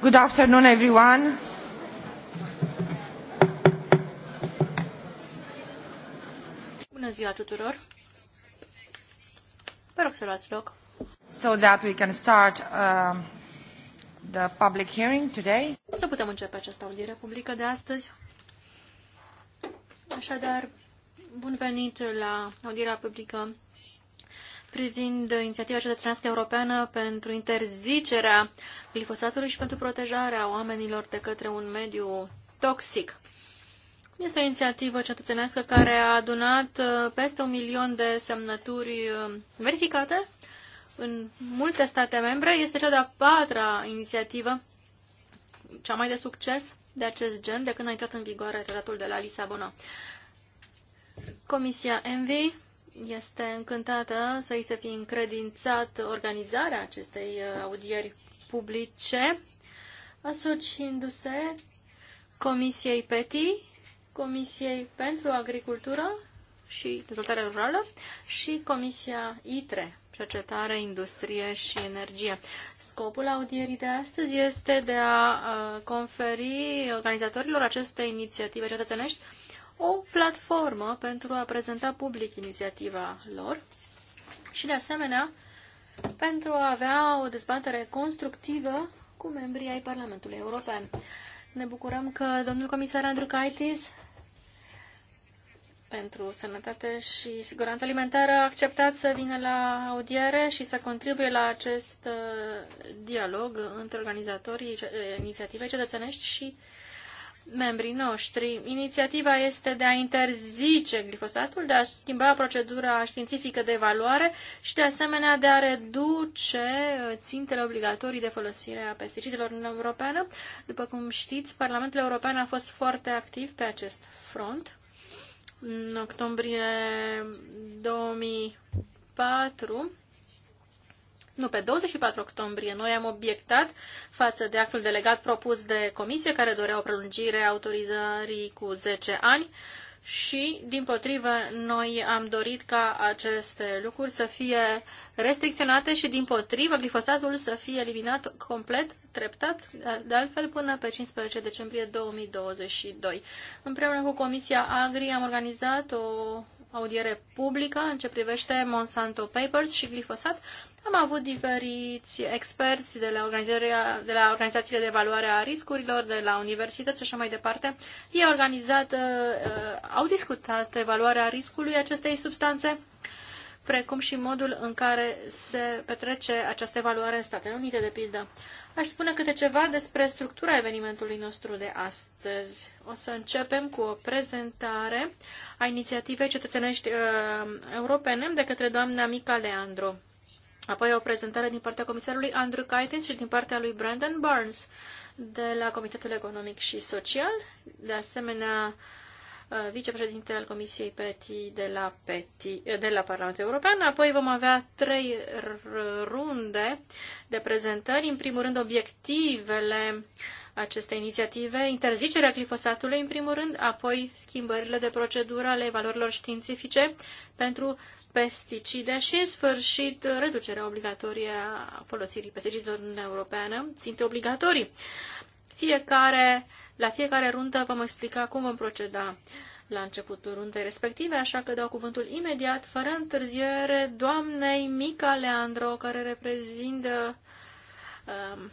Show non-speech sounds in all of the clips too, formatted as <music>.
Good afternoon, everyone. Bună ziua tuturor. Vă rog să luați loc. So that we can start uh, the public hearing today. Să putem începe această audiere publică de astăzi. Așadar, bun venit la audierea publică privind inițiativa cetățenească europeană pentru interzicerea glifosatului și pentru protejarea oamenilor de către un mediu toxic. Este o inițiativă cetățenească care a adunat uh, peste un milion de semnături uh, verificate în multe state membre. Este cea de-a patra inițiativă, cea mai de succes de acest gen, de când a intrat în vigoare tratatul de la Lisabona. Comisia Envi este încântată să îi se fi încredințat organizarea acestei uh, audieri publice, asociindu-se Comisiei PETI, Comisiei pentru Agricultură și Dezvoltare Rurală și Comisia ITRE, Cercetare, Industrie și Energie. Scopul audierii de astăzi este de a uh, conferi organizatorilor acestei inițiative cetățenești o platformă pentru a prezenta public inițiativa lor și, de asemenea, pentru a avea o dezbatere constructivă cu membrii ai Parlamentului European. Ne bucurăm că domnul comisar Andrew Kaitis pentru sănătate și siguranță alimentară a acceptat să vină la audiere și să contribuie la acest uh, dialog între organizatorii uh, inițiativei cetățenești și membrii noștri. Inițiativa este de a interzice glifosatul, de a schimba procedura științifică de evaluare și de asemenea de a reduce uh, țintele obligatorii de folosire a pesticidelor în Europeană. După cum știți, Parlamentul European a fost foarte activ pe acest front. În octombrie 2004 nu, pe 24 octombrie, noi am obiectat față de actul delegat propus de comisie care dorea o prelungire a autorizării cu 10 ani și, din potrivă, noi am dorit ca aceste lucruri să fie restricționate și, din potrivă, glifosatul să fie eliminat complet, treptat, de altfel, până pe 15 decembrie 2022. Împreună cu Comisia Agri am organizat o audiere publică în ce privește Monsanto Papers și glifosat, am avut diferiți experți de la, de la organizațiile de evaluare a riscurilor, de la universități și așa mai departe. Ei organizat, uh, uh, au discutat evaluarea riscului acestei substanțe precum și modul în care se petrece această evaluare în Statele Unite, de pildă. Aș spune câte ceva despre structura evenimentului nostru de astăzi. O să începem cu o prezentare a inițiativei cetățenești uh, europene de către doamna Mica Leandro. Apoi o prezentare din partea comisarului Andrew Kaitis și din partea lui Brandon Barnes de la Comitetul Economic și Social. De asemenea, uh, Uh, vicepreședinte al Comisiei PETI de la, PETI, uh, de la Parlamentul European. Apoi vom avea trei runde de prezentări. În primul rând, obiectivele aceste inițiative, interzicerea glifosatului în primul rând, apoi schimbările de procedură ale valorilor științifice pentru pesticide și, în sfârșit, reducerea obligatorie a folosirii pesticidelor în Europeană, ținte obligatorii. Fiecare uh, la fiecare rundă vom explica cum vom proceda la începutul rundei respective, așa că dau cuvântul imediat, fără întârziere, doamnei Mica Leandro, care reprezintă um,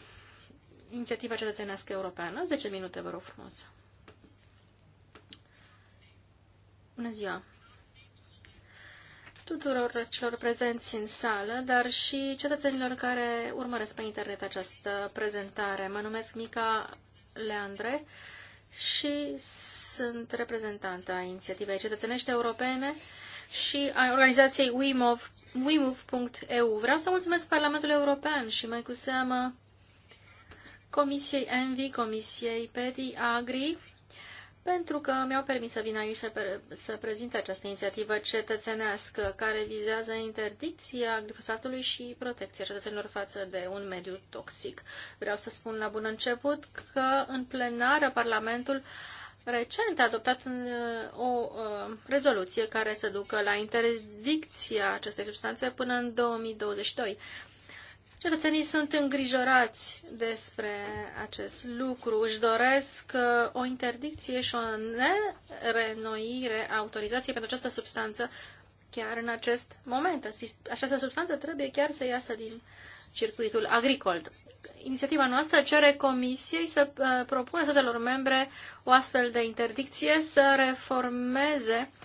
Inițiativa Cetățenească Europeană. 10 minute, vă rog frumos. Bună ziua! tuturor celor prezenți în sală, dar și cetățenilor care urmăresc pe internet această prezentare. Mă numesc Mica Leandre și sunt reprezentanta inițiativei cetățenești europene și a organizației WeMove, WeMove.eu. Vreau să mulțumesc Parlamentului European și mai cu seamă Comisiei Envi, Comisiei PETI, Agri pentru că mi-au permis să vin aici să, pre- să prezint această inițiativă cetățenească care vizează interdicția glifosatului și protecția cetățenilor față de un mediu toxic. Vreau să spun la bun început că în plenară Parlamentul recent a adoptat uh, o uh, rezoluție care să ducă la interdicția acestei substanțe până în 2022. Cetățenii sunt îngrijorați despre acest lucru. Își doresc uh, o interdicție și o nerenoire a autorizației pentru această substanță chiar în acest moment. Această substanță trebuie chiar să iasă din circuitul agricol. Inițiativa noastră cere Comisiei să uh, propună statelor membre o astfel de interdicție, să reformeze uh,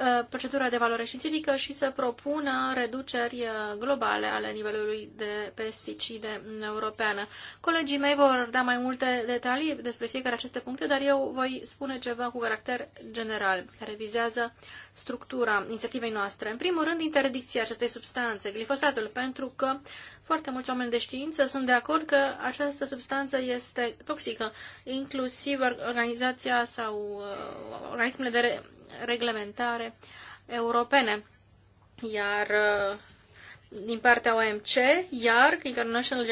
Uh, procedura de valoare științifică și să propună reduceri uh, globale ale nivelului de pesticide europeană. Colegii mei vor da mai multe detalii despre fiecare aceste puncte, dar eu voi spune ceva cu caracter general, care vizează structura inițiativei noastre. În primul rând, interdicția acestei substanțe, glifosatul, pentru că foarte mulți oameni de știință sunt de acord că această substanță este toxică, inclusiv organizația sau uh, organismele de reglementare europene. Iar uh, din partea OMC, iar International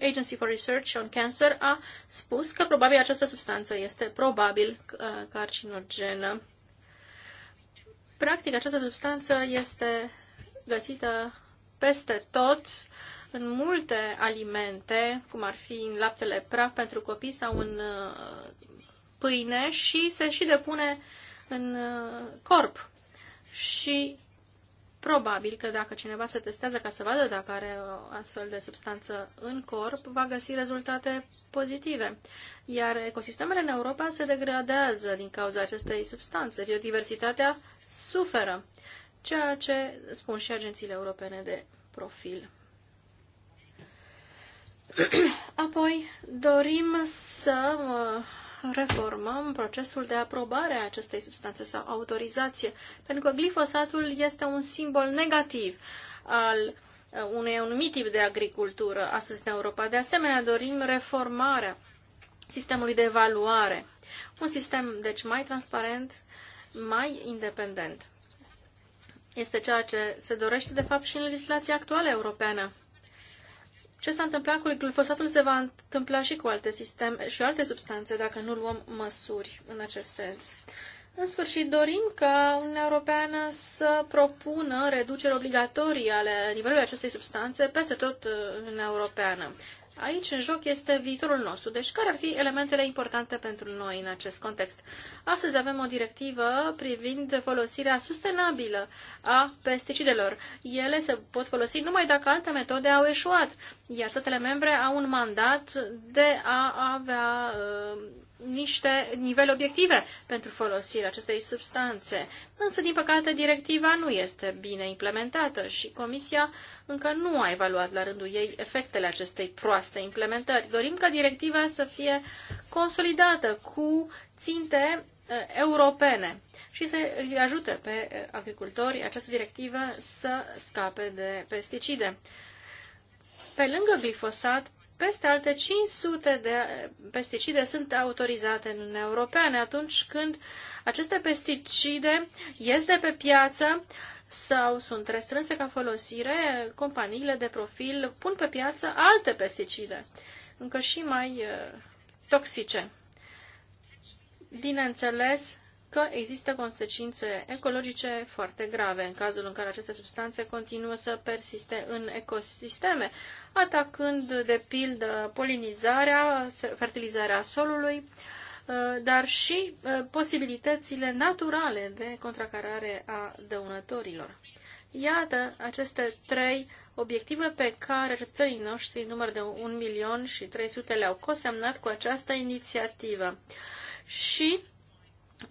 Agency for Research on Cancer a spus că probabil această substanță este probabil uh, carcinogenă. Practic, această substanță este găsită peste tot în multe alimente, cum ar fi în laptele praf pentru copii sau în uh, pâine și se și depune în uh, corp. Și probabil că dacă cineva se testează ca să vadă dacă are o uh, astfel de substanță în corp, va găsi rezultate pozitive. Iar ecosistemele în Europa se degradează din cauza acestei substanțe. Biodiversitatea suferă, ceea ce spun și agențiile europene de profil. <clears throat> Apoi dorim să uh, reformăm procesul de aprobare a acestei substanțe sau autorizație, pentru că glifosatul este un simbol negativ al uh, unui anumit tip de agricultură astăzi în Europa. De asemenea, dorim reformarea sistemului de evaluare. Un sistem, deci, mai transparent, mai independent. Este ceea ce se dorește, de fapt, și în legislația actuală europeană ce s-a întâmplat cu glifosatul se va întâmpla și cu alte sisteme și alte substanțe dacă nu luăm măsuri în acest sens. În sfârșit, dorim ca Uniunea Europeană să propună reduceri obligatorii ale nivelului acestei substanțe peste tot uh, în Europeană. Aici, în joc, este viitorul nostru. Deci, care ar fi elementele importante pentru noi în acest context? Astăzi avem o directivă privind folosirea sustenabilă a pesticidelor. Ele se pot folosi numai dacă alte metode au eșuat, iar statele membre au un mandat de a avea uh, niște nivele obiective pentru folosirea acestei substanțe. Însă, din păcate, directiva nu este bine implementată și Comisia încă nu a evaluat la rândul ei efectele acestei proaste implementări. Dorim ca directiva să fie consolidată cu ținte eh, europene și să îi ajute pe eh, agricultori această directivă să scape de pesticide. Pe lângă glifosat, peste alte 500 de pesticide sunt autorizate în Uniunea Europeană. Atunci când aceste pesticide ies de pe piață sau sunt restrânse ca folosire, companiile de profil pun pe piață alte pesticide, încă și mai eh, toxice. Bineînțeles, că există consecințe ecologice foarte grave în cazul în care aceste substanțe continuă să persiste în ecosisteme, atacând, de pildă, polinizarea, fertilizarea solului, uh, dar și uh, posibilitățile naturale de contracarare a dăunătorilor. Iată aceste trei obiective pe care țării noștri, număr de 1 milion și 300, le-au cosemnat cu această inițiativă. Și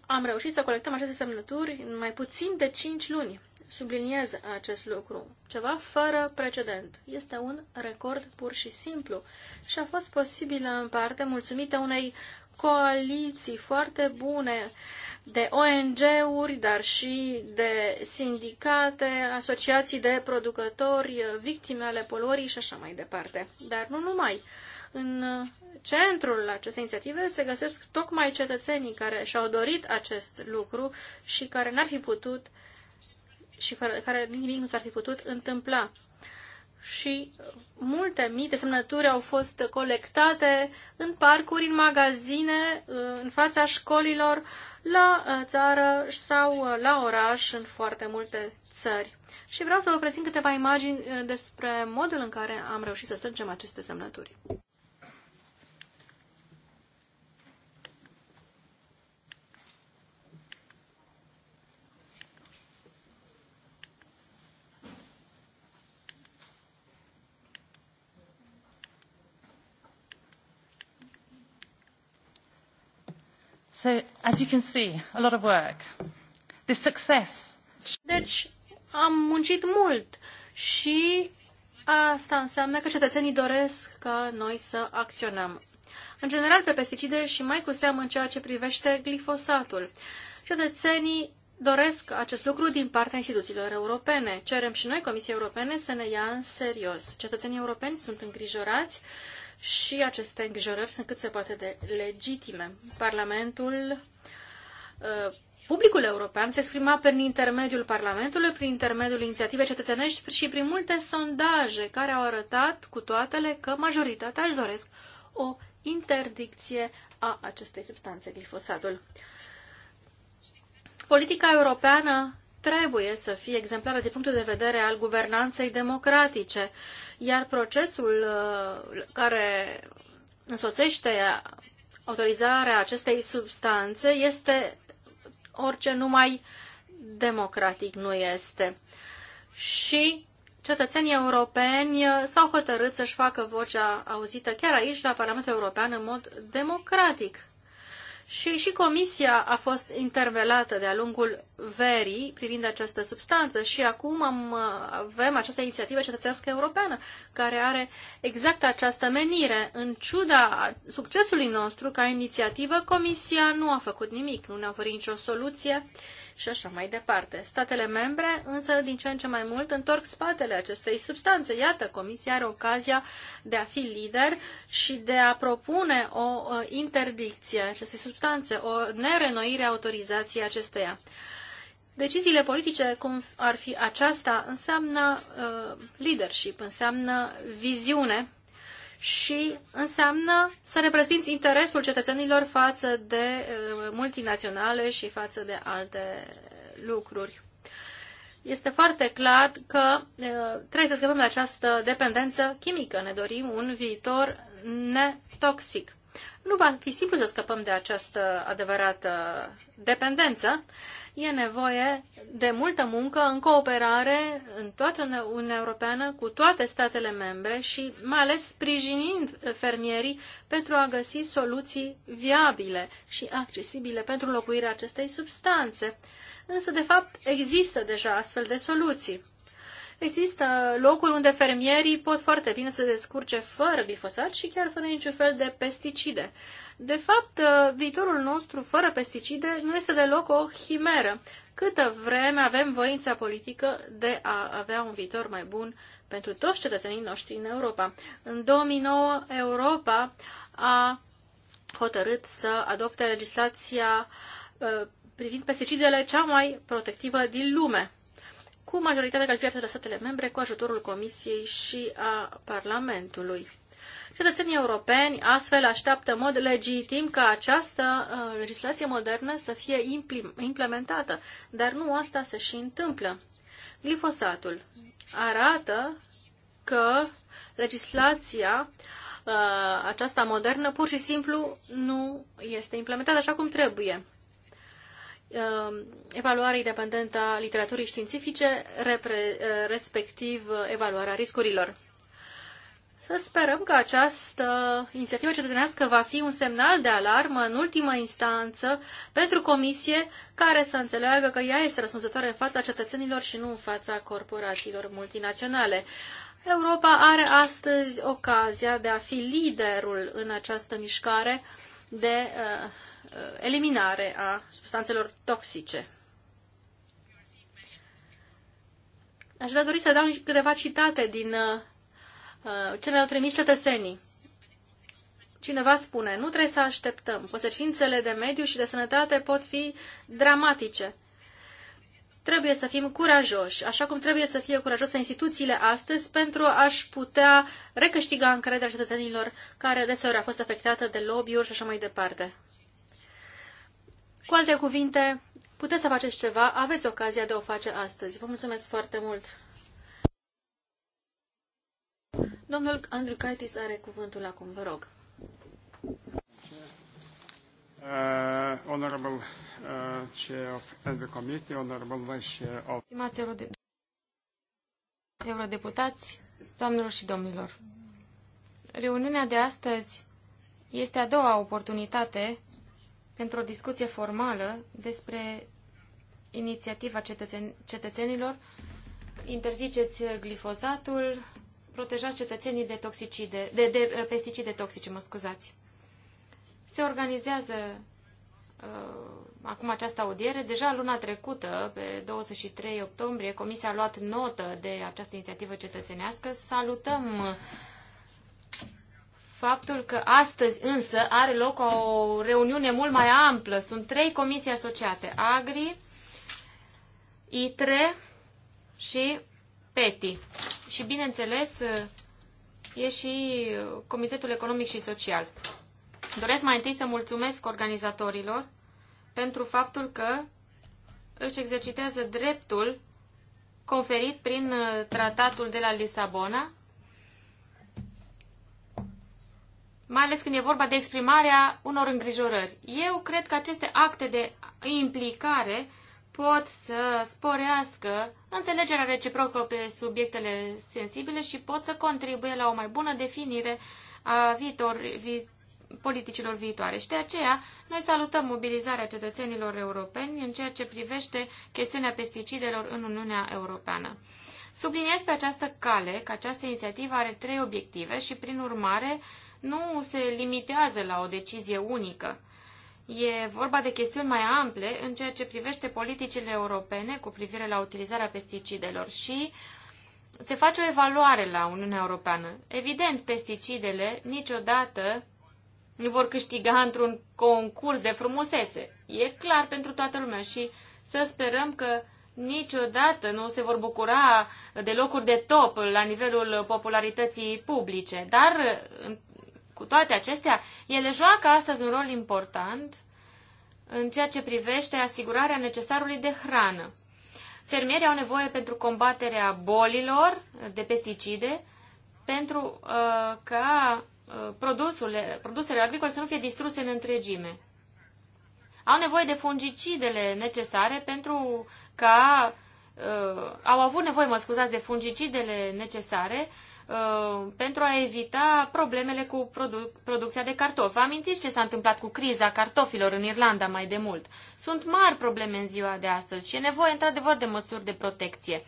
am reușit să colectăm aceste semnături în mai puțin de 5 luni. Subliniez acest lucru. Ceva fără precedent. Este un record pur și simplu și a fost posibilă în parte mulțumită unei coaliții foarte bune de ONG-uri, dar și de sindicate, asociații de producători, victime ale poluării și așa mai departe. Dar nu numai. Uh, în centrul acestei inițiative se găsesc tocmai cetățenii care și-au dorit acest lucru și care n-ar fi putut și fără care nimic nu s-ar fi putut întâmpla. Și multe mii de semnături au fost colectate în parcuri, în magazine, în fața școlilor, la uh, țară sau uh, la oraș, în foarte multe țări. Și vreau să vă prezint câteva imagini uh, despre modul în care am reușit să strângem aceste semnături. So, as you can see, a lot of work. The success. Deci, am muncit mult și asta înseamnă că cetățenii doresc ca noi să acționăm. În general pe pesticide și mai cu seamă în ceea ce privește glifosatul. Cetățenii doresc acest lucru din partea instituțiilor europene. Cerem și noi Comisiei Europene să ne ia în serios. Cetățenii europeni sunt îngrijorați uh, și aceste îngrijorări sunt cât se poate de legitime. Parlamentul, uh, publicul european se exprima prin intermediul Parlamentului, prin intermediul inițiativei cetățenești și prin multe sondaje care au arătat cu toatele că majoritatea își doresc o interdicție a acestei substanțe, glifosatul. Politica europeană trebuie să fie exemplară din punctul de vedere al guvernanței democratice, iar procesul uh, care însoțește autorizarea acestei substanțe este orice numai democratic nu este. Și cetățenii europeni uh, s-au hotărât să-și facă vocea auzită chiar aici, la Parlamentul European, în mod democratic. Și, și Comisia a fost intervelată de-a lungul verii privind această substanță și acum am, avem această inițiativă cetățească europeană care are exact această menire. În ciuda succesului nostru ca inițiativă, Comisia nu a făcut nimic, nu ne-a oferit nicio soluție și așa mai departe. Statele membre însă din ce în ce mai mult întorc spatele acestei substanțe. Iată, Comisia are ocazia de a fi lider și de a propune o uh, interdicție acestei substanțe, o nerenoire a autorizației acesteia deciziile politice, cum ar fi aceasta, înseamnă uh, leadership, înseamnă viziune și înseamnă să reprezinți interesul cetățenilor față de uh, multinaționale și față de alte lucruri. Este foarte clar că uh, trebuie să scăpăm de această dependență chimică. Ne dorim un viitor netoxic. Nu va fi simplu să scăpăm de această adevărată dependență, uh, e nevoie de multă muncă în cooperare în toată Uniunea Europeană cu toate statele membre și mai ales sprijinind fermierii pentru a găsi soluții viabile și accesibile pentru locuirea acestei substanțe. Însă, de fapt, există deja astfel de soluții. Există locuri unde fermierii pot foarte bine să se descurce fără glifosat și chiar fără niciun fel de pesticide. De fapt, uh, viitorul nostru fără pesticide nu este deloc o chimeră. Câtă vreme avem voința politică de a avea un viitor mai bun pentru toți cetățenii noștri în Europa. În 2009, Europa a hotărât să adopte legislația uh, privind pesticidele cea mai protectivă din lume cu majoritatea calificată de statele membre cu ajutorul Comisiei și a Parlamentului. Cetățenii europeni astfel așteaptă în mod legitim ca această uh, legislație modernă să fie implementată, dar nu asta se și întâmplă. Glifosatul arată că legislația uh, aceasta modernă pur și simplu nu este implementată așa cum trebuie uh, Evaluarea independentă a literaturii științifice, respectiv evaluarea riscurilor. Să sperăm că această inițiativă cetățenească va fi un semnal de alarmă în ultimă instanță pentru comisie care să înțeleagă că ea este răspunzătoare în fața cetățenilor și nu în fața corporațiilor multinaționale. Europa are astăzi ocazia de a fi liderul în această mișcare de uh, uh eliminare a substanțelor toxice. Aș vrea dori să dau câteva citate din uh, Uh, ce ne au trimis cetățenii. Cineva spune, nu trebuie să așteptăm. Consecințele de mediu și de sănătate pot fi dramatice. Trebuie să fim curajoși, așa cum trebuie să fie curajoase instituțiile astăzi pentru a-și putea recâștiga încrederea cetățenilor care deseori a fost afectată de lobby-uri și așa mai departe. Cu alte cuvinte, puteți să faceți ceva, aveți ocazia de o face astăzi. Vă mulțumesc foarte mult! Domnul Andrew Kaitis are cuvântul acum, vă rog. Uh, honorable uh, Chair of the Committee, Honorable Vice Chair of... Stimați eurodeputați, doamnelor și domnilor, reuniunea de astăzi este a doua oportunitate pentru o discuție formală despre inițiativa cetățen- cetățenilor Interziceți glifozatul, protejați cetățenii de, toxicide, de, de uh, pesticide toxice. Mă scuzați. Se organizează uh, acum această audiere. Deja luna trecută, pe 23 octombrie, Comisia a luat notă de această inițiativă cetățenească. Salutăm faptul că astăzi însă are loc o reuniune mult mai amplă. Sunt trei comisii asociate, Agri, ITRE și PETI și, bineînțeles, e și Comitetul Economic și Social. Doresc mai întâi să mulțumesc organizatorilor pentru faptul că își exercitează dreptul conferit prin uh, tratatul de la Lisabona, mai ales când e vorba de exprimarea unor îngrijorări. Eu cred că aceste acte de implicare pot să sporească înțelegerea reciprocă pe subiectele sensibile și pot să contribuie la o mai bună definire a viitor, vi, politicilor viitoare. Și de aceea, noi salutăm mobilizarea cetățenilor europeni în ceea ce privește chestiunea pesticidelor în Uniunea Europeană. Subliniez pe această cale că această inițiativă are trei obiective și, prin urmare, nu se limitează la o decizie unică. E vorba de chestiuni mai ample în ceea ce privește politicile europene cu privire la utilizarea pesticidelor și se face o evaluare la Uniunea Europeană. Evident, pesticidele niciodată nu vor câștiga într-un concurs de frumusețe. E clar pentru toată lumea și să sperăm că niciodată nu se vor bucura de locuri de top la nivelul popularității publice. Dar, cu toate acestea, ele joacă astăzi un rol important în ceea ce privește asigurarea necesarului de hrană. Fermierii au nevoie pentru combaterea bolilor de pesticide, pentru uh, ca uh, produsele, produsele agricole să nu fie distruse în întregime. Au nevoie de fungicidele necesare pentru ca uh, au avut nevoie, mă scuzați, de fungicidele necesare Uh, pentru a evita problemele cu produ- producția de cartofi. Vă amintiți ce s-a întâmplat cu criza cartofilor în Irlanda mai de mult? Sunt mari probleme în ziua de astăzi și e nevoie într-adevăr de măsuri de protecție.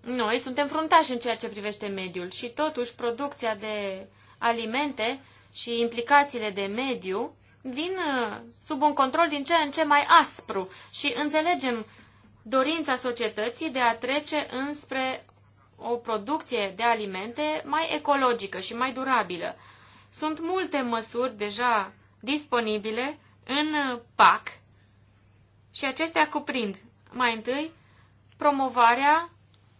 Noi suntem fruntași în ceea ce privește mediul și totuși producția de alimente și implicațiile de mediu vin uh, sub un control din ce în ce mai aspru și înțelegem dorința societății de a trece înspre o producție de alimente mai ecologică și mai durabilă. Sunt multe măsuri deja disponibile în PAC și acestea cuprind mai întâi promovarea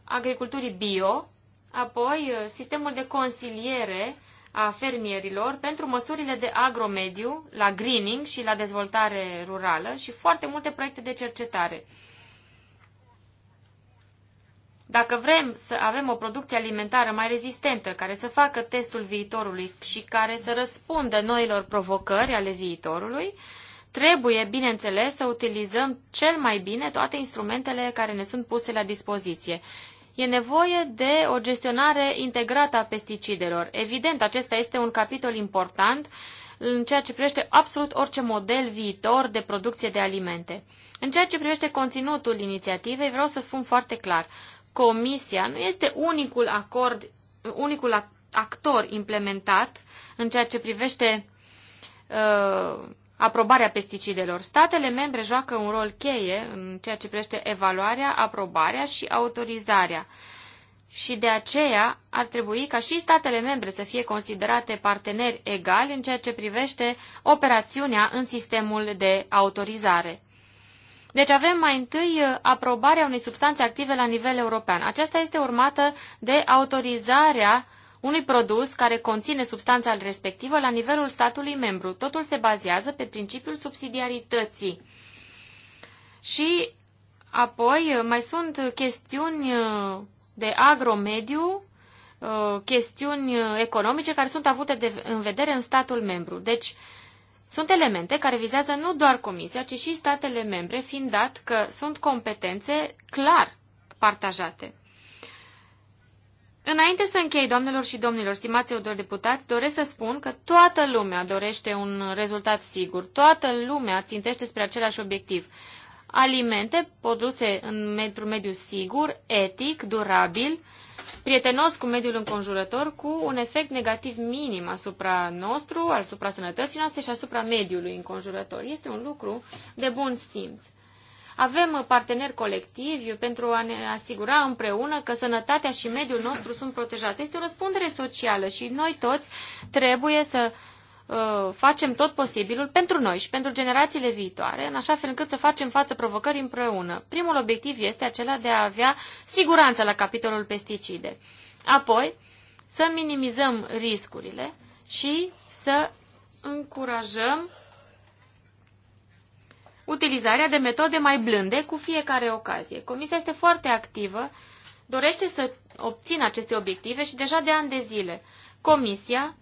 agriculturii bio, apoi uh, sistemul de consiliere a fermierilor pentru măsurile de agromediu, la greening și la dezvoltare rurală și foarte multe proiecte de cercetare. Dacă vrem să avem o producție alimentară mai rezistentă, care să facă testul viitorului și care să răspundă noilor provocări ale viitorului, trebuie, bineînțeles, să utilizăm cel mai bine toate instrumentele care ne sunt puse la dispoziție. E nevoie de o gestionare integrată a pesticidelor. Evident, acesta este un capitol important în ceea ce privește absolut orice model viitor de producție de alimente. În ceea ce privește conținutul inițiativei, vreau să spun foarte clar. Comisia nu este unicul acord, unicul actor implementat în ceea ce privește uh, aprobarea pesticidelor. Statele membre joacă un rol cheie în ceea ce privește evaluarea, aprobarea și autorizarea. Și de aceea ar trebui ca și statele membre să fie considerate parteneri egali în ceea ce privește operațiunea în sistemul de autorizare. Deci avem mai întâi uh, aprobarea unei substanțe active la nivel european. Aceasta este urmată de autorizarea unui produs care conține substanța respectivă la nivelul statului membru. Totul se bazează pe principiul subsidiarității. Și apoi uh, mai sunt chestiuni uh, de agromediu, chestiuni economice care sunt avute de, în vedere în statul membru. Deci sunt elemente care vizează nu doar Comisia, ci și statele membre, fiind dat că sunt competențe clar partajate. Înainte să închei, doamnelor și domnilor, stimați eurodeputați, doresc să spun că toată lumea dorește un rezultat sigur, toată lumea țintește spre același obiectiv. Alimente produse în mediu sigur, etic, durabil, prietenos cu mediul înconjurător, cu un efect negativ minim asupra nostru, asupra sănătății noastre și asupra mediului înconjurător. Este un lucru de bun simț. Avem parteneri colectivi pentru a ne asigura împreună că sănătatea și mediul nostru sunt protejați. Este o răspundere socială și noi toți trebuie să Uh, facem tot posibilul pentru noi și pentru generațiile viitoare, în așa fel încât să facem față provocării împreună. Primul obiectiv este acela de a avea siguranță la capitolul pesticide. Apoi, să minimizăm riscurile și să încurajăm utilizarea de metode mai blânde cu fiecare ocazie. Comisia este foarte activă, dorește să obțină aceste obiective și deja de ani de zile. Comisia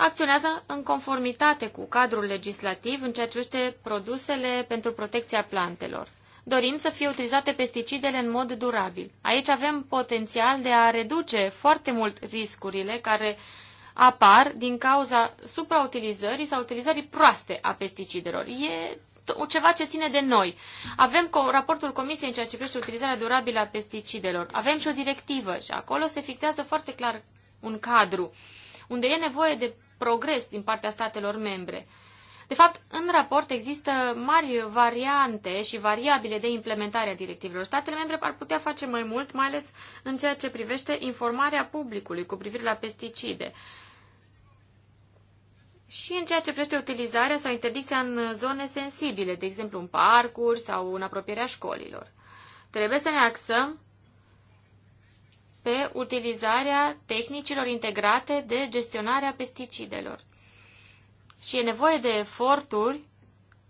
acționează în conformitate cu cadrul legislativ în ceea ce privește produsele pentru protecția plantelor. Dorim să fie utilizate pesticidele în mod durabil. Aici avem potențial de a reduce foarte mult riscurile care apar din cauza suprautilizării sau utilizării proaste a pesticidelor. E ceva ce ține de noi. Avem raportul Comisiei în ceea ce privește utilizarea durabilă a pesticidelor. Avem și o directivă și acolo se fixează foarte clar un cadru unde e nevoie de progres din partea statelor membre. De fapt, în raport există mari variante și variabile de implementare a directivelor. Statele membre ar putea face mai mult, mai ales în ceea ce privește informarea publicului cu privire la pesticide. Și în ceea ce privește utilizarea sau interdicția în zone sensibile, de exemplu în parcuri sau în apropierea școlilor. Trebuie să ne axăm pe utilizarea tehnicilor integrate de gestionare a pesticidelor. Și e nevoie de eforturi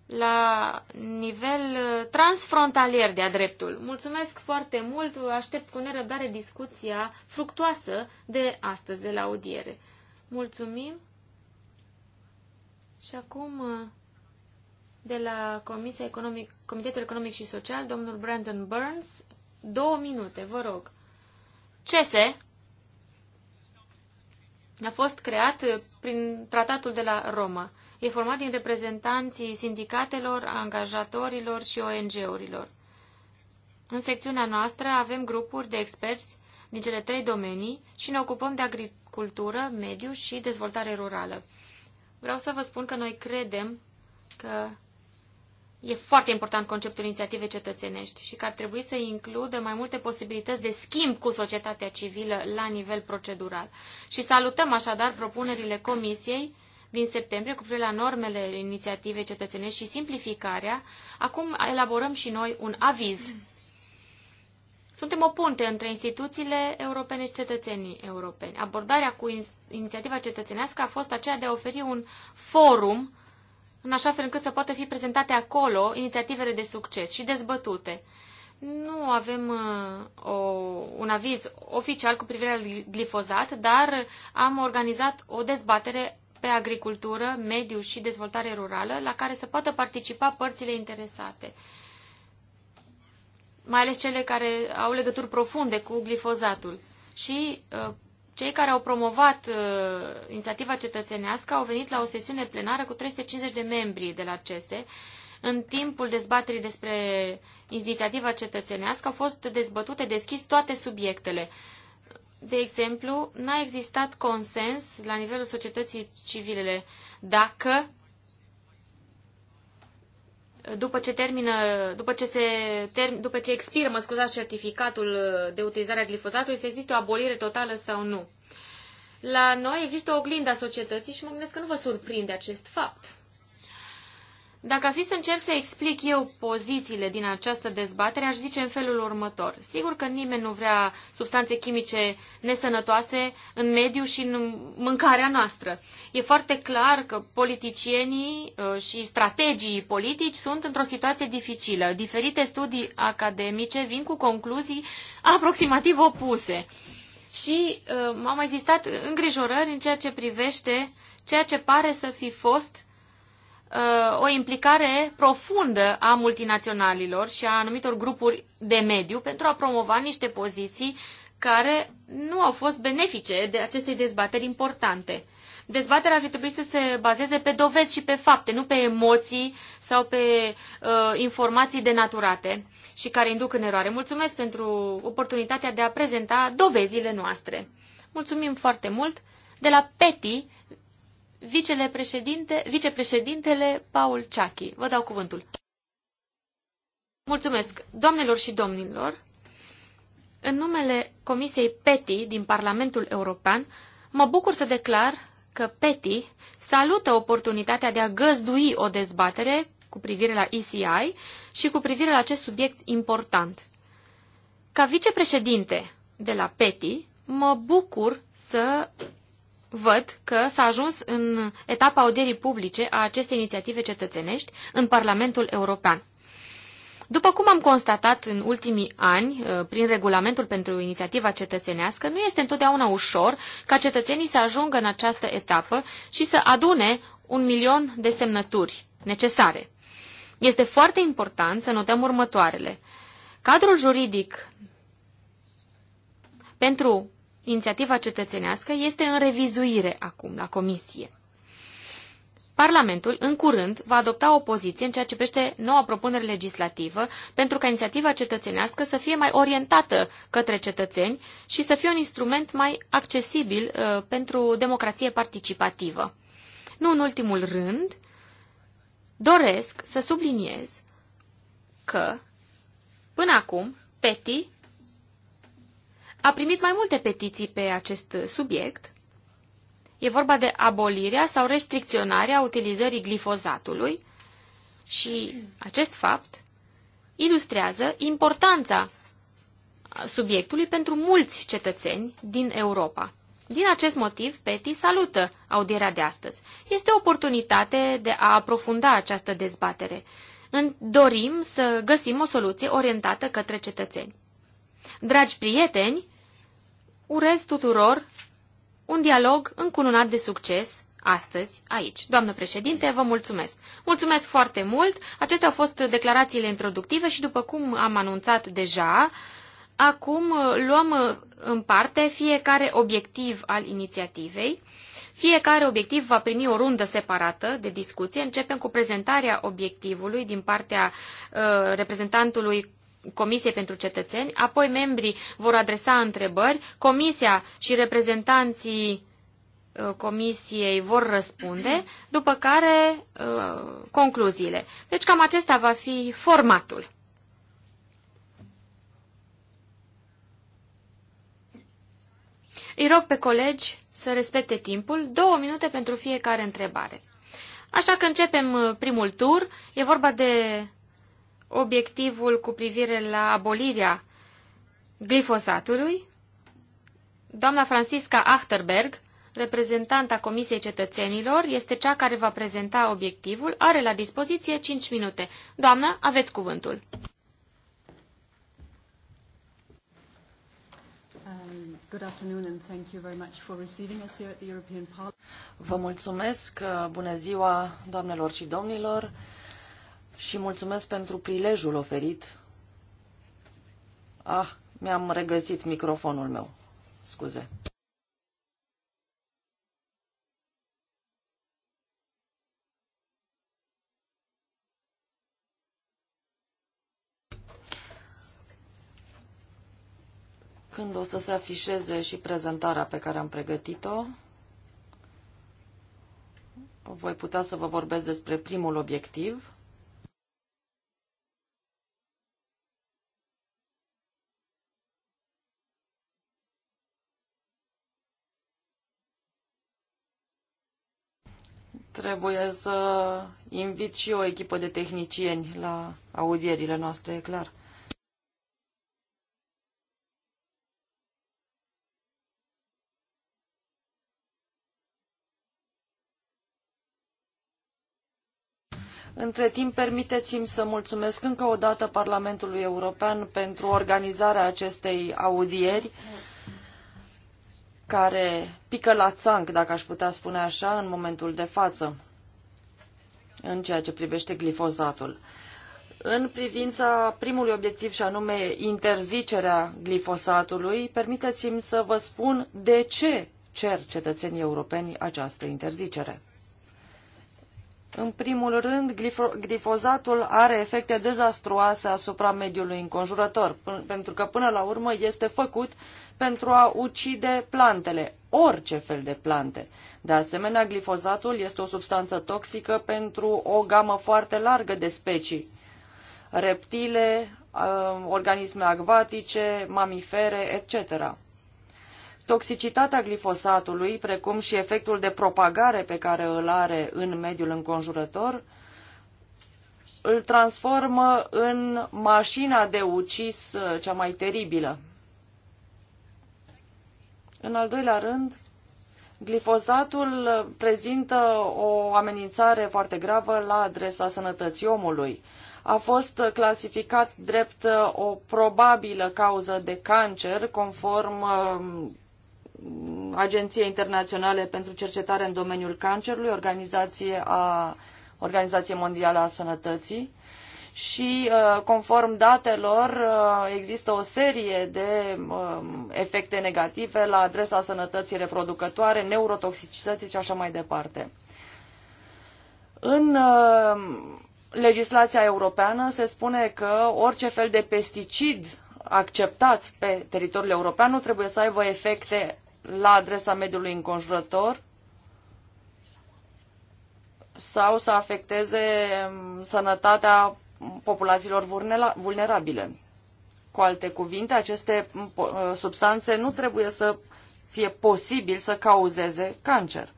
la nivel uh, transfrontalier de-a dreptul. Mulțumesc foarte mult, aștept cu nerăbdare discuția fructoasă de astăzi, de la audiere. Mulțumim! Și acum, uh, de la Comisia Economic, Comitetul Economic și Social, domnul Brandon Burns, două minute, vă rog. CESE a fost creat prin tratatul de la Roma. E format din reprezentanții sindicatelor, angajatorilor și ONG-urilor. În secțiunea noastră avem grupuri de experți din cele trei domenii și ne ocupăm de agricultură, mediu și dezvoltare rurală. Vreau să vă spun că noi credem că E foarte important conceptul inițiative cetățenești și că ar trebui să includă mai multe posibilități de schimb cu societatea civilă la nivel procedural. Și salutăm așadar propunerile Comisiei din septembrie cu privire la normele inițiative cetățenești și simplificarea. Acum elaborăm și noi un aviz. Suntem o punte între instituțiile europene și cetățenii europeni. Abordarea cu inițiativa cetățenească a fost aceea de a oferi un forum în așa fel încât să poată fi prezentate acolo inițiativele de succes și dezbătute. Nu avem uh, o, un aviz oficial cu privire la glifozat, dar am organizat o dezbatere pe agricultură, mediu și dezvoltare rurală, la care să poată participa părțile interesate, mai ales cele care au legături profunde cu glifozatul. Și uh, cei care au promovat uh, inițiativa cetățenească au venit la o sesiune plenară cu 350 de membri de la CESE. În timpul dezbaterii despre inițiativa cetățenească au fost dezbătute deschis toate subiectele. De exemplu, n-a existat consens la nivelul societății civile dacă după ce termină, după ce se term, după ce expiră, mă scuzați, certificatul de utilizare a glifozatului, să existe o abolire totală sau nu. La noi există o oglindă a societății și mă gândesc că nu vă surprinde acest fapt. Dacă ar fi să încerc să explic eu pozițiile din această dezbatere, aș zice în felul următor. Sigur că nimeni nu vrea substanțe chimice nesănătoase în mediu și în mâncarea noastră. E foarte clar că politicienii uh, și strategii politici sunt într-o situație dificilă. Diferite studii academice vin cu concluzii <laughs> aproximativ opuse. Și uh, m au mai existat îngrijorări în ceea ce privește ceea ce pare să fi fost Uh, o implicare profundă a multinaționalilor și a anumitor grupuri de mediu pentru a promova niște poziții care nu au fost benefice de acestei dezbateri importante. Dezbaterea ar fi trebuit să se bazeze pe dovezi și pe fapte, nu pe emoții sau pe uh, informații denaturate și care induc în eroare. Mulțumesc pentru oportunitatea de a prezenta dovezile noastre. Mulțumim foarte mult! De la Peti vicepreședintele Paul Ciachi. Vă dau cuvântul. Mulțumesc, doamnelor și domnilor. În numele Comisiei PETI din Parlamentul European, mă bucur să declar că PETI salută oportunitatea de a găzdui o dezbatere cu privire la ECI și cu privire la acest subiect important. Ca vicepreședinte de la PETI, mă bucur să văd că s-a ajuns în etapa audierii publice a acestei inițiative cetățenești în Parlamentul European. După cum am constatat în ultimii ani, uh, prin regulamentul pentru inițiativa cetățenească, nu este întotdeauna ușor ca cetățenii să ajungă în această etapă și să adune un milion de semnături necesare. Este foarte important să notăm următoarele. Cadrul juridic pentru inițiativa cetățenească este în revizuire acum la Comisie. Parlamentul, în curând, va adopta o poziție în ceea ce privește noua propunere legislativă pentru ca inițiativa cetățenească să fie mai orientată către cetățeni și să fie un instrument mai accesibil uh, pentru democrație participativă. Nu în ultimul rând, doresc să subliniez că, până acum, PETI a primit mai multe petiții pe acest subiect. E vorba de abolirea sau restricționarea utilizării glifozatului și acest fapt ilustrează importanța subiectului pentru mulți cetățeni din Europa. Din acest motiv, Peti salută audierea de astăzi. Este o oportunitate de a aprofunda această dezbatere. Dorim să găsim o soluție orientată către cetățeni. Dragi prieteni, urez tuturor un dialog încununat de succes astăzi aici. Doamnă președinte, vă mulțumesc. Mulțumesc foarte mult. Acestea au fost declarațiile introductive și după cum am anunțat deja, acum luăm în parte fiecare obiectiv al inițiativei. Fiecare obiectiv va primi o rundă separată de discuție. Începem cu prezentarea obiectivului din partea uh, reprezentantului Comisiei pentru Cetățeni, apoi membrii vor adresa întrebări, Comisia și reprezentanții uh, Comisiei vor răspunde, după care uh, concluziile. Deci cam acesta va fi formatul. Îi rog pe colegi să respecte timpul, două minute pentru fiecare întrebare. Așa că începem uh, primul tur. E vorba de obiectivul cu privire la abolirea glifosatului, doamna Francisca Achterberg, reprezentanta Comisiei Cetățenilor, este cea care va prezenta obiectivul, are la dispoziție 5 minute. Doamnă, aveți cuvântul. Vă mulțumesc, bună ziua, doamnelor și domnilor și mulțumesc pentru prilejul oferit. Ah, mi-am regăsit microfonul meu. Scuze. când o să se afișeze și prezentarea pe care am pregătit-o, voi putea să vă vorbesc despre primul obiectiv, Trebuie să invit și o echipă de tehnicieni la audierile noastre, e clar. Între timp, permiteți-mi să mulțumesc încă o dată Parlamentului European pentru organizarea acestei audieri care pică la țanc, dacă aș putea spune așa, în momentul de față, în ceea ce privește glifozatul. În privința primului obiectiv și anume interzicerea glifosatului, permiteți-mi să vă spun de ce cer cetățenii europeni această interzicere. În primul rând, glifozatul are efecte dezastruoase asupra mediului înconjurător, pentru că până la urmă este făcut pentru a ucide plantele, orice fel de plante. De asemenea, glifozatul este o substanță toxică pentru o gamă foarte largă de specii. Reptile, organisme acvatice, mamifere, etc. Toxicitatea glifosatului, precum și efectul de propagare pe care îl are în mediul înconjurător, îl transformă în mașina de ucis uh, cea mai teribilă. În al doilea rând, glifosatul uh, prezintă o amenințare foarte gravă la adresa sănătății omului. A fost uh, clasificat drept o probabilă cauză de cancer conform Agenției Internaționale pentru Cercetare în domeniul cancerului, organizație, a, organizație Mondială a Sănătății și uh, conform datelor uh, există o serie de um, efecte negative la adresa sănătății reproducătoare, neurotoxicității și așa mai departe. În uh, legislația europeană se spune că orice fel de pesticid acceptat pe teritoriul european nu trebuie să aibă efecte la adresa mediului înconjurător sau să afecteze mm, sănătatea populațiilor vulnerabile. Cu alte cuvinte, aceste mm, mm, substanțe nu trebuie să fie posibil să cauzeze cancer.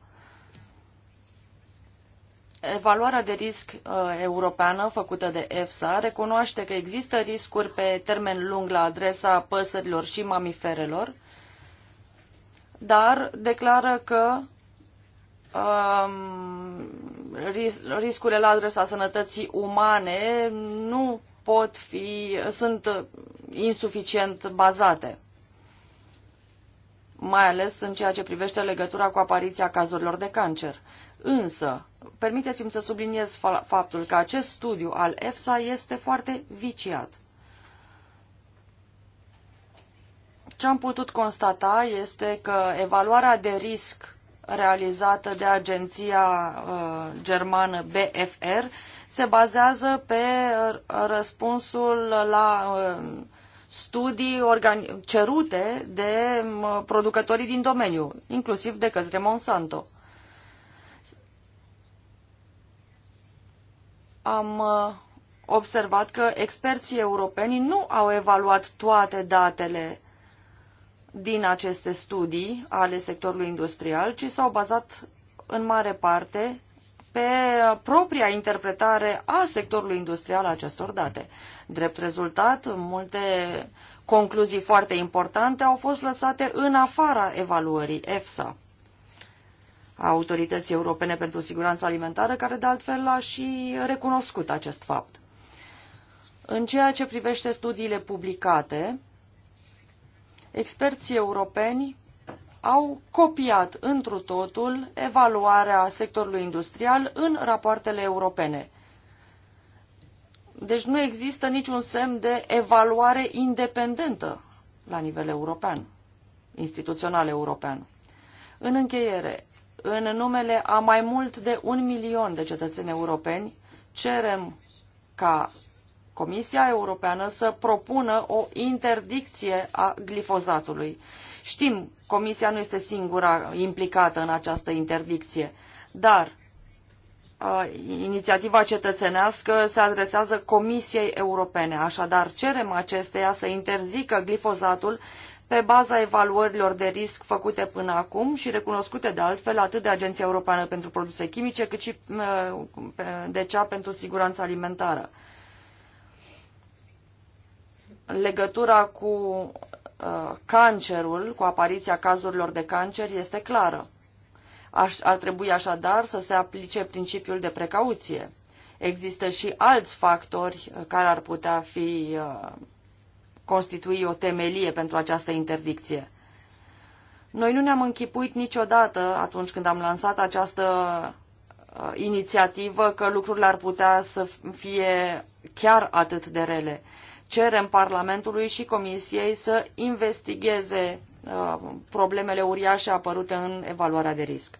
Evaluarea de risc uh, europeană făcută de EFSA recunoaște că există riscuri pe termen lung la adresa păsărilor și mamiferelor dar declară că um, ris riscurile la adresa sănătății umane nu pot fi, sunt insuficient bazate, mai ales în ceea ce privește legătura cu apariția cazurilor de cancer. Însă, permiteți-mi să subliniez faptul că acest studiu al EFSA este foarte viciat. Ce am putut constata este că evaluarea de risc realizată de agenția uh, germană BFR se bazează pe uh, răspunsul la uh, studii cerute de uh, producătorii din domeniu, inclusiv de către Monsanto. Am uh, observat că experții europeni nu au evaluat toate datele din aceste studii ale sectorului industrial, ci s-au bazat în mare parte pe propria interpretare a sectorului industrial a acestor date. Drept rezultat, multe concluzii foarte importante au fost lăsate în afara evaluării EFSA a Autorității Europene pentru Siguranța Alimentară, care de altfel a și recunoscut acest fapt. În ceea ce privește studiile publicate, experții europeni au copiat întru totul evaluarea sectorului industrial în rapoartele europene. Deci nu există niciun semn de evaluare independentă la nivel european, instituțional european. În încheiere, în numele a mai mult de un milion de cetățeni europeni, cerem ca Comisia Europeană să propună o interdicție a glifozatului. Știm, Comisia nu este singura implicată în această interdicție, dar uh, inițiativa cetățenească se adresează Comisiei Europene, așadar cerem acesteia să interzică glifozatul pe baza evaluărilor de risc făcute până acum și recunoscute de altfel atât de Agenția Europeană pentru Produse Chimice cât și uh, de cea pentru siguranța alimentară legătura cu uh, cancerul, cu apariția cazurilor de cancer, este clară. Aș, ar trebui așadar să se aplice principiul de precauție. Există și alți factori uh, care ar putea fi uh, constitui o temelie pentru această interdicție. Noi nu ne-am închipuit niciodată atunci când am lansat această uh, inițiativă că lucrurile ar putea să fie chiar atât de rele cerem Parlamentului și Comisiei să investigheze uh, problemele uriașe apărute în evaluarea de risc.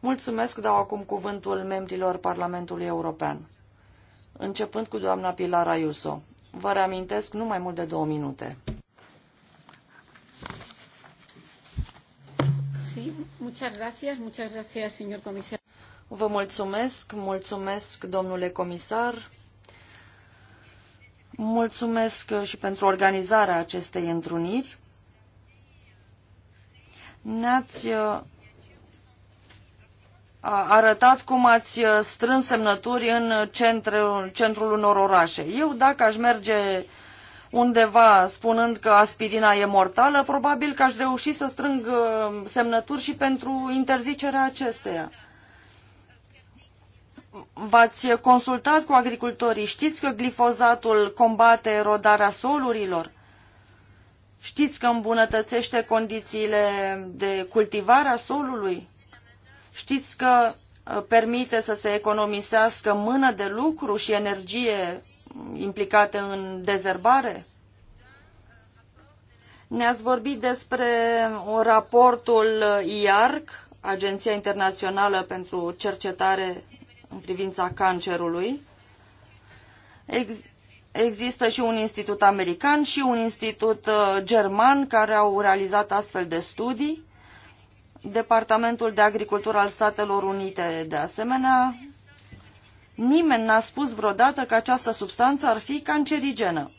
Mulțumesc, dau acum cuvântul membrilor Parlamentului European, începând cu doamna Pilar Ayuso. Vă reamintesc, nu mai mult de două minute. comisar. Vă mulțumesc, mulțumesc, domnule comisar. Mulțumesc uh, și pentru organizarea acestei întruniri. Ne-ați uh, arătat cum ați uh, strâns semnături în centrul, centrul unor orașe. Eu, dacă aș merge undeva spunând că aspirina e mortală, probabil că aș reuși să strâng semnături și pentru interzicerea acesteia. V-ați consultat cu agricultorii? Știți că glifozatul combate erodarea solurilor? Știți că îmbunătățește condițiile de cultivare a solului? Știți că uh, permite să se economisească mână de lucru și energie mm, implicate în dezerbare? Ne-ați vorbit despre uh, raportul IARC, Agenția Internațională pentru Cercetare în privința cancerului. Ex- există și un institut american și un institut uh, german care au realizat astfel de studii. Departamentul de Agricultură al Statelor Unite, de asemenea, nimeni n-a spus vreodată că această substanță ar fi cancerigenă.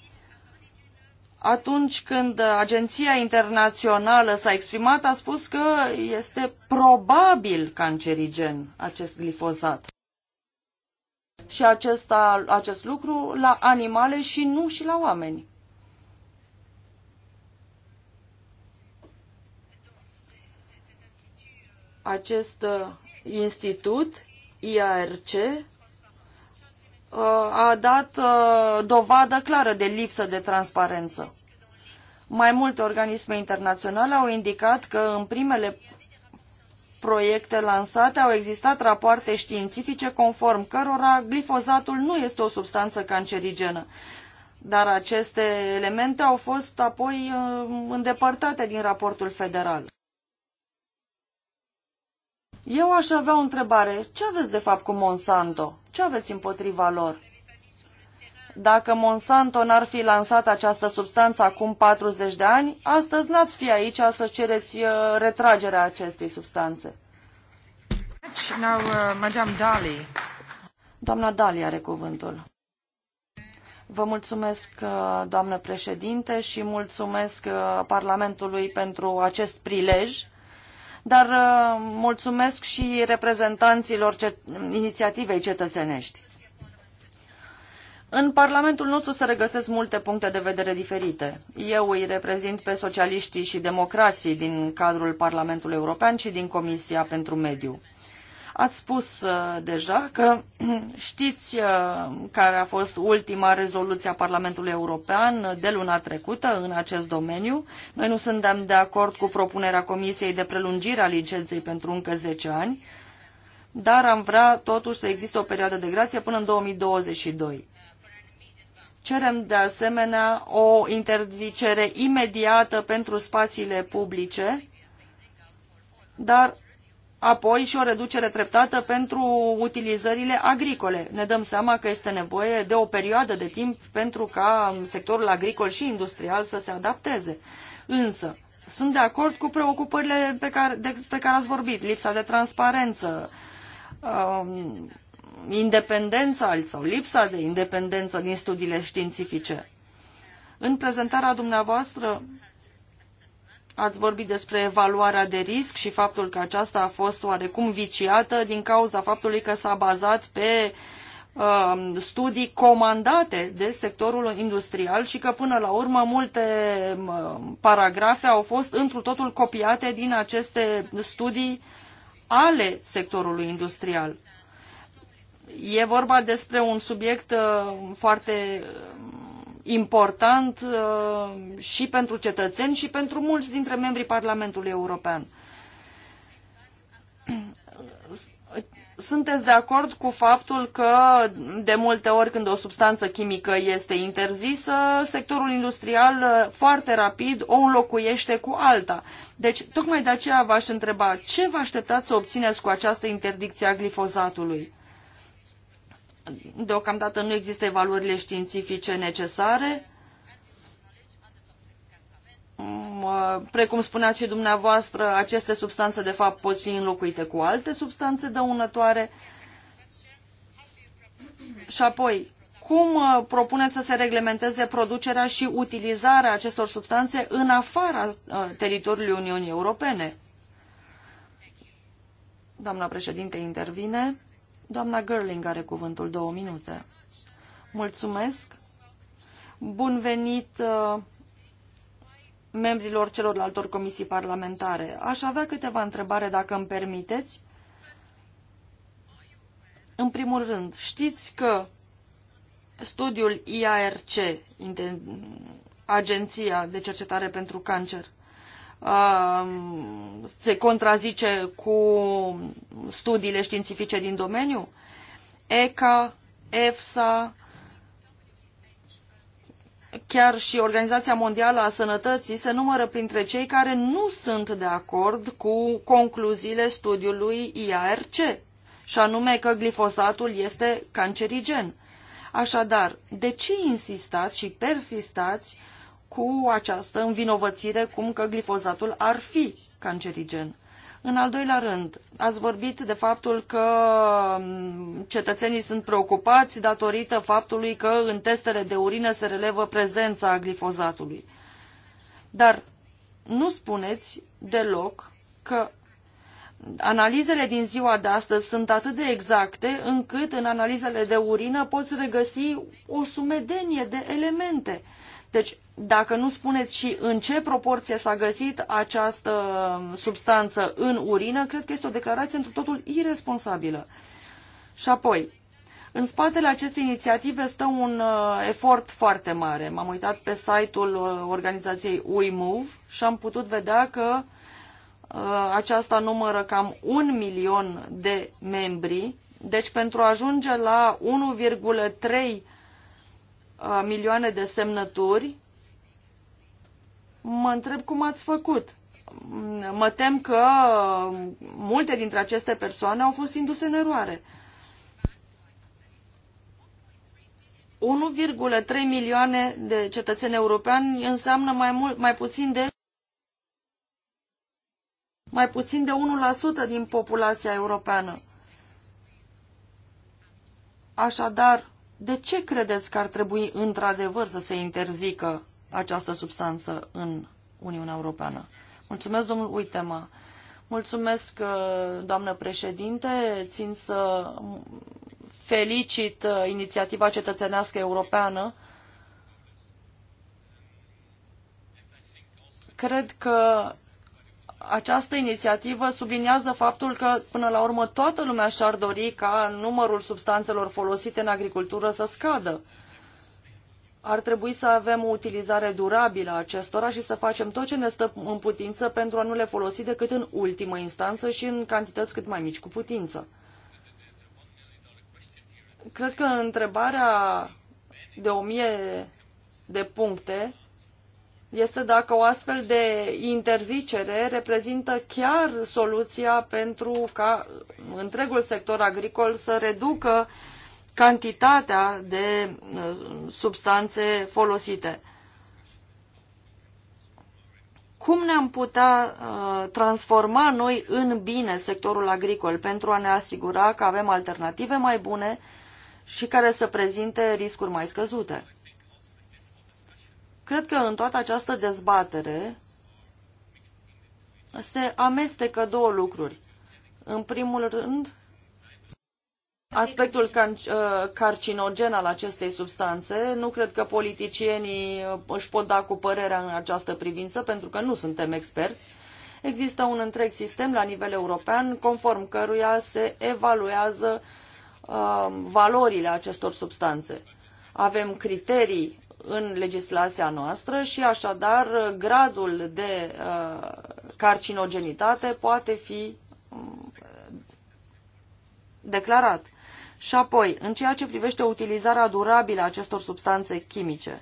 Atunci când Agenția Internațională s-a exprimat, a spus că este probabil cancerigen acest glifozat și acesta, acest lucru la animale și nu și la oameni. Acest uh, institut, IARC, uh, a dat uh, dovadă clară de lipsă de transparență. Mai multe organisme internaționale au indicat că în primele proiecte lansate au existat rapoarte științifice conform cărora glifozatul nu este o substanță cancerigenă. Dar aceste elemente au fost apoi uh, îndepărtate din raportul federal. Eu aș avea o întrebare. Ce aveți de fapt cu Monsanto? Ce aveți împotriva lor? Dacă Monsanto n-ar fi lansat această substanță acum 40 de ani, astăzi n-ați fi aici să cereți uh, retragerea acestei substanțe. Uh, Doamna Dali are cuvântul. Vă mulțumesc, uh, doamnă președinte, și mulțumesc Parlamentului pentru acest prilej, dar mulțumesc și reprezentanților inițiativei cetățenești. În Parlamentul nostru se regăsesc multe puncte de vedere diferite. Eu îi reprezint pe socialiștii și democrații din cadrul Parlamentului European și din Comisia pentru Mediu. Ați spus uh, deja că <clears throat> știți uh, care a fost ultima rezoluție a Parlamentului European de luna trecută în acest domeniu. Noi nu suntem de acord cu propunerea Comisiei de prelungire a licenței pentru încă 10 ani, dar am vrea totuși să existe o perioadă de grație până în 2022. Cerem de asemenea o interzicere imediată pentru spațiile publice, dar apoi și o reducere treptată pentru utilizările agricole. Ne dăm seama că este nevoie de o perioadă de timp pentru ca sectorul agricol și industrial să se adapteze. Însă, sunt de acord cu preocupările pe care, despre care ați vorbit, lipsa de transparență, um, independența sau lipsa de independență din studiile științifice. În prezentarea dumneavoastră ați vorbit despre evaluarea de risc și faptul că aceasta a fost oarecum viciată din cauza faptului că s-a bazat pe um, studii comandate de sectorul industrial și că până la urmă multe um, paragrafe au fost întru totul copiate din aceste studii ale sectorului industrial. E vorba despre un subiect uh, foarte uh, important uh, și pentru cetățeni și pentru mulți dintre membrii Parlamentului European. <clears throat> Sunteți de acord cu faptul că de multe ori când o substanță chimică este interzisă, sectorul industrial foarte rapid o înlocuiește cu alta. Deci, tocmai de aceea v-aș întreba, ce vă așteptați să obțineți cu această interdicție a glifozatului? Deocamdată nu există evaluările științifice necesare. Precum spuneați și dumneavoastră, aceste substanțe de fapt pot fi înlocuite cu alte substanțe dăunătoare. Și apoi, cum uh, propuneți să se reglementeze producerea și utilizarea acestor substanțe în afara uh, teritoriului Uniunii Europene? Doamna președinte intervine. Doamna Gerling are cuvântul două minute. Mulțumesc. Bun venit uh, membrilor celorlaltor comisii parlamentare. Aș avea câteva întrebare, dacă îmi permiteți. În primul rând, știți că studiul IARC, Agenția de Cercetare pentru Cancer, Um, se contrazice cu studiile științifice din domeniu? ECA, EFSA, chiar și Organizația Mondială a Sănătății se numără printre cei care nu sunt de acord cu concluziile studiului IARC, și anume că glifosatul este cancerigen. Așadar, de ce insistați și persistați cu această învinovățire cum că glifozatul ar fi cancerigen. În al doilea rând, ați vorbit de faptul că mm, cetățenii sunt preocupați datorită faptului că în testele de urină se relevă prezența glifozatului. Dar nu spuneți deloc că analizele din ziua de astăzi sunt atât de exacte încât în analizele de urină poți regăsi o sumedenie de elemente. Deci, dacă nu spuneți și în ce proporție s-a găsit această substanță în urină, cred că este o declarație într totul irresponsabilă. Și apoi, în spatele acestei inițiative stă un uh, efort foarte mare. M-am uitat pe site-ul uh, organizației WeMove și am putut vedea că uh, aceasta numără cam un milion de membri. Deci pentru a ajunge la 1,3 milioane de semnături, mă întreb cum ați făcut. Mă tem că multe dintre aceste persoane au fost induse în eroare. 1,3 milioane de cetățeni europeni înseamnă mai, mult, mai puțin de mai puțin de 1% din populația europeană. Așadar, de ce credeți că ar trebui într-adevăr să se interzică această substanță în Uniunea Europeană? Mulțumesc, domnul Uitema. Mulțumesc, uh, doamnă președinte. Țin să felicit uh, inițiativa cetățenească europeană. Cred că această inițiativă subliniază faptul că, până la urmă, toată lumea și-ar dori ca numărul substanțelor folosite în agricultură să scadă. Ar trebui să avem o utilizare durabilă a acestora și să facem tot ce ne stă în putință pentru a nu le folosi decât în ultimă instanță și în cantități cât mai mici cu putință. Cred că întrebarea de o mie de puncte este dacă o astfel de interzicere reprezintă chiar soluția pentru ca întregul sector agricol să reducă cantitatea de uh, substanțe folosite. Cum ne-am putea uh, transforma noi în bine sectorul agricol pentru a ne asigura că avem alternative mai bune și care să prezinte riscuri mai scăzute? Cred că în toată această dezbatere se amestecă două lucruri. În primul rând, aspectul uh, carcinogen al acestei substanțe. Nu cred că politicienii uh, își pot da cu părerea în această privință, pentru că nu suntem experți. Există un întreg sistem la nivel european, conform căruia se evaluează uh, valorile acestor substanțe. Avem criterii în legislația noastră și așadar gradul de uh, carcinogenitate poate fi um, declarat. Și apoi, în ceea ce privește utilizarea durabilă a acestor substanțe chimice,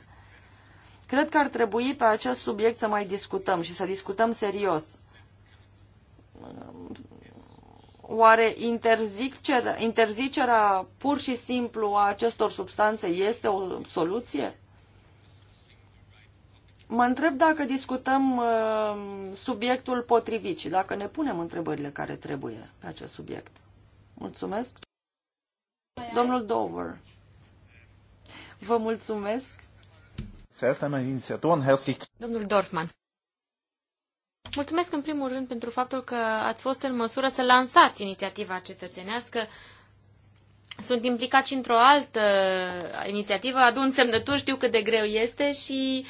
cred că ar trebui pe acest subiect să mai discutăm și să discutăm serios. Oare interzicerea, interzicerea pur și simplu a acestor substanțe este o soluție? Mă întreb dacă discutăm uh, subiectul potrivit și dacă ne punem întrebările care trebuie pe acest subiect. Mulțumesc. Domnul Dover. Vă mulțumesc. Domnul Dorfman. Mulțumesc în primul rând pentru faptul că ați fost în măsură să lansați inițiativa cetățenească sunt implicat și într-o altă inițiativă, adun semnături, știu cât de greu este și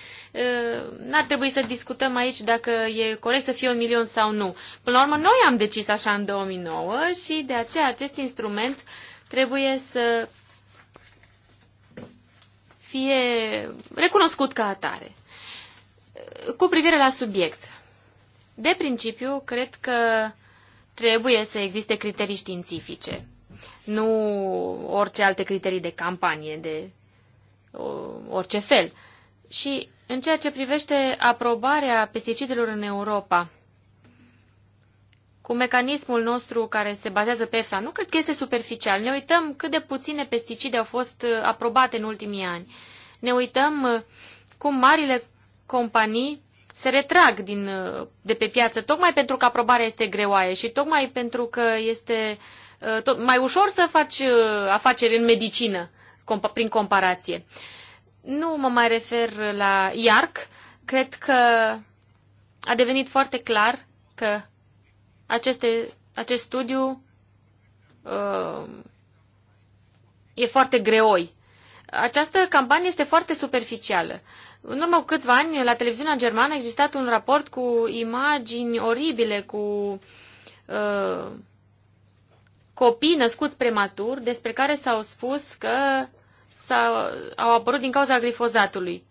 n-ar trebui să discutăm aici dacă e corect să fie un milion sau nu. Până la urmă, noi am decis așa în 2009 și de aceea acest instrument trebuie să fie recunoscut ca atare. Cu privire la subiect, de principiu, cred că trebuie să existe criterii științifice nu orice alte criterii de campanie, de orice fel. Și în ceea ce privește aprobarea pesticidelor în Europa, cu mecanismul nostru care se bazează pe EFSA, nu cred că este superficial. Ne uităm cât de puține pesticide au fost uh, aprobate în ultimii ani. Ne uităm uh, cum marile companii se retrag din, uh, de pe piață, tocmai pentru că aprobarea este greoaie și tocmai pentru că este uh, Uh, tot, mai ușor să faci uh, afaceri în medicină prin comparație. Nu mă mai refer la IARC. Cred că a devenit foarte clar că aceste, acest studiu uh, e foarte greoi. Această campanie este foarte superficială. În urmă cu câțiva ani, la televiziunea germană a existat un raport cu imagini oribile, cu uh, copii născuți prematur despre care s-au spus că au apărut din cauza glifozatului.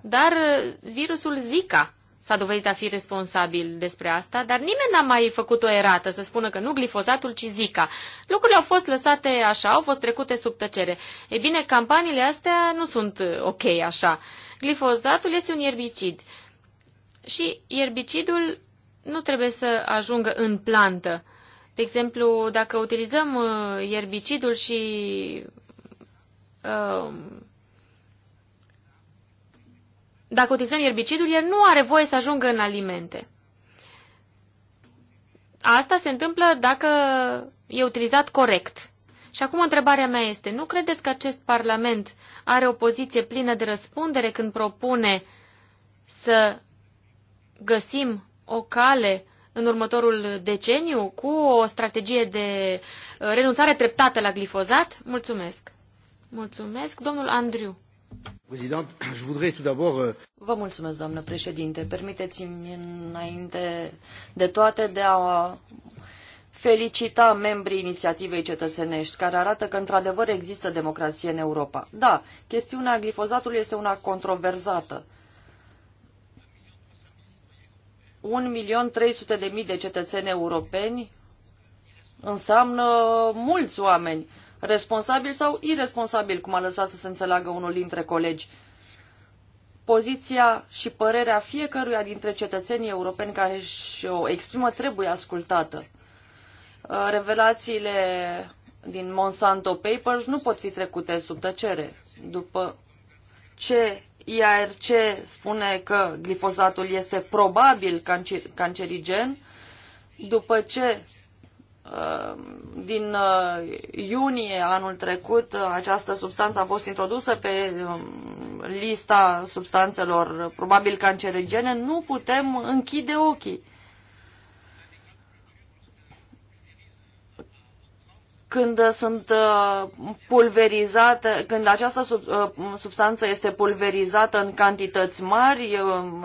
Dar uh, virusul Zika s-a dovedit a fi responsabil despre asta, dar nimeni n-a mai făcut o erată să spună că nu glifozatul, ci Zika. Lucrurile au fost lăsate așa, au fost trecute sub tăcere. E bine, campaniile astea nu sunt uh, ok așa. Glifozatul este un ierbicid. și ierbicidul nu trebuie să ajungă în plantă. De exemplu, dacă utilizăm uh, ierbicidul și uh, dacă utilizăm ierbicidul, el nu are voie să ajungă în alimente. Asta se întâmplă dacă e utilizat corect. Și acum întrebarea mea este, nu credeți că acest Parlament are o poziție plină de răspundere când propune să găsim o cale în următorul deceniu cu o strategie de uh, renunțare treptată la glifozat? Mulțumesc! Mulțumesc, domnul Andriu. <clears throat> Uh, Vă mulțumesc, doamnă președinte. Permiteți-mi înainte de toate de a felicita membrii inițiativei cetățenești, care arată că într-adevăr există democrație în Europa. Da, chestiunea glifozatului este una controversată 1.300.000 de cetățeni europeni înseamnă mulți oameni, responsabili sau irresponsabili, cum a lăsat să se înțeleagă unul dintre colegi. Poziția și părerea fiecăruia dintre cetățenii europeni care și-o exprimă trebuie ascultată. Uh, revelațiile din Monsanto Papers nu pot fi trecute sub tăcere. După ce IARC spune că glifosatul este probabil cancer cancerigen, după ce uh, din uh, iunie anul trecut uh, această substanță a fost introdusă pe um, lista substanțelor probabil cancerigene, nu putem închide ochii. când uh, sunt uh, pulverizate, când această sub, uh, substanță este pulverizată în cantități mari,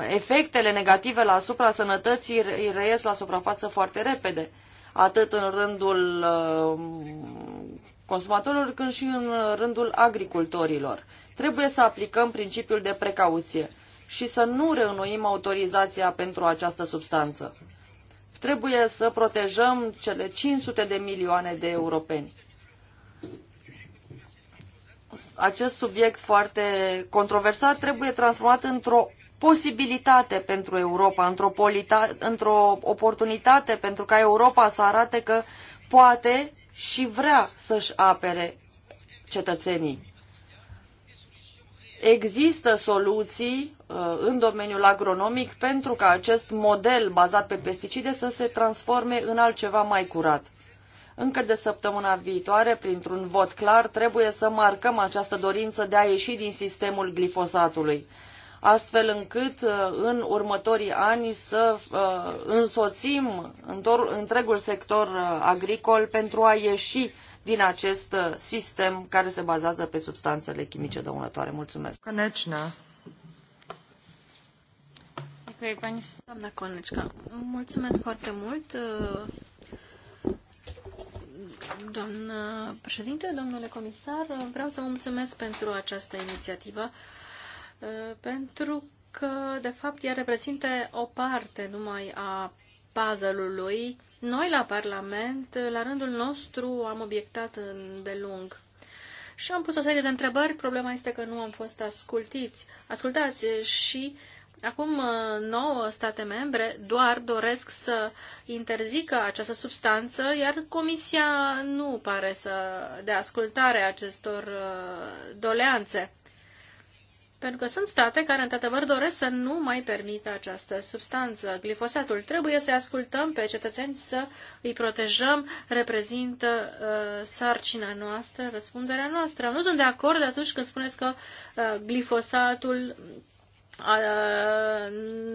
efectele negative la asupra sănătății reies la suprafață foarte repede, atât în rândul consumatorilor, cât și în rândul agricultorilor. Trebuie să aplicăm principiul de precauție și să nu reînnoim autorizația pentru această substanță trebuie să protejăm cele 500 de milioane de europeni. Acest subiect foarte controversat trebuie transformat într-o posibilitate pentru Europa, într-o, într oportunitate pentru ca Europa să arate că poate și vrea să-și apere cetățenii. Există soluții Uh, în domeniul agronomic pentru ca acest model bazat pe pesticide să se transforme în altceva mai curat. Încă de săptămâna viitoare, printr-un vot clar, trebuie să marcăm această dorință de a ieși din sistemul glifosatului, astfel încât uh, în următorii ani să uh, însoțim întregul sector agricol pentru a ieși din acest sistem care se bazează pe substanțele chimice dăunătoare. Mulțumesc! Conecna. Doamna Conecica, mulțumesc foarte mult. Doamnă președinte, domnule comisar, vreau să vă mulțumesc pentru această inițiativă, pentru că, de fapt, ea reprezintă o parte numai a puzzle-ului. Noi, la Parlament, la rândul nostru, am obiectat de lung și am pus o serie de întrebări. Problema este că nu am fost ascultiți. Ascultați și uh, Acum, uh, nouă state membre doar doresc să interzică această substanță, iar Comisia nu pare să dea ascultare acestor uh, doleanțe. Pentru că sunt state care, într-adevăr, doresc să nu mai permită această substanță. Glifosatul trebuie să-i ascultăm pe cetățeni, să îi protejăm, reprezintă uh, sarcina noastră, răspunderea noastră. Nu sunt de acord atunci când spuneți că uh, glifosatul a,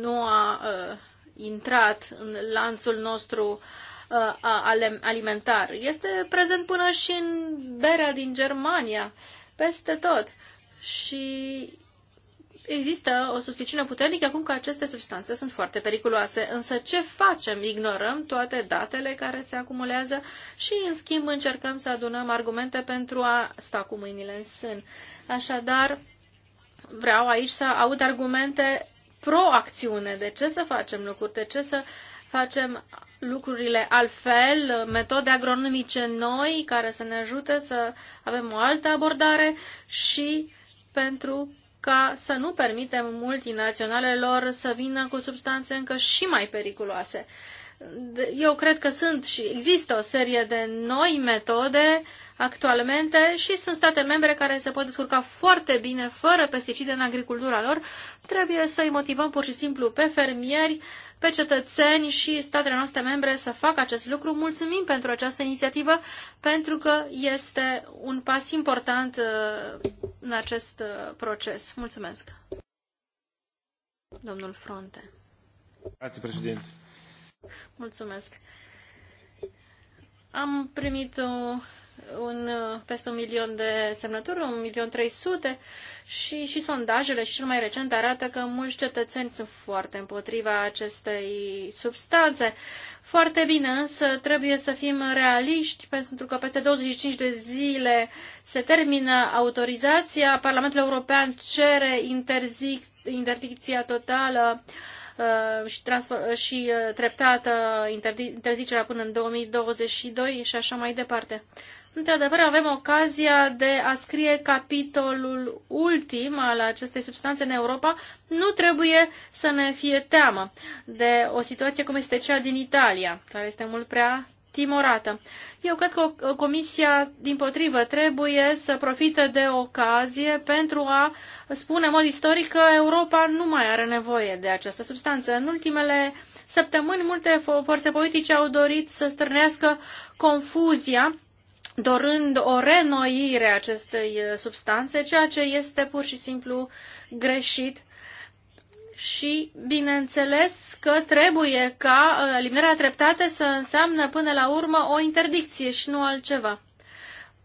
nu a, a intrat în lanțul nostru a, a, alimentar. Este prezent până și în berea din Germania, peste tot. Și Există o suspiciune puternică acum că aceste substanțe sunt foarte periculoase, însă ce facem? Ignorăm toate datele care se acumulează și, în schimb, încercăm să adunăm argumente pentru a sta cu mâinile în sân. Așadar, vreau aici să aud argumente pro-acțiune. De ce să facem lucruri? De ce să facem lucrurile altfel, metode agronomice noi care să ne ajute să avem o altă abordare și pentru ca să nu permitem multinaționalelor să vină cu substanțe încă și mai periculoase. Eu cred că sunt și există o serie de noi metode actualmente și sunt state membre care se pot descurca foarte bine fără pesticide în agricultura lor. Trebuie să îi motivăm pur și simplu pe fermieri, pe cetățeni și statele noastre membre să facă acest lucru. Mulțumim pentru această inițiativă pentru că este un pas important uh, în acest uh, proces. Mulțumesc. Domnul Fronte. Grazie, președinte. Mulțumesc. Am primit un, un, peste un milion de semnături, un milion trei sute și, și sondajele și cel mai recent arată că mulți cetățeni sunt foarte împotriva acestei substanțe. Foarte bine, însă trebuie să fim realiști pentru că peste 25 de zile se termină autorizația. Parlamentul European cere interzic, interdicția totală uh, Uh, și, uh, și uh, treptată interzicerea până în 2022 și așa mai departe. Într-adevăr, avem ocazia de a scrie capitolul ultim al acestei substanțe în Europa. Nu trebuie să ne fie teamă de o situație cum este cea din Italia, care este mult prea timorată. Eu cred că Comisia, din potrivă, trebuie să profite de ocazie pentru a spune în mod istoric că Europa nu mai are nevoie de această substanță. În ultimele săptămâni, multe forțe politice au dorit să stârnească confuzia dorând o renoire a acestei substanțe, ceea ce este pur și simplu greșit și bineînțeles că trebuie ca uh, eliminarea treptată să înseamnă până la urmă o interdicție și nu altceva.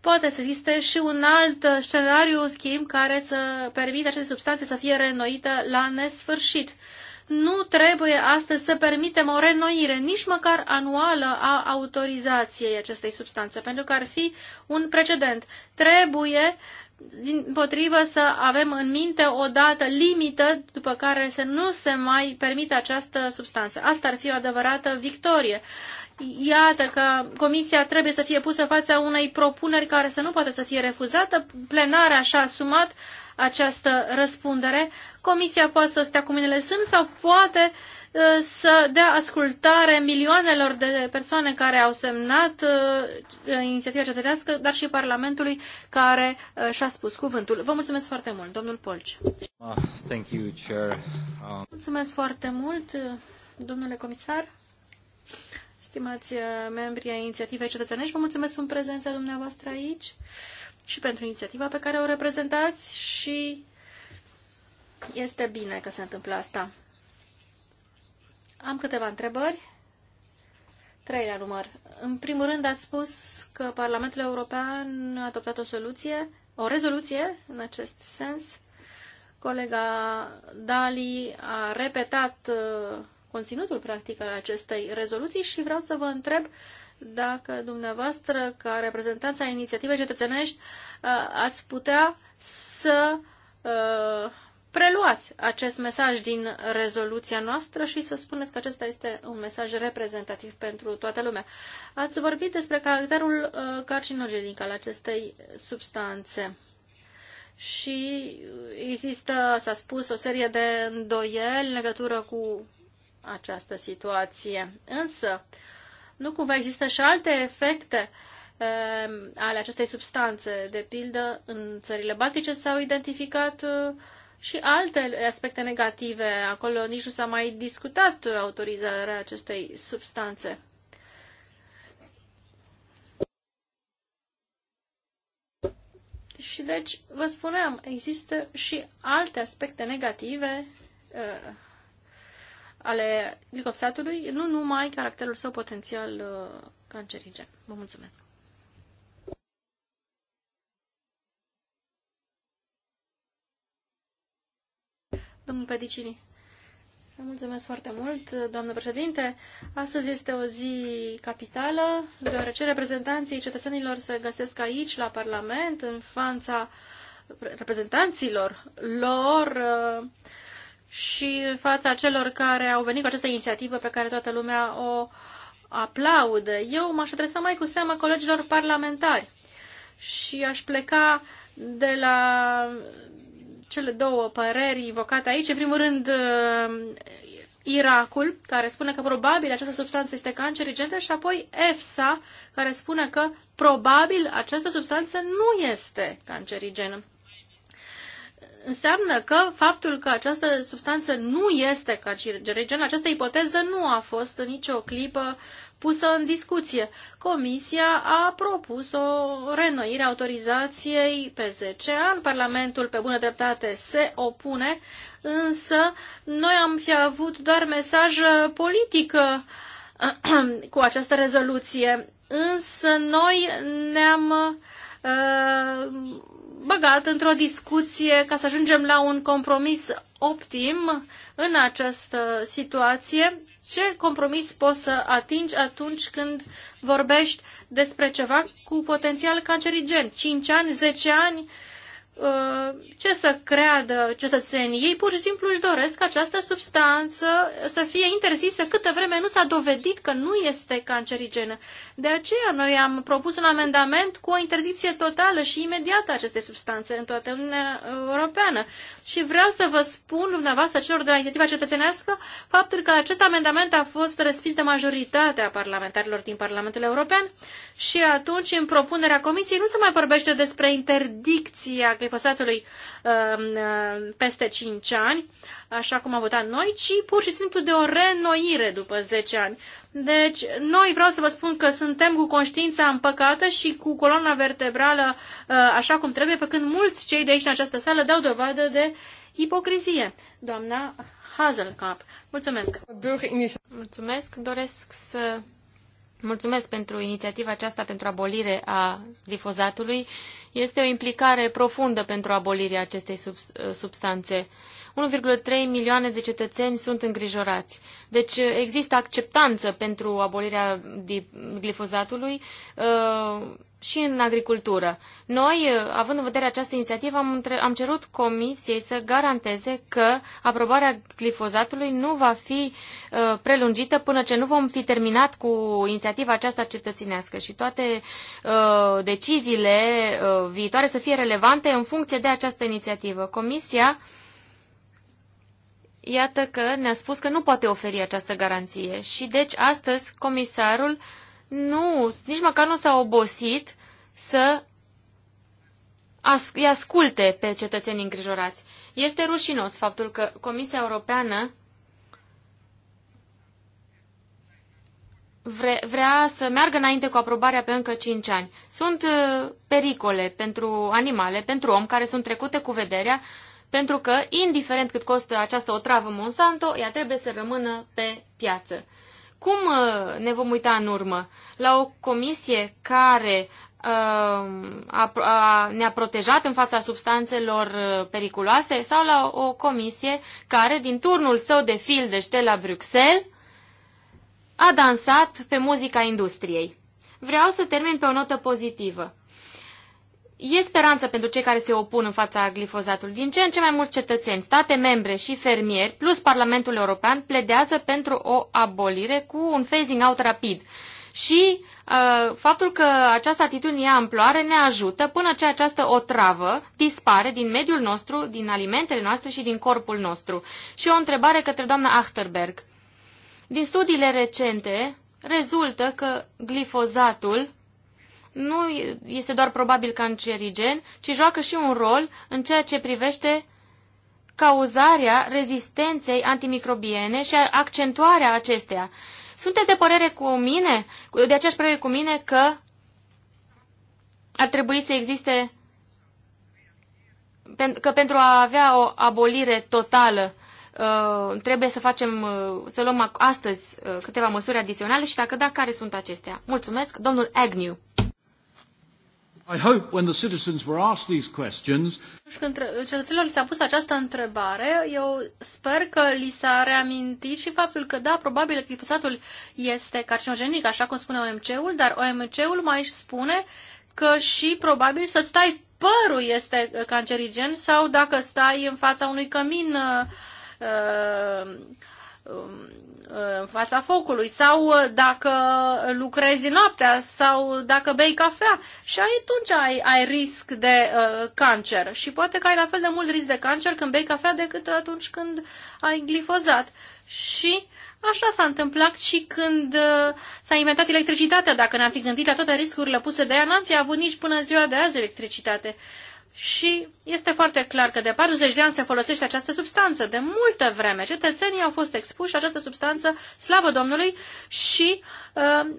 Poate să existe și un alt uh, scenariu, în schimb, care să permită aceste substanțe să fie reînnoită la nesfârșit. Nu trebuie astăzi să permitem o renoire, nici măcar anuală, a autorizației acestei substanțe, pentru că ar fi un precedent. Trebuie uh, din potrivă să avem în minte o dată limită după care să nu se mai permite această substanță. Asta ar fi o adevărată victorie. Iată că comisia trebuie să fie pusă fața unei propuneri care să nu poate să fie refuzată. Plenarea și-a asumat această răspundere. Comisia poate să stea cu mâinile sân sau poate uh, Uh, să dea ascultare milioanelor de persoane care au semnat uh, uh, inițiativa cetățească, dar și Parlamentului care și-a spus cuvântul. Vă mulțumesc foarte mult, domnul Polci. Ah, thank you, Chair. Ah. Mulțumesc foarte mult, domnule comisar. Stimați membri ai inițiativei cetățenești, vă mulțumesc pentru prezența dumneavoastră aici și pentru inițiativa pe care o reprezentați și este bine că se întâmplă asta. Am câteva întrebări. Trei la număr. În primul rând, ați spus că Parlamentul European a adoptat o soluție, o rezoluție în acest sens. Colega Dali a repetat uh, conținutul practic al acestei rezoluții și vreau să vă întreb dacă dumneavoastră, ca reprezentanța inițiativei cetățenești, uh, ați putea să uh, preluați acest mesaj din rezoluția noastră și să spuneți că acesta este un mesaj reprezentativ pentru toată lumea. Ați vorbit despre caracterul uh, carcinogenic al acestei substanțe și există, s-a spus, o serie de îndoieli în legătură cu această situație. Însă, nu cumva există și alte efecte e, uh, ale acestei substanțe. De pildă, în țările baltice s-au identificat e, uh, și alte aspecte negative. Acolo nici nu s-a mai discutat autorizarea acestei substanțe. Și deci, vă spuneam, există și alte aspecte negative uh, ale glicofsatului, nu numai caracterul său potențial uh, cancerigen. Vă mulțumesc! Domnul Pedicini. Mulțumesc foarte mult, doamnă președinte. Astăzi este o zi capitală, deoarece reprezentanții cetățenilor se găsesc aici, la Parlament, în fața reprezentanților lor uh, și în fața celor care au venit cu această inițiativă pe care toată lumea o aplaudă. Eu m-aș adresa mai cu seamă colegilor parlamentari și aș pleca de la cele două păreri invocate aici. În primul rând, uh, iracul, care spune că probabil această substanță este cancerigentă și apoi EFSA, care spune că probabil această substanță nu este cancerigenă înseamnă că faptul că această substanță nu este cancerigenă, această ipoteză nu a fost în nicio clipă pusă în discuție. Comisia a propus o reînnoire a autorizației pe 10 ani. Parlamentul, pe bună dreptate, se opune, însă noi am fi avut doar mesaj politic <clears throat> cu această rezoluție. Însă noi ne-am uh, Uh, băgat într-o discuție ca să ajungem la un compromis optim în această situație. Ce compromis poți să atingi atunci când vorbești despre ceva cu potențial cancerigen? 5 ani, 10 ani? Uh, Uh, ce să creadă cetățenii? Ei pur și simplu își doresc această substanță să fie interzisă câtă vreme nu s-a dovedit că nu este cancerigenă. De aceea noi am propus un amendament cu o interdicție totală și imediată a acestei substanțe în toată Uniunea Europeană. Și vreau să vă spun, dumneavoastră, celor de la inițiativa cetățenească, faptul că acest amendament a fost respins de majoritatea parlamentarilor din Parlamentul European și atunci, în propunerea Comisiei, nu se mai vorbește despre interdicția glifosatului um, uh, peste 5 ani, așa cum am votat noi, ci pur și simplu de o renoire după 10 ani. Deci, noi vreau să vă spun că suntem cu conștiința împăcată și cu coloana vertebrală uh, așa cum trebuie, pe când mulți cei de aici în această sală dau dovadă de ipocrizie. Doamna Hazelcap. Mulțumesc! Mulțumesc! Doresc să Mulțumesc pentru inițiativa aceasta pentru abolire a glifozatului. Este o implicare profundă pentru abolirea acestei substanțe. 1,3 milioane de cetățeni sunt îngrijorați. Deci există acceptanță pentru abolirea glifozatului. Uh, și în agricultură. Noi, uh, având în vedere această inițiativă, am, între... am cerut comisiei să garanteze că aprobarea glifozatului nu va fi uh, prelungită până ce nu vom fi terminat cu inițiativa aceasta cetățenească și toate uh, deciziile uh, viitoare să fie relevante în funcție de această inițiativă. Comisia iată că ne-a spus că nu poate oferi această garanție și deci astăzi comisarul uh, nu, nici măcar nu s-a obosit să as- îi asculte pe cetățenii îngrijorați. Este rușinos faptul că Comisia Europeană vre- vrea să meargă înainte cu aprobarea pe încă 5 ani. Sunt uh, pericole pentru animale, pentru om, care sunt trecute cu vederea, pentru că, indiferent cât costă această otravă Monsanto, ea trebuie să rămână pe piață. Cum uh, ne vom uita în urmă? La o comisie care uh, a, a, ne-a protejat în fața substanțelor uh, periculoase sau la o comisie care, din turnul său de fildeș de la Bruxelles, a dansat pe muzica industriei. Vreau să termin pe o notă pozitivă. E speranță pentru cei care se opun în fața glifozatului. Din ce în ce mai mulți cetățeni, state membre și fermieri, plus Parlamentul European, pledează pentru o abolire cu un phasing out rapid. Și uh, faptul că această atitudine ia amploare ne ajută până ce această otravă dispare din mediul nostru, din alimentele noastre și din corpul nostru. Și o întrebare către doamna Achterberg. Din studiile recente rezultă că glifozatul nu este doar probabil cancerigen, ci joacă și un rol în ceea ce privește cauzarea rezistenței antimicrobiene și accentuarea acesteia. Sunteți de părere cu mine, de aceeași părere cu mine că ar trebui să existe că pentru a avea o abolire totală uh, trebuie să facem, uh, să luăm astăzi uh, câteva măsuri adiționale și dacă da, care sunt acestea? Mulțumesc, domnul Agnew. I hope when the citizens were asked these questions. Când cetățenilor li s-a pus această întrebare, eu sper că li s-a reamintit și faptul că, da, probabil că glifosatul este carcinogenic, așa cum spune OMC-ul, dar OMC-ul mai spune că și probabil să ți stai părul este cancerigen sau dacă stai în fața unui cămin uh, uh, um, în fața focului sau uh, dacă lucrezi noaptea sau dacă bei cafea și atunci ai, ai risc de uh, cancer și poate că ai la fel de mult risc de cancer când bei cafea decât atunci când ai glifozat. Și așa s-a întâmplat și când uh, s-a inventat electricitatea. Dacă ne-am fi gândit la toate riscurile puse de ea, n-am fi avut nici până ziua de azi electricitate. Uh, și este foarte clar că de 40 de ani se folosește această substanță. De multă vreme cetățenii au fost expuși această substanță, slavă Domnului, și uh,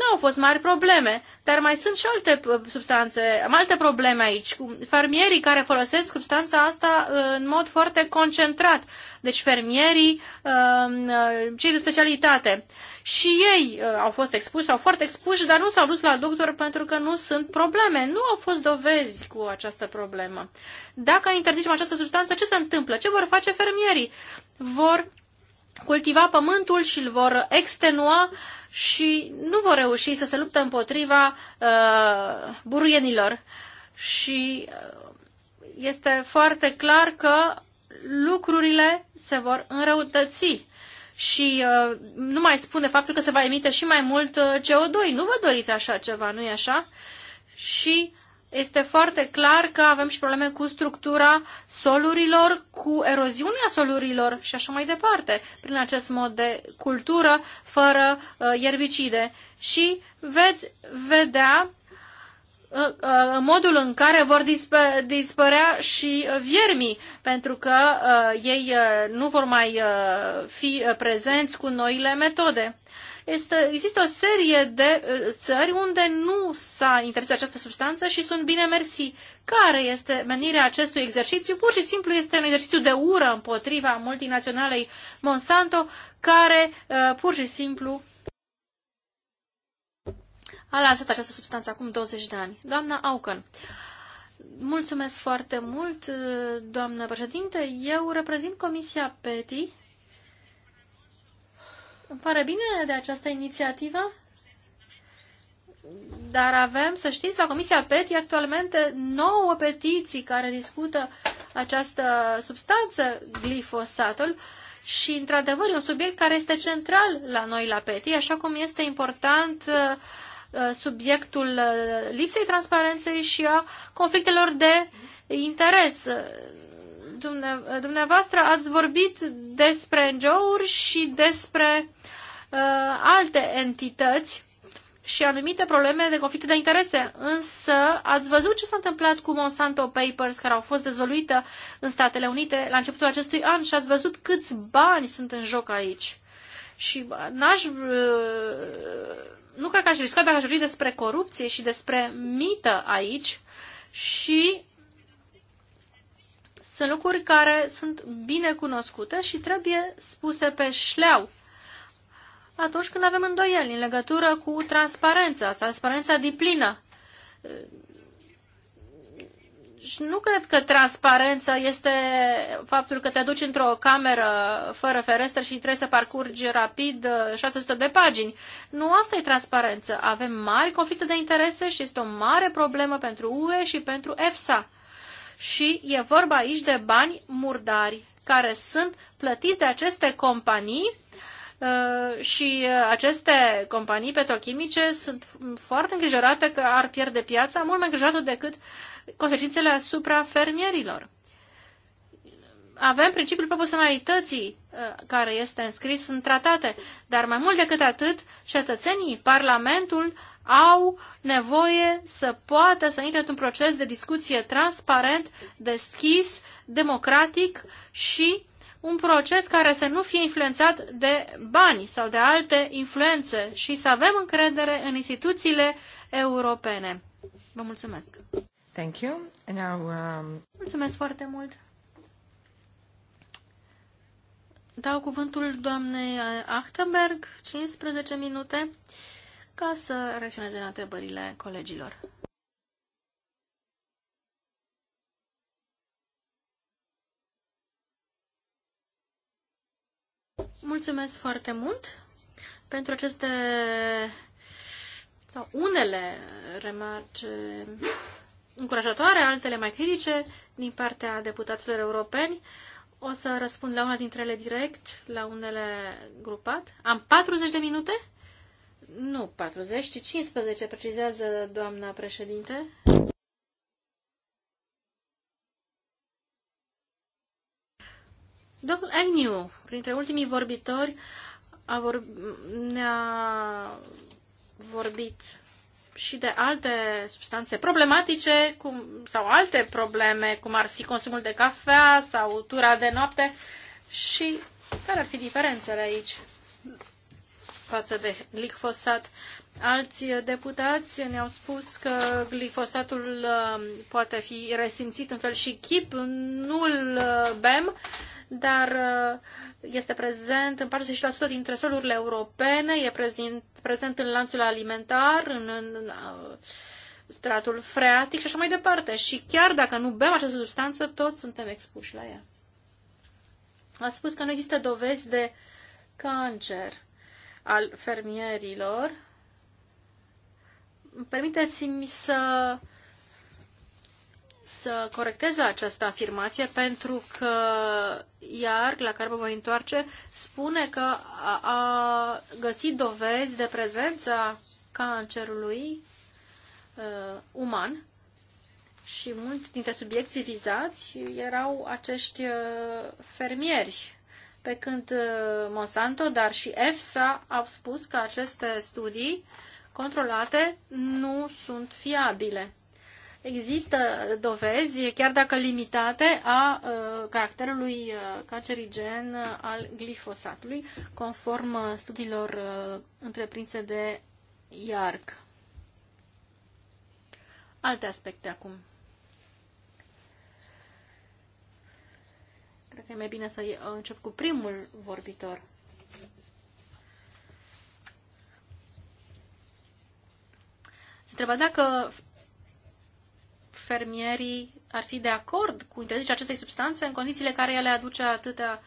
nu au fost mari probleme, dar mai sunt și alte uh, substanțe, alte probleme aici. Fermierii care folosesc substanța asta uh, în mod foarte concentrat, deci fermierii, um, uh, cei de specialitate. Și ei au fost expuși, au foarte expuși, dar nu s-au dus la doctor pentru că nu sunt probleme. Nu au fost dovezi cu această problemă. Dacă interzicem această substanță, ce se întâmplă? Ce vor face fermierii? Vor cultiva pământul și îl vor extenua și nu vor reuși să se luptă împotriva uh, buruienilor. Și uh, este foarte clar că lucrurile se vor înrăutăți și uh, nu mai spune faptul că se va emite și mai mult uh, CO2. Nu vă doriți așa ceva, nu-i așa? Și uh, este foarte clar că avem și probleme cu structura solurilor, cu eroziunea solurilor și așa mai departe, prin acest mod de cultură fără uh, ierbicide. Și veți vedea uh, uh, modul în care vor dispărea și uh, viermii, pentru că uh, ei uh, nu vor mai uh, fi uh, prezenți cu noile metode. Uh, este, există o serie de uh, țări unde nu s-a interzis această substanță și sunt bine mersi. Care este menirea acestui exercițiu? Pur și simplu este un exercițiu de ură împotriva multinaționalei Monsanto, care uh, pur și simplu a lansat această substanță acum 20 de ani. Doamna Auken. Mulțumesc foarte mult, uh, doamnă președinte. Eu reprezint Comisia PETI îmi pare bine de această inițiativă, dar avem, să știți, la Comisia PETI actualmente nouă petiții care discută această substanță, glifosatul, și, într-adevăr, e un subiect care este central la noi, la PETI, așa cum este important uh, uh, subiectul uh, lipsei transparenței și a conflictelor de interes. Dumne, dumneavoastră ați vorbit despre NGO-uri și despre Uh, alte entități și anumite probleme de conflict de interese. Însă ați văzut ce s-a întâmplat cu Monsanto Papers care au fost dezvăluite în Statele Unite la începutul acestui an și ați văzut câți bani sunt în joc aici. Și n-aș, uh, nu cred că aș risca dacă aș vorbi despre corupție și despre mită aici și sunt lucruri care sunt bine cunoscute și trebuie spuse pe șleau atunci când avem îndoieli în legătură cu transparența, transparența deplină, Și nu cred că transparența este faptul că te duci într-o cameră fără ferestră și trebuie să parcurgi rapid 600 uh, de pagini. Nu asta e transparență. Avem mari conflicte de interese și este o mare problemă pentru UE și pentru EFSA. Și e vorba aici de bani murdari care sunt plătiți de aceste companii Uh, și uh, aceste companii petrochimice sunt foarte îngrijorate că ar pierde piața, mult mai îngrijorată decât consecințele asupra fermierilor. Avem principiul proporționalității uh, care este înscris în tratate, dar mai mult decât atât, cetățenii, Parlamentul au nevoie să poată să intre într-un proces de discuție transparent, deschis, democratic și un proces care să nu fie influențat de bani sau de alte influențe și să avem încredere în instituțiile europene. Vă mulțumesc! Thank you. And now, um... Mulțumesc foarte mult! Dau cuvântul doamnei uh, Achtenberg, 15 minute, ca să reacționeze la întrebările colegilor. Mulțumesc foarte mult pentru aceste sau unele remarci încurajatoare, altele mai critice din partea deputaților europeni. O să răspund la una dintre ele direct, la unele grupat. Am 40 de minute? Nu 40, ci 15, precizează doamna președinte. Domnul Agnew, printre ultimii vorbitori, a vorb- ne-a vorbit și de alte substanțe problematice cum, sau alte probleme, cum ar fi consumul de cafea sau tura de noapte și care ar fi diferențele aici față de glifosat. Alți deputați ne-au spus că glifosatul uh, poate fi resimțit în fel și chip, nu-l uh, bem, dar uh, este prezent în 40% dintre solurile europene, e prezent, prezent în lanțul alimentar, în, în uh, stratul freatic și așa mai departe. Și chiar dacă nu bem această substanță, toți suntem expuși la ea. Ați spus că nu există dovezi de cancer al fermierilor. Permiteți-mi să uh, să corecteze această afirmație pentru că iar, la care mă voi întoarce, spune că a, a găsit dovezi de prezența cancerului uh, uman și mulți dintre subiecții vizați erau acești uh, fermieri, pe când uh, Monsanto, dar și EFSA au spus că aceste studii controlate nu sunt fiabile există dovezi, chiar dacă limitate, a uh, caracterului uh, cancerigen uh, al glifosatului, conform studiilor întreprinse de IARC. Alte aspecte acum. Cred că e mai bine să încep cu primul vorbitor. Se întreba dacă fermierii ar fi de acord cu interzicerea acestei substanțe în condițiile care le aduce atâtea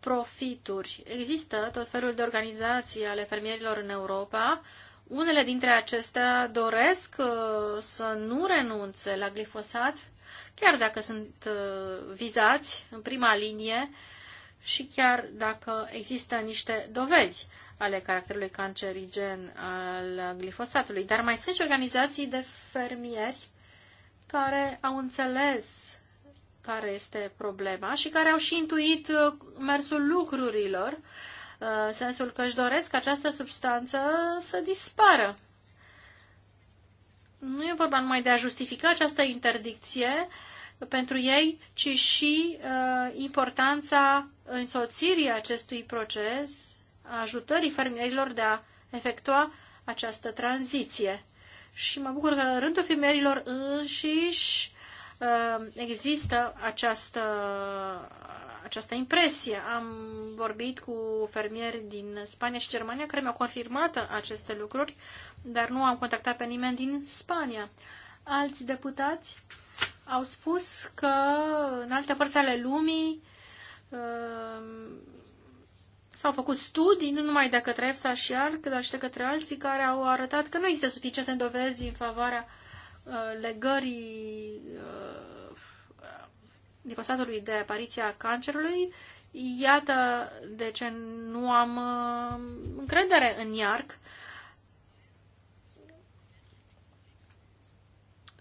profituri. Există tot felul de organizații ale fermierilor în Europa. Unele dintre acestea doresc uh, să nu renunțe la glifosat, chiar dacă sunt uh, vizați în prima linie și chiar dacă există niște dovezi ale caracterului cancerigen al glifosatului. Dar mai sunt și organizații de fermieri care au înțeles care este problema și care au și intuit uh, mersul lucrurilor, uh, în sensul că își doresc această substanță să dispară. Nu e vorba numai de a justifica această interdicție pentru ei, ci și uh, importanța însoțirii acestui proces, a ajutării fermierilor de a efectua această tranziție și mă bucur că în rândul femeilor înșiși uh, există această, această impresie. Am vorbit cu fermieri din Spania și Germania care mi-au confirmat aceste lucruri, dar nu am contactat pe nimeni din Spania. Alți deputați au spus că în alte părți ale lumii uh, S-au făcut studii, nu numai de către EFSA și ARC, dar și de către alții care au arătat că nu există suficiente dovezi în favoarea uh, legării uh, glifosatului de apariția cancerului. Iată de ce nu am uh, încredere în IARC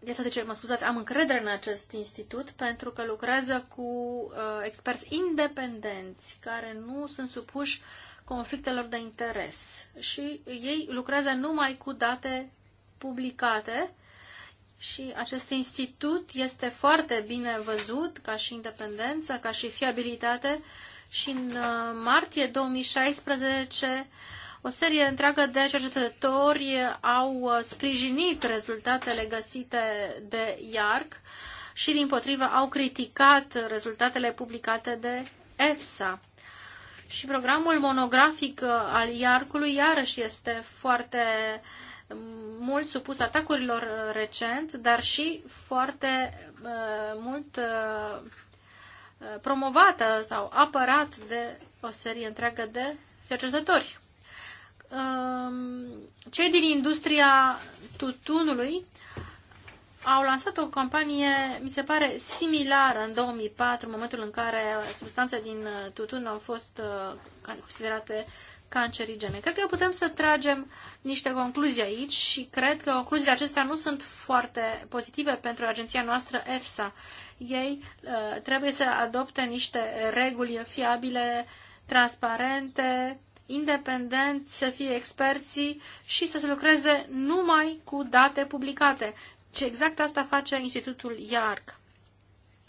de fapt, ce, mă scuzați, am încredere în acest institut pentru că lucrează cu uh, experți independenți care nu sunt supuși conflictelor de interes și ei lucrează numai cu date publicate și acest institut este foarte bine văzut ca și independență, ca și fiabilitate și în uh, martie 2016 o serie întreagă de cercetători au uh, sprijinit rezultatele găsite de IARC și, din potrivă, au criticat rezultatele publicate de EFSA. Și programul monografic uh, al IARC-ului iarăși este foarte mult supus atacurilor uh, recent, dar și foarte mult promovată sau apărat de o serie întreagă de cercetători. Um, cei din industria tutunului au lansat o campanie, mi se pare, similară în 2004, în momentul în care substanțe din uh, tutun au fost uh, considerate cancerigene. Cred că putem să tragem niște concluzii aici și cred că concluziile acestea nu sunt foarte pozitive pentru agenția noastră EFSA. Ei uh, trebuie să adopte niște reguli fiabile, transparente, independenți, să fie experții și să se lucreze numai cu date publicate. Ce exact asta face Institutul IARC.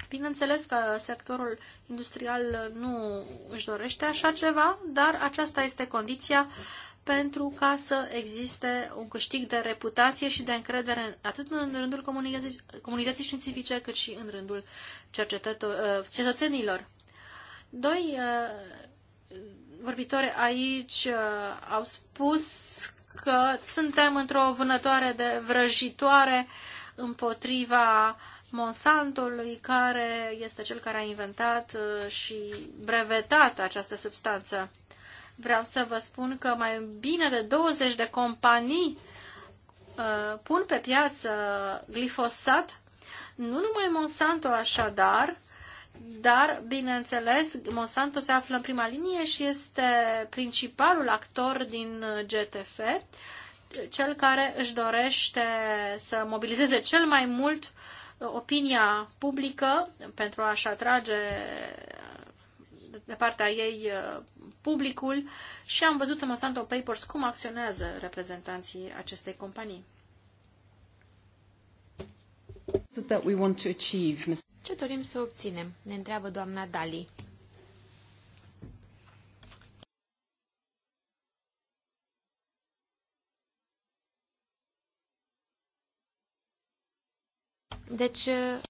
Bineînțeles că sectorul industrial nu își dorește așa ceva, dar aceasta este condiția pentru ca să existe un câștig de reputație și de încredere atât în rândul comunității, comunității științifice cât și în rândul ă, cetățenilor. Doi, ă, vorbitori aici uh, au spus că suntem într-o vânătoare de vrăjitoare împotriva Monsantului, care este cel care a inventat uh, și brevetat această substanță. Vreau să vă spun că mai bine de 20 de companii uh, pun pe piață glifosat. Nu numai Monsanto, așadar, dar, bineînțeles, Monsanto se află în prima linie și este principalul actor din GTF, cel care își dorește să mobilizeze cel mai mult uh, opinia publică pentru a-și atrage uh, de partea ei uh, publicul și am văzut în Monsanto Papers cum acționează reprezentanții acestei companii. That we want to achieve, Mr. Ce dorim să obținem? Ne întreabă doamna Dali. Deci, uh,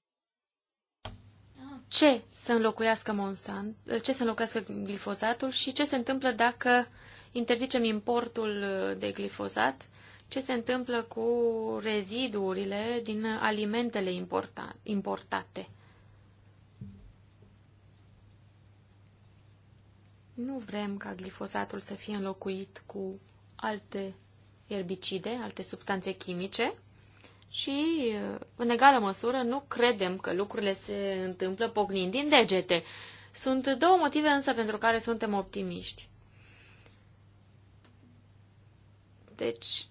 ce să înlocuiască Monsanto, uh, ce să înlocuiască glifosatul și ce se întâmplă dacă interzicem importul uh, de glifosat, ce se întâmplă cu reziduurile din alimentele importate. Nu vrem ca glifosatul să fie înlocuit cu alte erbicide, alte substanțe chimice și, în egală măsură, nu credem că lucrurile se întâmplă pocnind din degete. Sunt două motive însă pentru care suntem optimiști. Deci,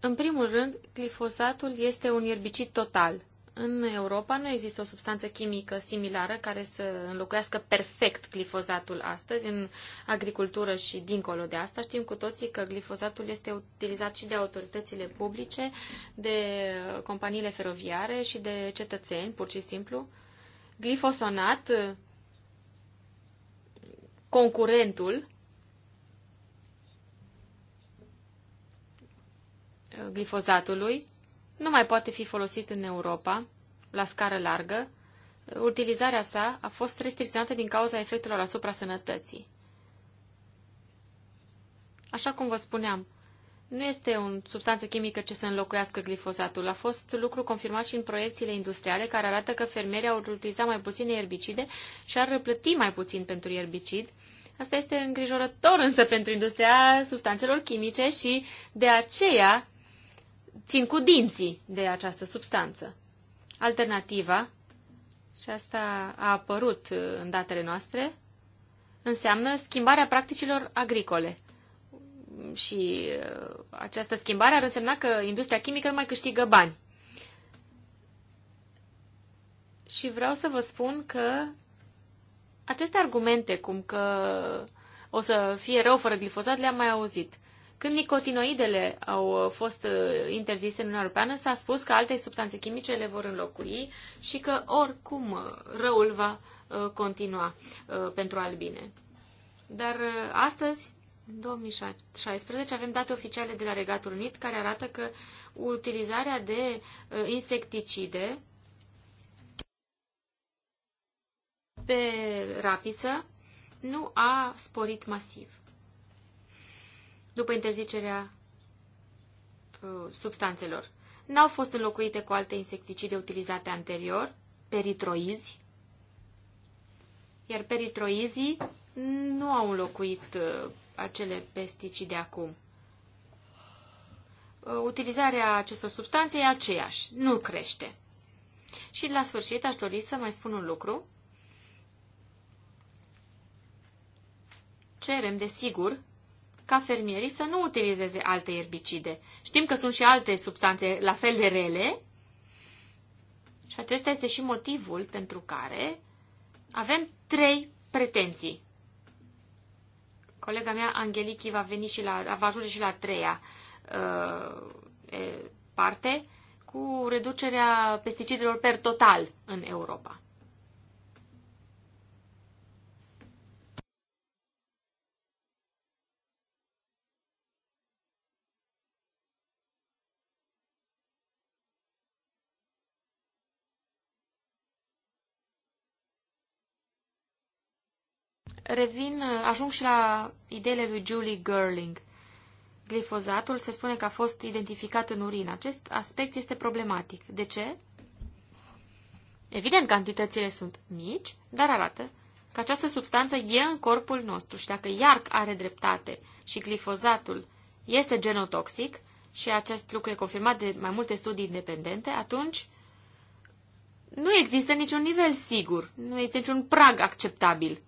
în primul rând, glifosatul este un erbicid total în Europa nu există o substanță chimică similară care să înlocuiască perfect glifozatul astăzi în agricultură și dincolo de asta. Știm cu toții că glifozatul este utilizat și de autoritățile publice, de companiile feroviare și de cetățeni, pur și simplu. Glifosonat, concurentul, glifozatului, nu mai poate fi folosit în Europa la scară largă. Utilizarea sa a fost restricționată din cauza efectelor asupra sănătății. Așa cum vă spuneam, nu este o substanță chimică ce să înlocuiască glifosatul. A fost lucru confirmat și în proiecțiile industriale care arată că fermierii au utilizat mai puține erbicide și ar răplăti mai puțin pentru erbicid. Asta este îngrijorător însă pentru industria substanțelor chimice și de aceea țin cu dinții de această substanță. Alternativa, și asta a apărut uh, în datele noastre, înseamnă schimbarea practicilor agricole. Și uh, această schimbare ar însemna că industria chimică nu mai câștigă bani. Și vreau să vă spun că aceste argumente, cum că o să fie rău fără glifozat, le-am mai auzit. Când nicotinoidele au uh, fost uh, interzise în Uniunea Europeană, s-a spus că alte substanțe chimice le vor înlocui și că oricum uh, răul va continua pentru albine. Dar astăzi, în 2016, avem date oficiale de la Regatul Unit care arată că utilizarea de insecticide pe rapiță nu a sporit masiv după interzicerea uh, substanțelor. N-au fost înlocuite cu alte insecticide utilizate anterior, peritroizi, iar peritroizii nu au înlocuit uh, acele pesticide acum. Uh, utilizarea acestor substanțe e aceeași, nu crește. Și la sfârșit aș dori să mai spun un lucru. Cerem, desigur, ca fermierii să nu utilizeze alte erbicide. Știm că sunt și alte substanțe la fel de rele și acesta este și motivul pentru care avem trei pretenții. Colega mea, Angelichi, va, veni și la, va ajunge și la treia uh, parte cu reducerea pesticidelor per total în Europa. revin, ajung și la ideile lui Julie Gerling. Glifozatul se spune că a fost identificat în urin. Acest aspect este problematic. De ce? Evident, cantitățile sunt mici, dar arată că această substanță e în corpul nostru și dacă IARC are dreptate și glifozatul este genotoxic și acest lucru e confirmat de mai multe studii independente, atunci nu există niciun nivel sigur, nu există niciun prag acceptabil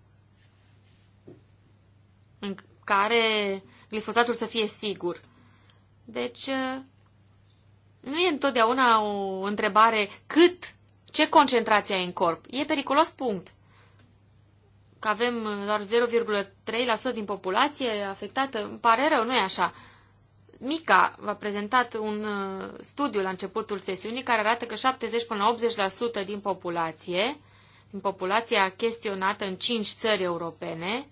în care glifosatul să fie sigur. Deci, uh, nu e întotdeauna o întrebare cât, ce concentrație ai în corp. E periculos, punct. Că avem uh, doar 0,3% din populație afectată, îmi pare rău, nu e așa. Mica v-a prezentat un uh, studiu la începutul sesiunii care arată că 70 până la 80% din populație, din populația chestionată în 5 țări europene,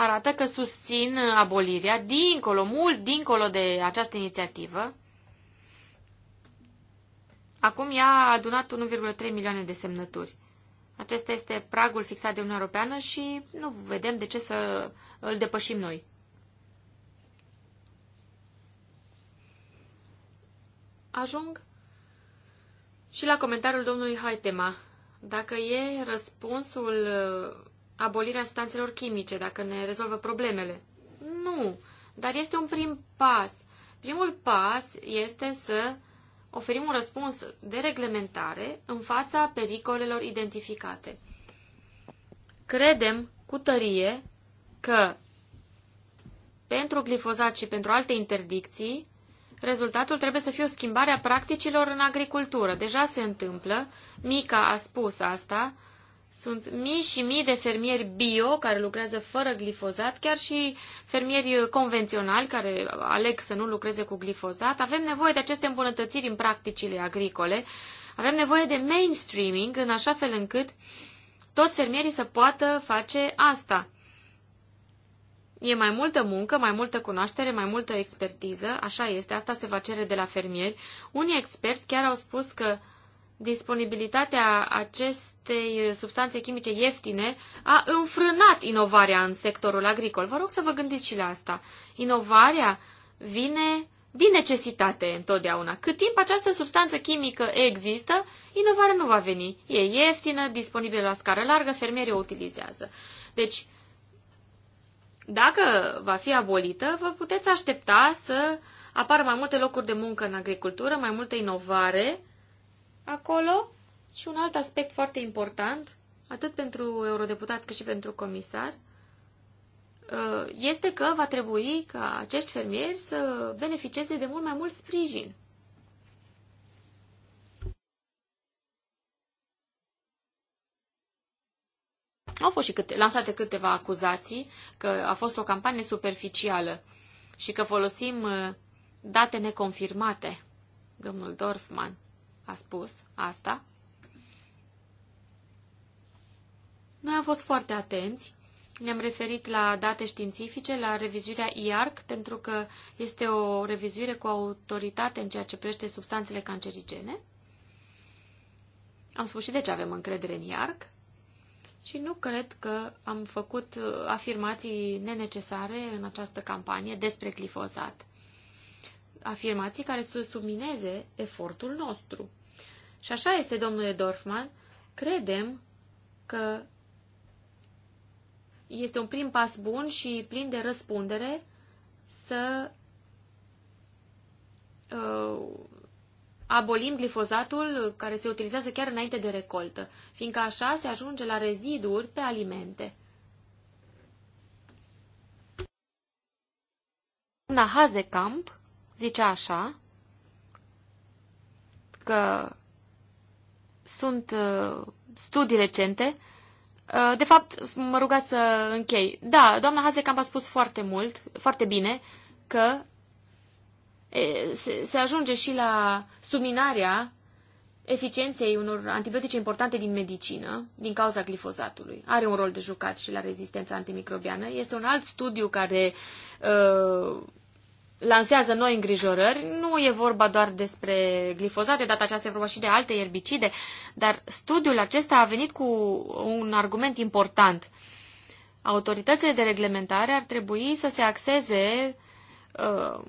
arată că susțin abolirea dincolo, mult dincolo de această inițiativă. Acum ea a adunat 1,3 milioane de semnături. Acesta este pragul fixat de Uniunea Europeană și nu vedem de ce să îl depășim noi. Ajung și la comentariul domnului Haitema. Dacă e răspunsul abolirea substanțelor chimice, dacă ne rezolvă problemele. Nu, dar este un prim pas. Primul pas este să oferim un răspuns de reglementare în fața pericolelor identificate. Credem cu tărie că pentru glifozat și pentru alte interdicții, rezultatul trebuie să fie o schimbare a practicilor în agricultură. Deja se întâmplă, Mica a spus asta, sunt mii și mii de fermieri bio care lucrează fără glifozat, chiar și fermieri convenționali care aleg să nu lucreze cu glifozat. Avem nevoie de aceste îmbunătățiri în practicile agricole. Avem nevoie de mainstreaming în așa fel încât toți fermierii să poată face asta. E mai multă muncă, mai multă cunoaștere, mai multă expertiză, așa este, asta se va cere de la fermieri. Unii experți chiar au spus că disponibilitatea acestei substanțe chimice ieftine a înfrânat inovarea în sectorul agricol. Vă rog să vă gândiți și la asta. Inovarea vine din necesitate întotdeauna. Cât timp această substanță chimică există, inovarea nu va veni. E ieftină, disponibilă la scară largă, fermierii o utilizează. Deci, dacă va fi abolită, vă puteți aștepta să apară mai multe locuri de muncă în agricultură, mai multă inovare acolo. Și un alt aspect foarte important, atât pentru eurodeputați cât și pentru comisar, uh, este că va trebui ca acești fermieri să beneficieze de mult mai mult sprijin. Au fost și câte, lansate câteva acuzații că a fost o campanie superficială și că folosim uh, date neconfirmate, domnul Dorfman a spus asta. Noi am fost foarte atenți ne-am referit la date științifice, la revizuirea IARC, pentru că este o revizuire cu autoritate în ceea ce privește substanțele cancerigene. Am spus și de ce avem încredere în IARC și nu cred că am făcut afirmații nenecesare în această campanie despre glifosat. Afirmații care să submineze efortul nostru. Și așa este, domnule Dorfman, credem că este un prim pas bun și plin de răspundere să uh, abolim glifozatul care se utilizează chiar înainte de recoltă, fiindcă așa se ajunge la reziduri pe alimente. Una Hazekamp zice așa că sunt uh, studii recente. Uh, de fapt, mă rugați să închei. Da, doamna Hazekamp a spus foarte mult, foarte bine, că se, se ajunge și la subminarea eficienței unor antibiotice importante din medicină din cauza glifozatului. Are un rol de jucat și la rezistența antimicrobiană. Este un alt studiu care uh, lansează noi îngrijorări. Nu e vorba doar despre glifozate, data aceasta e vorba și de alte erbicide, dar studiul acesta a venit cu un argument important. Autoritățile de reglementare ar trebui să se axeze uh,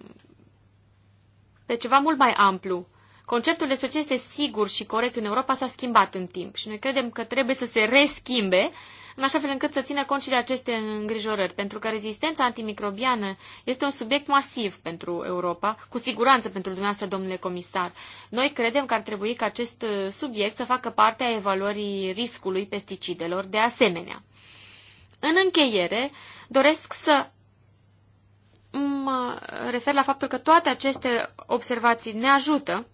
pe ceva mult mai amplu. Conceptul despre ce este sigur și corect în Europa s-a schimbat în timp și noi credem că trebuie să se reschimbe uh, în așa fel încât să țină cont și de aceste îngrijorări, pentru că rezistența antimicrobiană este un subiect masiv pentru Europa, cu siguranță pentru dumneavoastră, domnule comisar. Noi credem că ar trebui ca acest subiect să facă parte a evaluării riscului pesticidelor de asemenea. În încheiere, doresc să mă refer la faptul că toate aceste observații ne ajută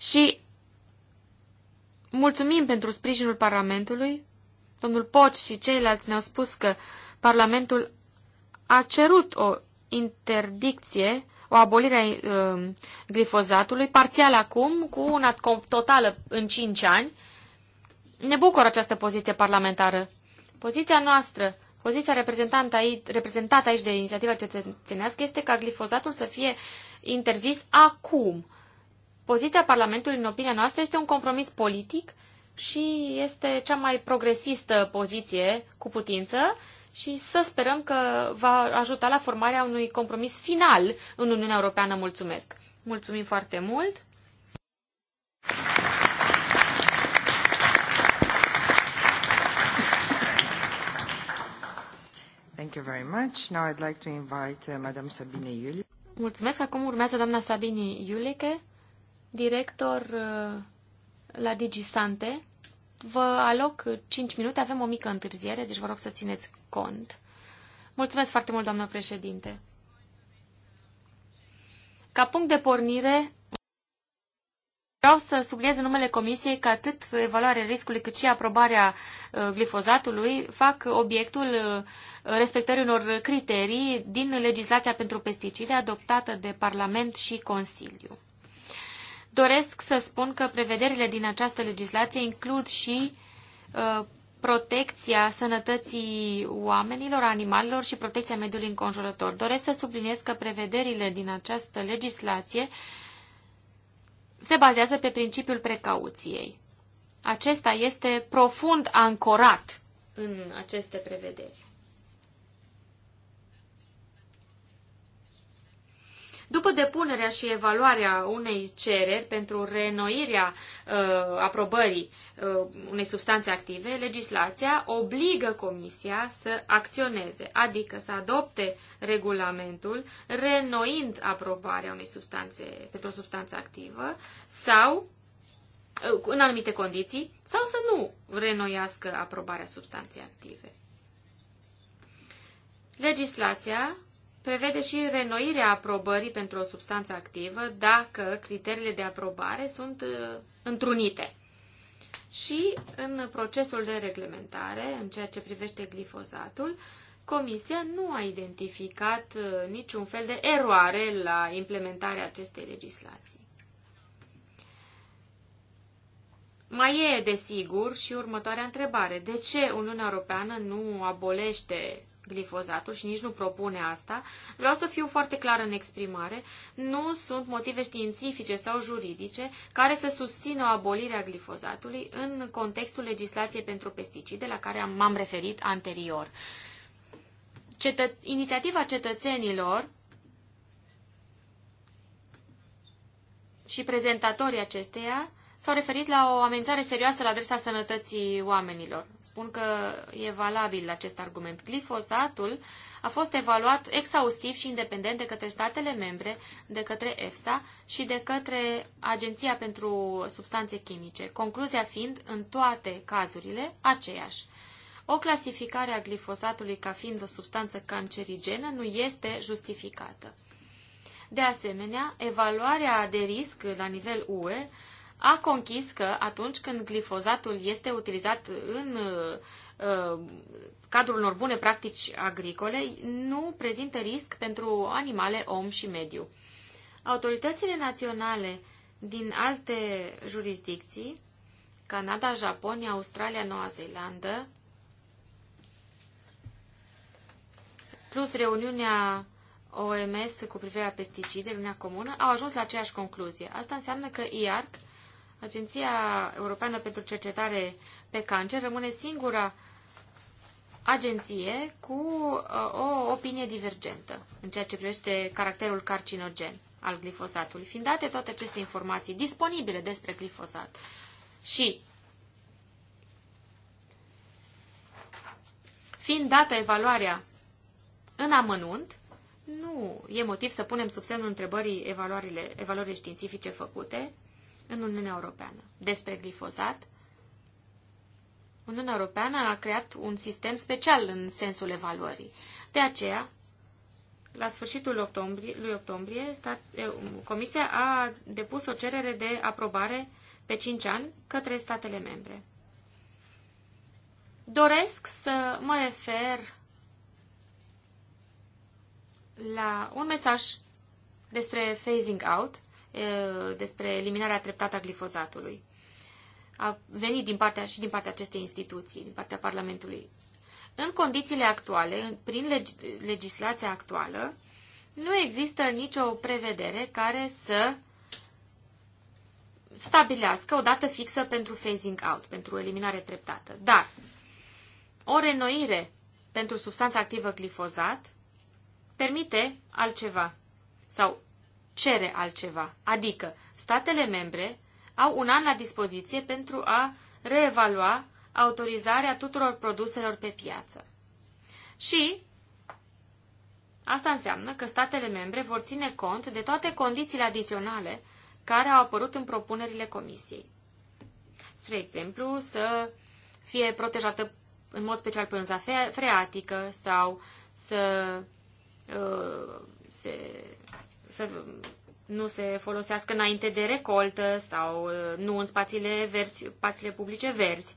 și mulțumim pentru sprijinul Parlamentului Domnul Poci și ceilalți ne-au spus că Parlamentul a cerut o interdicție, o abolire a uh, glifozatului, parțial acum, cu una totală în 5 ani. Ne bucură această poziție parlamentară. Poziția noastră, poziția aici, reprezentată aici de inițiativa cetățenească este ca glifozatul să fie interzis acum. Poziția Parlamentului, în opinia noastră, este un compromis politic și este cea mai progresistă poziție cu putință și să sperăm că va ajuta la formarea unui compromis final în Uniunea Europeană. Mulțumesc! Mulțumim foarte mult! Thank you very much. Now I'd like to invite uh, Madame Sabine Iulie. Mulțumesc. Acum urmează doamna Sabine Iulie, director uh, la DigiSante. Vă aloc 5 minute, avem o mică întârziere, deci vă rog să țineți cont. Mulțumesc foarte mult, doamnă președinte. Ca punct de pornire, vreau să subliez în numele Comisiei că atât evaluarea riscului cât și aprobarea uh, glifozatului fac obiectul uh, respectării unor criterii din legislația pentru pesticide adoptată de Parlament și Consiliu. Doresc să spun că prevederile din această legislație includ și uh, protecția sănătății oamenilor, animalelor și protecția mediului înconjurător. Doresc să subliniez că prevederile din această legislație se bazează pe principiul precauției. Acesta este profund ancorat în aceste prevederi. După depunerea și evaluarea unei cereri pentru reînnoirea uh, aprobării uh, unei substanțe active, legislația obligă Comisia să acționeze, adică să adopte regulamentul reînnoind aprobarea unei substanțe pentru o substanță activă sau uh, în anumite condiții, sau să nu renoiască aprobarea substanței active. Legislația prevede și renoirea aprobării pentru o substanță activă dacă criteriile de aprobare sunt uh, întrunite. Și în procesul de reglementare, în ceea ce privește glifozatul, Comisia nu a identificat uh, niciun fel de eroare la implementarea acestei legislații. Mai e, desigur, și următoarea întrebare. De ce Uniunea Europeană nu abolește glifozatul și nici nu propune asta. Vreau să fiu foarte clar în exprimare. Nu sunt motive științifice sau juridice care să susțină o abolire a glifozatului în contextul legislației pentru pesticide la care m-am referit anterior. Cetă- inițiativa cetățenilor și prezentatorii acesteia s-au referit la o amenințare serioasă la adresa sănătății oamenilor. Spun că e valabil acest argument. Glifosatul a fost evaluat exhaustiv și independent de către statele membre, de către EFSA și de către Agenția pentru Substanțe Chimice, concluzia fiind, în toate cazurile, aceeași. O clasificare a glifosatului ca fiind o substanță cancerigenă nu este justificată. De asemenea, evaluarea de risc la nivel UE a conchis că atunci când glifozatul este utilizat în uh, uh, cadrul unor bune practici agricole, nu prezintă risc pentru animale, om și mediu. Autoritățile naționale din alte jurisdicții, Canada, Japonia, Australia, Noua Zeelandă, plus reuniunea OMS cu privire la pesticide, reuniunea comună, au ajuns la aceeași concluzie. Asta înseamnă că IARC Agenția Europeană pentru Cercetare pe Cancer rămâne singura agenție cu uh, o opinie divergentă în ceea ce privește caracterul carcinogen al glifosatului. Fiind date toate aceste informații disponibile despre glifosat și fiind dată evaluarea în amănunt, nu e motiv să punem sub semnul întrebării evaluările, evaluările științifice făcute în Uniunea Europeană despre glifozat. Uniunea Europeană a creat un sistem special în sensul evaluării. De aceea, la sfârșitul octombrie, lui octombrie, stat, Comisia a depus o cerere de aprobare pe 5 ani către statele membre. Doresc să mă refer la un mesaj despre phasing out Uh, despre eliminarea treptată a glifozatului. A venit din partea, și din partea acestei instituții, din partea Parlamentului. În condițiile actuale, prin leg legislația actuală, nu există nicio prevedere care să stabilească o dată fixă pentru phasing out, pentru eliminare treptată. Dar o renoire pentru substanța activă glifozat permite altceva sau cere altceva. Adică, statele membre au un an la dispoziție pentru a reevalua autorizarea tuturor produselor pe piață. Și asta înseamnă că statele membre vor ține cont de toate condițiile adiționale care au apărut în propunerile comisiei. Spre exemplu, să fie protejată în mod special pânza freatică sau să uh, se să nu se folosească înainte de recoltă sau uh, nu în spațiile, verzi, spațiile publice verzi.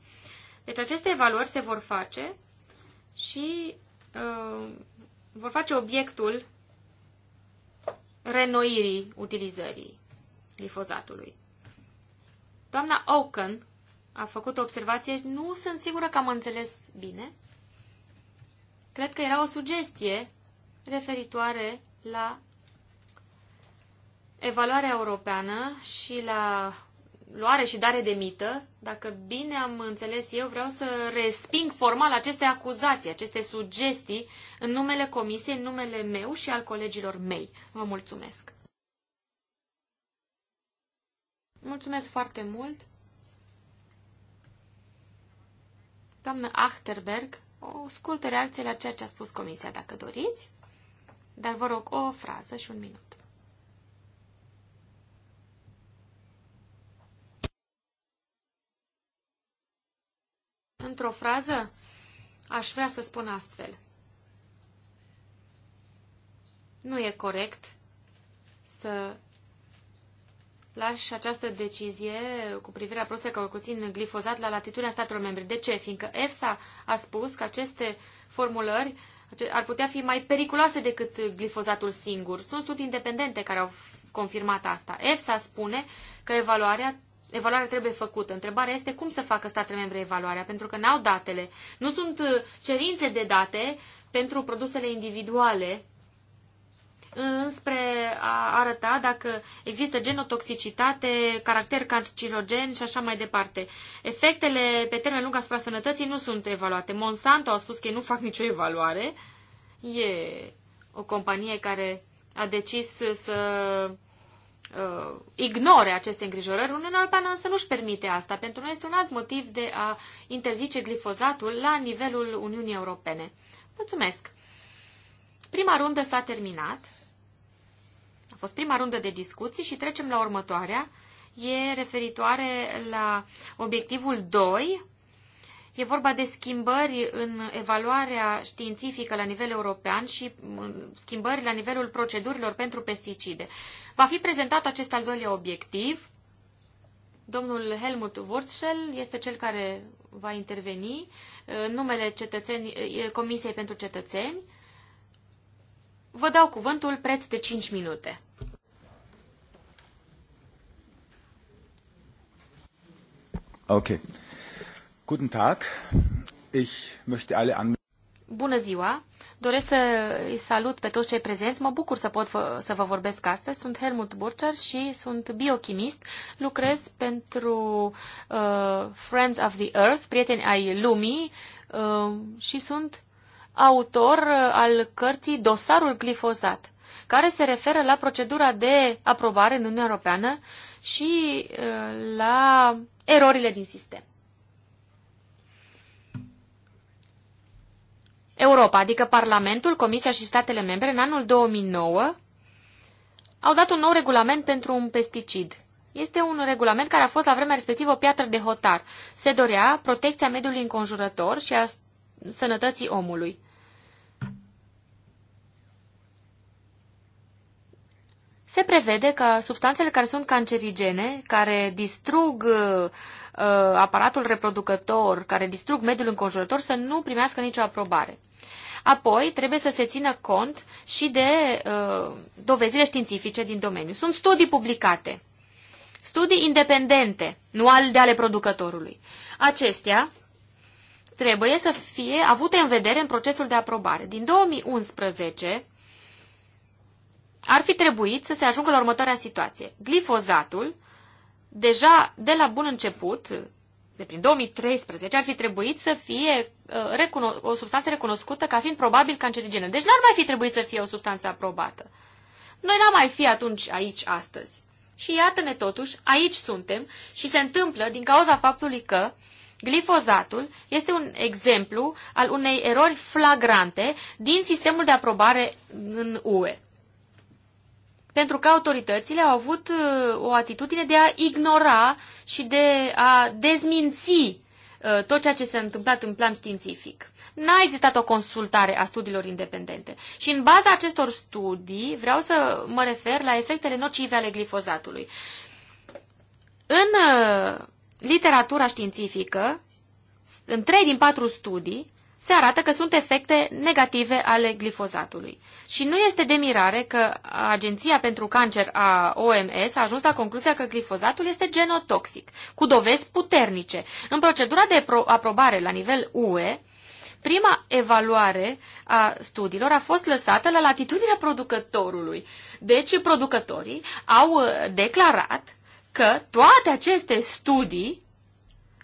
Deci aceste evaluări se vor face și uh, vor face obiectul renoirii utilizării glifozatului. Doamna Oaken a făcut o observație, nu sunt sigură că am înțeles bine. Cred că era o sugestie referitoare la evaluarea europeană și la luare și dare de mită, dacă bine am înțeles eu, vreau să resping formal aceste acuzații, aceste sugestii în numele comisiei, în numele meu și al colegilor mei. Vă mulțumesc! Mulțumesc foarte mult! Doamnă Achterberg, o scurtă reacție la ceea ce a spus comisia, dacă doriți, dar vă rog o frază și un minut. într-o frază, aș vrea să spun astfel. Nu e corect să lași această decizie cu privire la produse care conțin glifozat la latitudinea statelor membre. De ce? Fiindcă EFSA a spus că aceste formulări ar putea fi mai periculoase decât glifozatul singur. Sunt studii independente care au confirmat asta. EFSA spune că evaluarea evaluarea trebuie făcută. Întrebarea este cum să facă statele membre evaluarea, pentru că n-au datele. Nu sunt uh, cerințe de date pentru produsele individuale uh, înspre a arăta dacă există genotoxicitate, caracter carcinogen și așa mai departe. Efectele pe termen lung asupra sănătății nu sunt evaluate. Monsanto a spus că ei nu fac nicio evaluare. E o companie care a decis să uh, ignore aceste îngrijorări. Uniunea Europeană însă nu-și permite asta. Pentru noi este un alt motiv de a interzice glifozatul la nivelul Uniunii Europene. Mulțumesc! Prima rundă s-a terminat. A fost prima rundă de discuții și trecem la următoarea. E referitoare la obiectivul 2 E vorba de schimbări în evaluarea științifică la nivel european și schimbări la nivelul procedurilor pentru pesticide. Va fi prezentat acest al doilea obiectiv. Domnul Helmut Wurzschel este cel care va interveni uh, în numele cetățeni, uh, Comisiei pentru Cetățeni. Vă dau cuvântul preț de 5 minute. Okay. Guten Tag. Ich möchte alle an... Bună ziua! Doresc să îi salut pe toți cei prezenți. Mă bucur să pot să vă vorbesc astăzi. Sunt Helmut Burcher și sunt biochimist. Lucrez pentru uh, Friends of the Earth, prieteni ai lumii uh, și sunt autor uh, al cărții Dosarul glifosat, care se referă la procedura de aprobare în Uniunea Europeană și uh, la erorile din sistem. Europa, adică Parlamentul, Comisia și statele membre, în anul 2009, au dat un nou regulament pentru un pesticid. Este un regulament care a fost la vremea respectivă o piatră de hotar. Se dorea protecția mediului înconjurător și a sănătății omului. Se prevede că substanțele care sunt cancerigene, care distrug uh, Uh, aparatul reproducător care distrug mediul înconjurător să nu primească nicio aprobare. Apoi, trebuie să se țină cont și de uh, dovezile științifice din domeniu. Sunt studii publicate, studii independente, nu de ale producătorului. Acestea trebuie să fie avute în vedere în procesul de aprobare. Din 2011 ar fi trebuit să se ajungă la următoarea situație. Glifozatul deja de la bun început, de prin 2013, ar fi trebuit să fie uh, o substanță recunoscută ca fiind probabil cancerigenă. Deci n-ar mai fi trebuit să fie o substanță aprobată. Noi n-am mai fi atunci aici astăzi. Și iată-ne totuși, aici suntem și se întâmplă din cauza faptului că glifozatul este un exemplu al unei erori flagrante din sistemul de aprobare în UE pentru că autoritățile au avut uh, o atitudine de a ignora și de a dezminți uh, tot ceea ce s-a întâmplat în plan științific. N-a existat o consultare a studiilor independente. Și în baza acestor studii vreau să mă refer la efectele nocive ale glifozatului. În uh, literatura științifică, în trei din patru studii, se arată că sunt efecte negative ale glifozatului. Și nu este de mirare că Agenția pentru Cancer a OMS a ajuns la concluzia că glifozatul este genotoxic, cu dovezi puternice. În procedura de aprobare la nivel UE, prima evaluare a studiilor a fost lăsată la latitudinea producătorului. Deci producătorii au declarat că toate aceste studii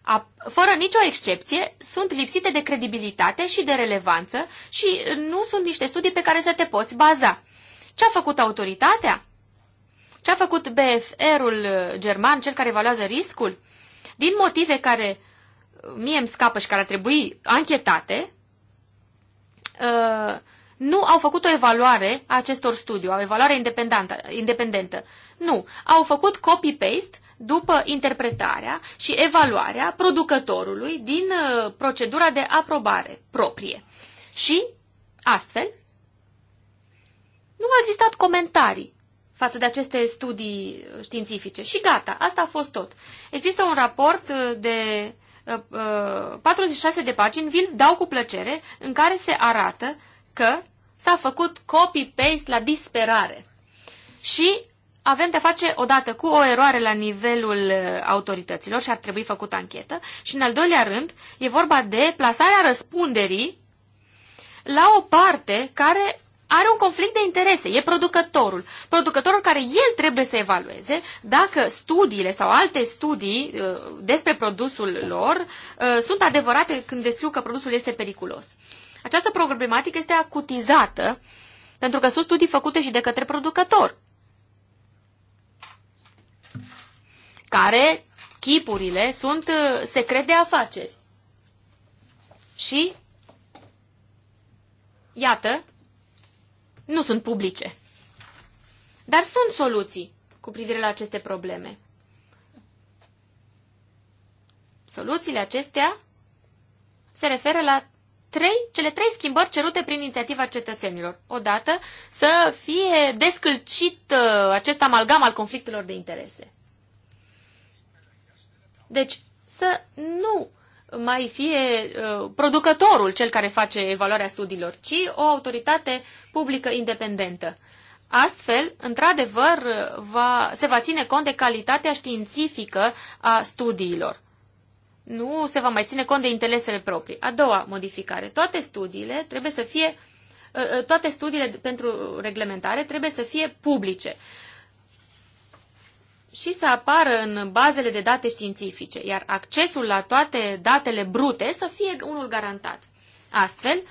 a, fără nicio excepție, sunt lipsite de credibilitate și de relevanță și nu sunt niște studii pe care să te poți baza. Ce a făcut autoritatea? Ce a făcut BFR-ul uh, german, cel care evaluează riscul? Din motive care uh, mie îmi scapă și care ar trebui anchetate, uh, nu au făcut o evaluare a acestor studii, o evaluare independentă. independentă. Nu, au făcut copy-paste după interpretarea și evaluarea producătorului din uh, procedura de aprobare proprie. Și, astfel, nu au existat comentarii față de aceste studii științifice. Și gata, asta a fost tot. Există un raport uh, de 46 uh, de pagini, vi-l dau cu plăcere, în care se arată că s-a făcut copy-paste la disperare. Și avem de face odată cu o eroare la nivelul uh, autorităților și ar trebui făcută anchetă și în al doilea rând e vorba de plasarea răspunderii la o parte care are un conflict de interese, e producătorul. Producătorul care el trebuie să evalueze dacă studiile sau alte studii uh, despre produsul lor uh, sunt adevărate când descriu că produsul este periculos. Această problematică este acutizată pentru că sunt studii făcute și de către producător. care chipurile sunt uh, secret de afaceri. Și, iată, nu sunt publice. Dar sunt soluții cu privire la aceste probleme. Soluțiile acestea se referă la trei, cele trei schimbări cerute prin inițiativa cetățenilor. Odată, să fie descălcit uh, acest amalgam al conflictelor de interese. Deci să nu mai fie uh, producătorul cel care face evaluarea studiilor, ci o autoritate publică independentă. Astfel, într-adevăr, va, se va ține cont de calitatea științifică a studiilor. Nu se va mai ține cont de interesele proprii. A doua modificare. Toate studiile trebuie să fie uh, uh, toate studiile pentru reglementare trebuie să fie publice și să apară în bazele de date științifice, iar accesul la toate datele brute să fie unul garantat. Astfel,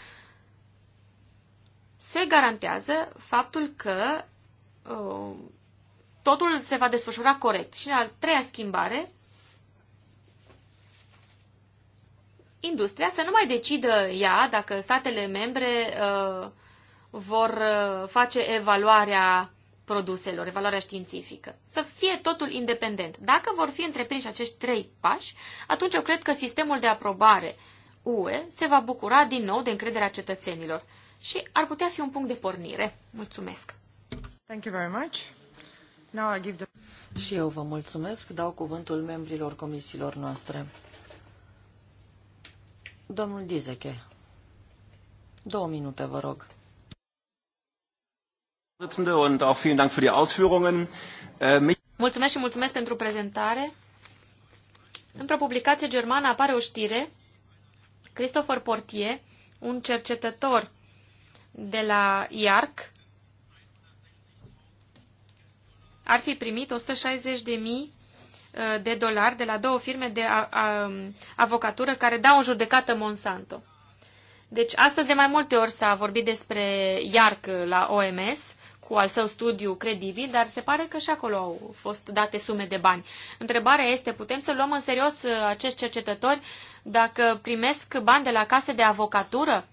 se garantează faptul că uh, totul se va desfășura corect. Și în treia schimbare, industria să nu mai decidă ea dacă statele membre uh, vor uh, face evaluarea produselor, evaluarea științifică. Să fie totul independent. Dacă vor fi întreprinși acești trei pași, atunci eu cred că sistemul de aprobare UE se va bucura din nou de încrederea cetățenilor și ar putea fi un punct de pornire. Mulțumesc! Thank you very much. Now I give the... Și eu vă mulțumesc. Dau cuvântul membrilor comisiilor noastre. Domnul Dizeche, două minute, vă rog. Äh, mulțumesc și mulțumesc pentru prezentare. Într-o publicație germană apare o știre. Christopher Portier, un cercetător de la IARC, ar fi primit 160.000 uh, de dolari de la două firme de um, avocatură care dau în judecată Monsanto. Deci astăzi de mai multe ori s-a vorbit despre IARC la OMS cu al său studiu credibil, dar se pare că și acolo au fost date sume de bani. Întrebarea este, putem să luăm în serios uh, acești cercetători dacă primesc bani de la case de avocatură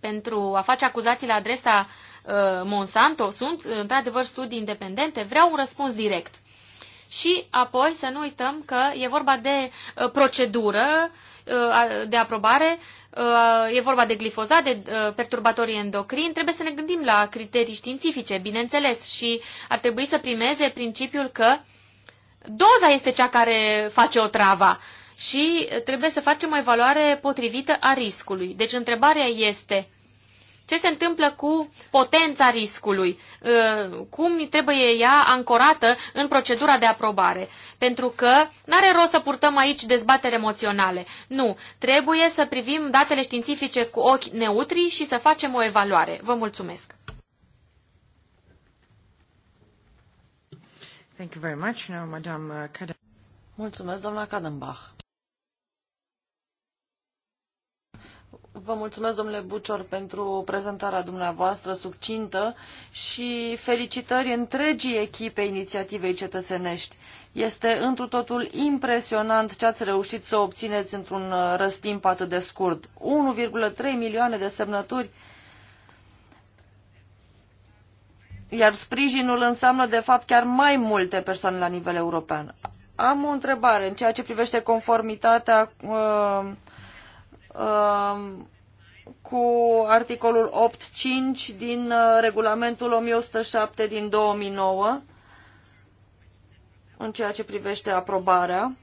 pentru a face acuzații la adresa uh, Monsanto? Sunt, uh, într-adevăr, studii independente? Vreau un răspuns direct. Și apoi să nu uităm că e vorba de uh, procedură uh, de aprobare Uh, e vorba de glifozat, de uh, perturbatorii endocrini, trebuie să ne gândim la criterii științifice, bineînțeles, și ar trebui să primeze principiul că doza este cea care face o travă și trebuie să facem o evaluare potrivită a riscului. Deci întrebarea este, ce se întâmplă cu potența riscului? Uh, cum trebuie ea ancorată în procedura de aprobare? Pentru că nu are rost să purtăm aici dezbatere emoționale. Nu, trebuie să privim datele științifice cu ochi neutri și să facem o evaluare. Vă mulțumesc! Thank you very much. Now, Madame Mulțumesc, doamna Kadenbach. Vă mulțumesc, domnule Bucior, pentru prezentarea dumneavoastră succintă și felicitări întregii echipe inițiativei cetățenești. Este întru totul impresionant ce ați reușit să obțineți într-un uh, răstimp atât de scurt. 1,3 milioane de semnături iar sprijinul înseamnă de fapt chiar mai multe persoane la nivel european. Am o întrebare în ceea ce privește conformitatea uh, Um, cu articolul 8.5 din uh, regulamentul 1107 din 2009 în ceea ce privește aprobarea.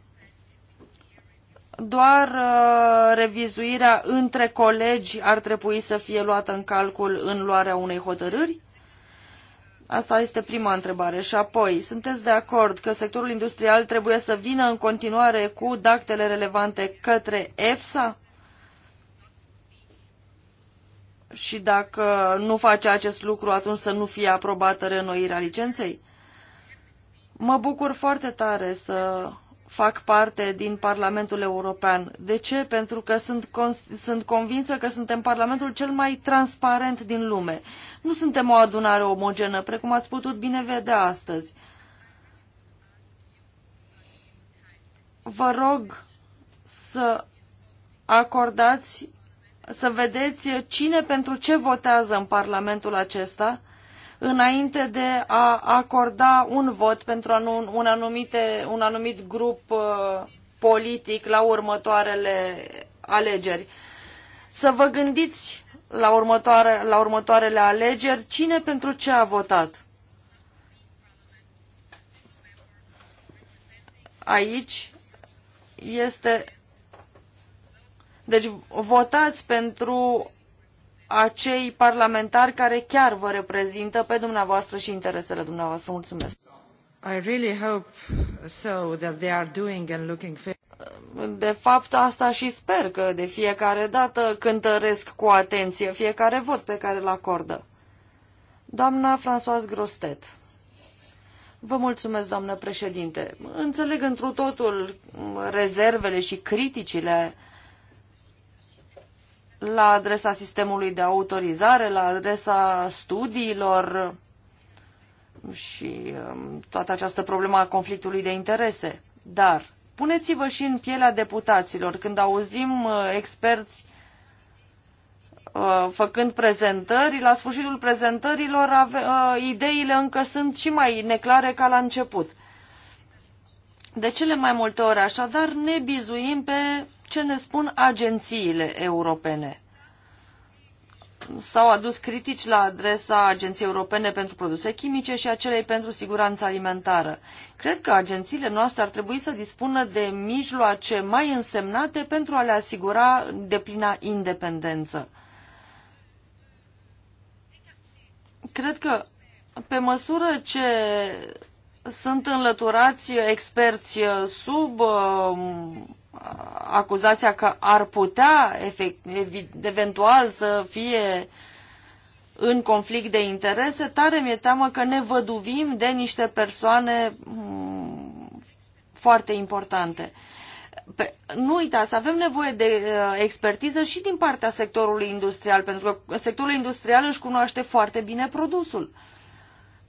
Doar uh, revizuirea între colegi ar trebui să fie luată în calcul în luarea unei hotărâri? Asta este prima întrebare. Și apoi, sunteți de acord că sectorul industrial trebuie să vină în continuare cu dactele relevante către EFSA? și dacă nu face acest lucru, atunci să nu fie aprobată renoirea licenței? Mă bucur foarte tare să fac parte din Parlamentul European. De ce? Pentru că sunt, sunt convinsă că suntem Parlamentul cel mai transparent din lume. Nu suntem o adunare omogenă, precum ați putut bine vedea astăzi. Vă rog să acordați să vedeți cine pentru ce votează în Parlamentul acesta înainte de a acorda un vot pentru un, anumite, un anumit grup uh, politic la următoarele alegeri. Să vă gândiți la, următoare, la următoarele alegeri cine pentru ce a votat. Aici este deci votați pentru acei parlamentari care chiar vă reprezintă pe dumneavoastră și interesele dumneavoastră. Mulțumesc. I really hope so that they are doing and looking de fapt, asta și sper că de fiecare dată cântăresc cu atenție fiecare vot pe care îl acordă. Doamna Françoise Grostet. Vă mulțumesc, doamnă președinte. Înțeleg întru totul rezervele și criticile la adresa sistemului de autorizare, la adresa studiilor și um, toată această problemă a conflictului de interese. Dar puneți-vă și în pielea deputaților când auzim uh, experți uh, făcând prezentări, la sfârșitul prezentărilor uh, ideile încă sunt și mai neclare ca la început. De cele mai multe ori, așadar, ne bizuim pe ce ne spun agențiile europene. S-au adus critici la adresa Agenției Europene pentru Produse Chimice și a celei pentru siguranță alimentară. Cred că agențiile noastre ar trebui să dispună de mijloace mai însemnate pentru a le asigura deplina independență. Cred că pe măsură ce sunt înlăturați experți sub uh, acuzația că ar putea efect, eventual să fie în conflict de interese, tare mi-e teamă că ne văduvim de niște persoane mm, foarte importante. Pe, nu uitați, avem nevoie de uh, expertiză și din partea sectorului industrial, pentru că sectorul industrial își cunoaște foarte bine produsul.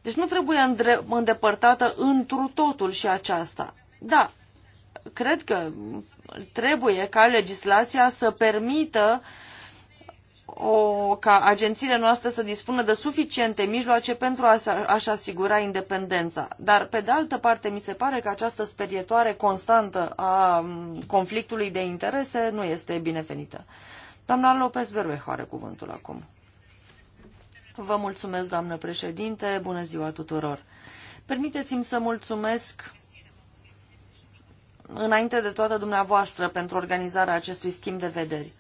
Deci nu trebuie îndepărtată întru totul și aceasta. Da, cred că trebuie ca legislația să permită o, ca agențiile noastre să dispună de suficiente mijloace pentru a, și asigura independența. Dar, pe de altă parte, mi se pare că această sperietoare constantă a conflictului de interese nu este binevenită. Doamna Lopez Berbejo are cuvântul acum. Vă mulțumesc, doamnă președinte, bună ziua tuturor. Permiteți-mi să mulțumesc înainte de toată dumneavoastră pentru organizarea acestui schimb de vederi.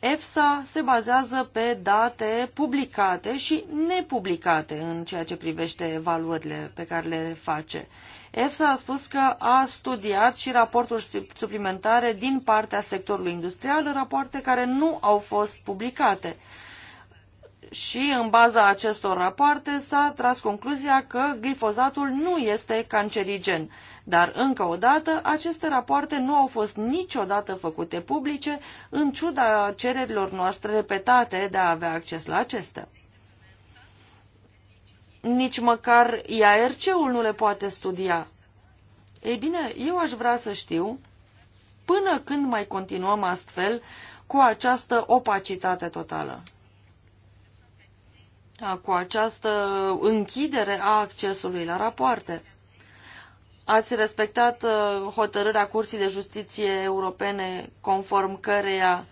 EFSA se bazează pe date publicate și nepublicate în ceea ce privește evaluările pe care le face. EFSA a spus că a studiat și raporturi suplimentare din partea sectorului industrial, rapoarte care nu au fost publicate. Și în baza acestor rapoarte s-a tras concluzia că glifozatul nu este cancerigen. Dar, încă o dată, aceste rapoarte nu au fost niciodată făcute publice, în ciuda cererilor noastre repetate de a avea acces la acestea. Nici măcar IARC-ul nu le poate studia. Ei bine, eu aș vrea să știu până când mai continuăm astfel cu această opacitate totală, cu această închidere a accesului la rapoarte. Ați respectat uh, hotărârea Curții de Justiție Europene conform căreia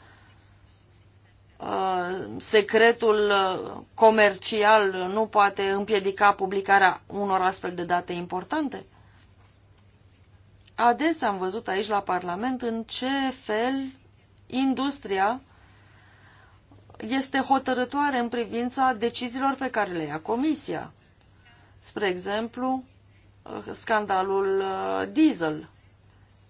uh, secretul uh, comercial nu poate împiedica publicarea unor astfel de date importante? Adesea am văzut aici la Parlament în ce fel industria este hotărătoare în privința deciziilor pe care le ia Comisia. Spre exemplu, scandalul uh, diesel.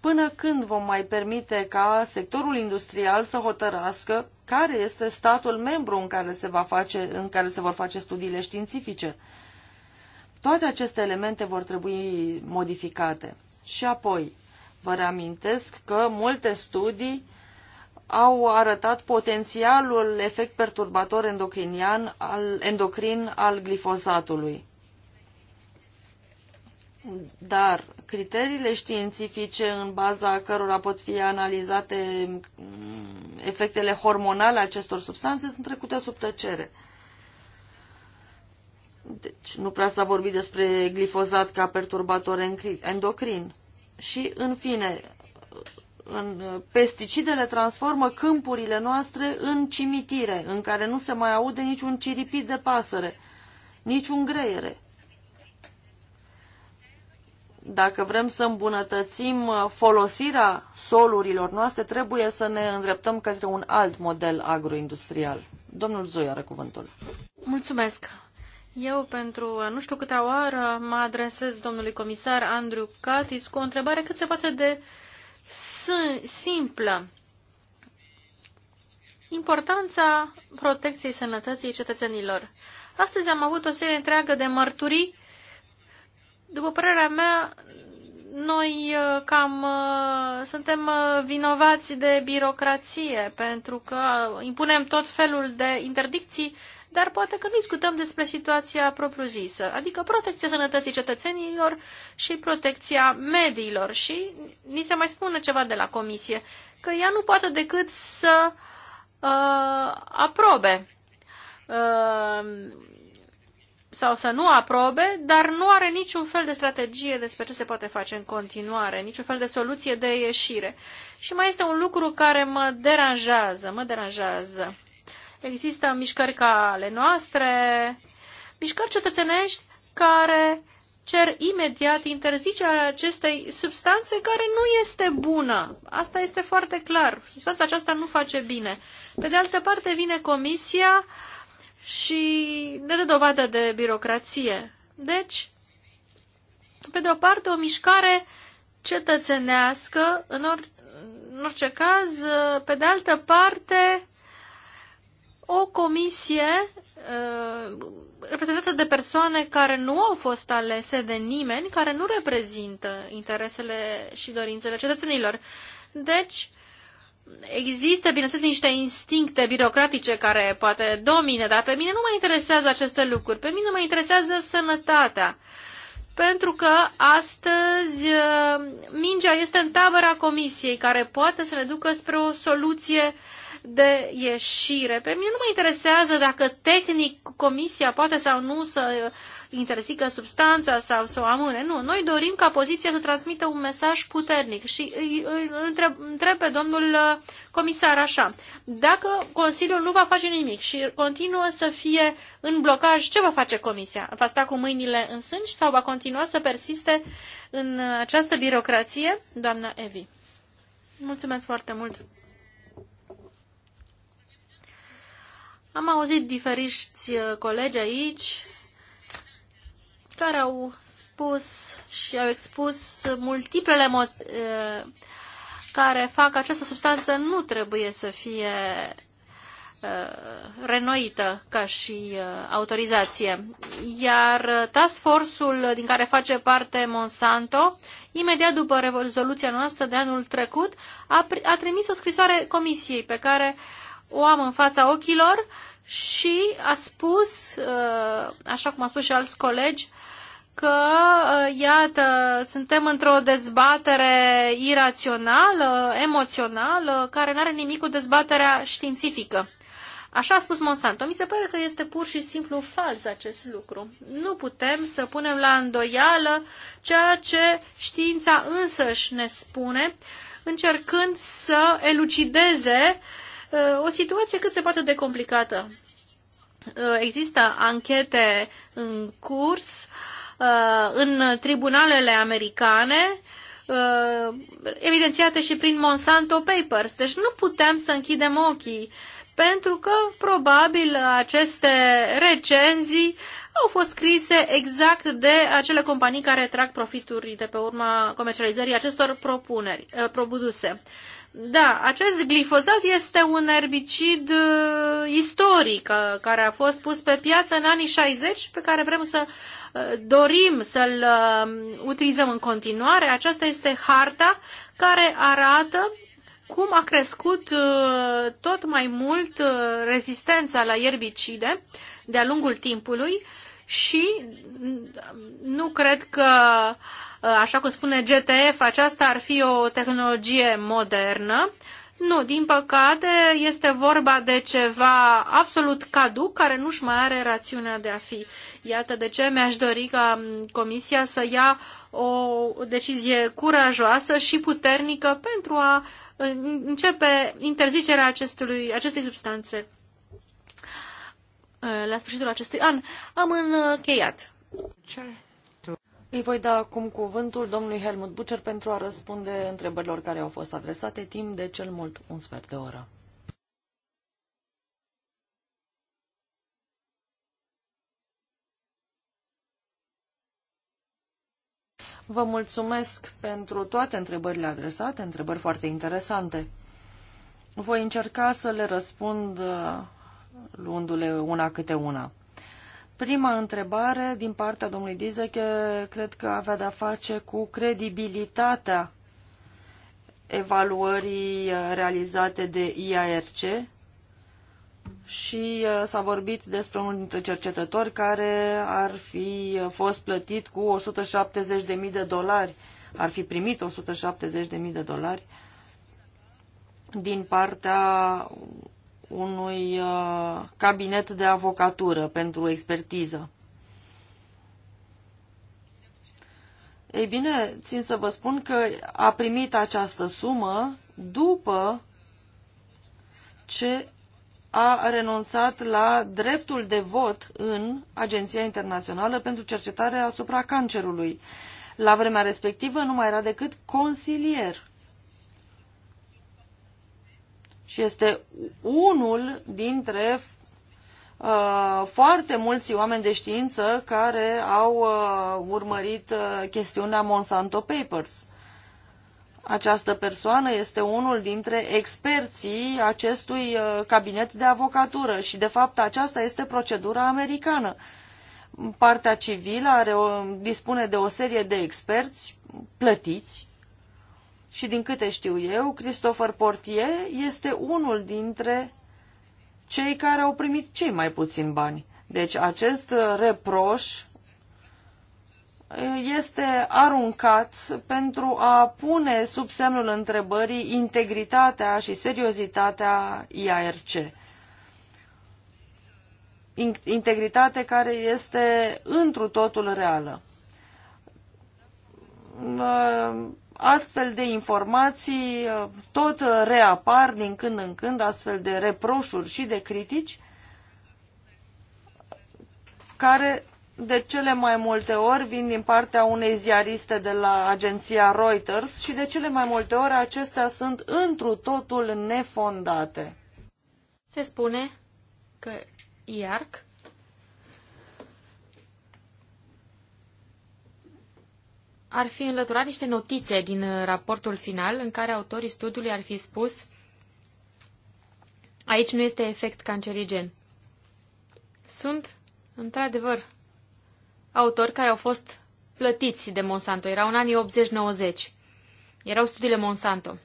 Până când vom mai permite ca sectorul industrial să hotărască care este statul membru în care se, va face, în care se vor face studiile științifice? Toate aceste elemente vor trebui modificate. Și apoi, vă reamintesc că multe studii au arătat potențialul efect perturbator endocrinian al, endocrin al glifosatului. Dar criteriile științifice în baza cărora pot fi analizate mm, efectele hormonale acestor substanțe sunt trecute sub tăcere. Deci nu prea s-a vorbit despre glifozat ca perturbator endocrin. Și, în fine, în, pesticidele transformă câmpurile noastre în cimitire, în care nu se mai aude niciun ciripit de pasăre, niciun greiere. Dacă vrem să îmbunătățim uh, folosirea solurilor noastre, trebuie să ne îndreptăm către un alt model agroindustrial. Domnul Zoi are cuvântul. Mulțumesc. Eu, pentru uh, nu știu câta oară, mă adresez domnului comisar Andrew Catis cu o întrebare cât se poate de simplă. Importanța protecției sănătății cetățenilor. Astăzi am avut o serie întreagă de mărturii după părerea mea, noi uh, cam uh, suntem uh, vinovați de birocrație, pentru că impunem tot felul de interdicții, dar poate că nu discutăm despre situația propriu-zisă, adică protecția sănătății cetățenilor și protecția mediilor. Și ni se mai spune ceva de la comisie, că ea nu poate decât să uh, aprobe. Uh, sau să nu aprobe, dar nu are niciun fel de strategie despre ce se poate face în continuare, niciun fel de soluție de ieșire. Și mai este un lucru care mă deranjează, mă deranjează. Există mișcări ca ale noastre, mișcări cetățenești care cer imediat interzicerea acestei substanțe care nu este bună. Asta este foarte clar. Substanța aceasta nu face bine. Pe de altă parte vine comisia uh, și ne dă dovadă de birocrație. Deci, pe de o parte, o mișcare cetățenească, în, or- în orice caz, pe de altă parte, o comisie uh, reprezentată de persoane care nu au fost alese de nimeni, care nu reprezintă interesele și dorințele cetățenilor. Deci, Există, bineînțeles, niște instincte birocratice care poate domină, dar pe mine nu mă interesează aceste lucruri. Pe mine mă interesează sănătatea. Pentru că astăzi uh, mingea este în tabăra comisiei, care poate să ne ducă spre o soluție uh, de ieșire. Pe mine nu mă interesează dacă tehnic comisia poate sau nu să interzică substanța sau să o amâne. Nu, noi dorim ca poziția să transmită un mesaj puternic și întreb, întreb pe domnul uh, comisar așa, dacă Consiliul nu va face nimic și continuă să fie în blocaj, ce va face comisia? Va sta cu mâinile în sânge sau va continua să persiste în această birocrație? Doamna Evi. Mulțumesc foarte mult! Am auzit diferiți uh, colegi aici care au spus și au expus multiplele uh, care fac această substanță nu trebuie să fie uh, renoită ca și autorizație. Iar task force-ul din care face parte Monsanto, imediat după rezoluția noastră de anul trecut, a, a trimis o scrisoare comisiei pe care uh, o am în fața ochilor și a spus, uh, așa cum a spus și alți colegi, că, uh, iată, suntem într-o dezbatere irațională, emoțională, care nu are nimic cu dezbaterea științifică. Așa a spus Monsanto. Mi se pare că este pur și simplu fals acest lucru. Nu putem să punem la îndoială ceea ce știința însăși ne spune, încercând să elucideze uh, Uh, o situație cât se poate de complicată. Uh, există anchete în curs uh, în tribunalele americane evidențiate și prin Monsanto Papers. Deci nu putem să închidem ochii pentru că probabil aceste recenzii au fost scrise exact de acele companii care trag profituri de pe urma comercializării acestor propuneri, produse. Da, acest glifozat este un erbicid uh, istoric uh, care a fost pus pe piață în anii 60, pe care vrem să uh, dorim să-l um, utilizăm în continuare. Aceasta este harta care arată cum a crescut tot mai mult rezistența la erbicide de-a lungul timpului și mm, nu cred că uh, Uh, așa cum spune GTF, aceasta ar fi o tehnologie modernă. Nu, din păcate este vorba de ceva absolut caduc care nu-și mai are rațiunea de a fi. Iată de ce mi-aș dori ca um, Comisia să ia o decizie curajoasă și puternică pentru a uh, începe interzicerea acestui, acestei substanțe uh, la sfârșitul acestui an. Am încheiat. Îi voi da acum cuvântul domnului Helmut Bucer pentru a răspunde întrebărilor care au fost adresate timp de cel mult un sfert de oră. Vă mulțumesc pentru toate întrebările adresate, întrebări foarte interesante. Voi încerca să le răspund uh, luându-le una câte una. Prima întrebare din partea domnului Dizeche cred că avea de-a face cu credibilitatea evaluării uh, realizate de IARC și uh, s-a vorbit despre unul dintre cercetători care ar fi uh, fost plătit cu 170.000 de dolari, ar fi primit 170.000 de dolari din partea unui uh, cabinet de avocatură pentru expertiză. Ei bine, țin să vă spun că a primit această sumă după ce a renunțat la dreptul de vot în Agenția Internațională pentru Cercetare asupra Cancerului. La vremea respectivă nu mai era decât consilier și este unul dintre uh, foarte mulți oameni de știință care au uh, urmărit uh, chestiunea Monsanto Papers. Această persoană este unul dintre experții acestui uh, cabinet de avocatură și, de fapt, aceasta este procedura americană. Partea civilă are o, dispune de o serie de experți plătiți și din câte știu eu, Christopher Portier este unul dintre cei care au primit cei mai puțini bani. Deci acest reproș eh, este aruncat pentru a pune sub semnul întrebării integritatea și seriozitatea IARC. Integritate care este întru totul reală astfel de informații uh, tot uh, reapar din când în când, astfel de reproșuri și de critici, care de cele mai multe ori vin din partea unei ziariste de la agenția Reuters și de cele mai multe ori acestea sunt întru totul nefondate. Se spune că IARC ar fi înlăturat niște notițe din uh, raportul final în care autorii studiului ar fi spus aici nu este efect cancerigen. Sunt, într-adevăr, autori care au fost plătiți de Monsanto. Erau în anii 80-90. Erau studiile Monsanto.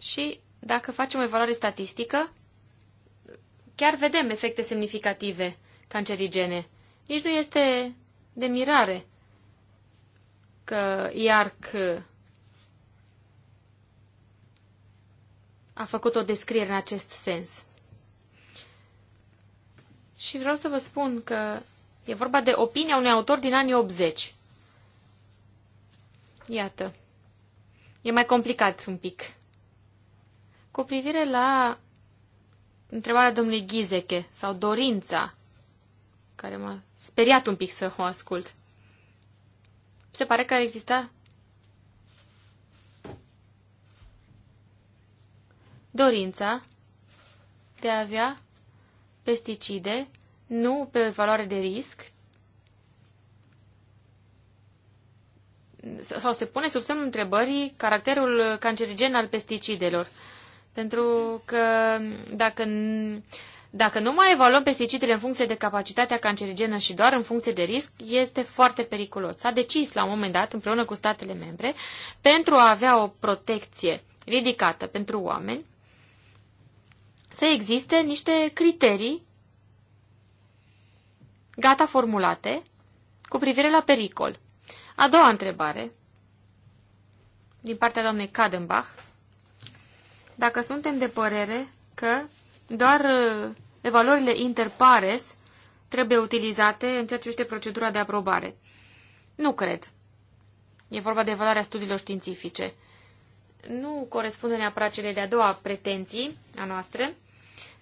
Și dacă facem o evaluare statistică, chiar vedem efecte semnificative cancerigene. Nici nu este de mirare că iar că a făcut o descriere în acest sens. Și vreau să vă spun că e vorba de opinia unui autor din anii 80. Iată. E mai complicat un pic. Cu privire la întrebarea domnului Ghizeche sau dorința, care m-a speriat un pic să o ascult se pare că ar exista dorința de a avea pesticide nu pe valoare de risc sau se pune sub semnul întrebării caracterul cancerigen al pesticidelor. Pentru că dacă dacă nu mai evaluăm pesticidele în funcție de capacitatea cancerigenă și doar în funcție de risc, este foarte periculos. S-a decis la un moment dat, împreună cu statele membre, pentru a avea o protecție ridicată pentru oameni, să existe niște criterii gata formulate cu privire la pericol. A doua întrebare, din partea doamnei Kadenbach, dacă suntem de părere că doar uh, evaluările interpares trebuie utilizate în ceea ce este procedura de aprobare. Nu cred. E vorba de evaluarea studiilor științifice. Nu corespunde neapărat cele de-a doua pretenții a noastre.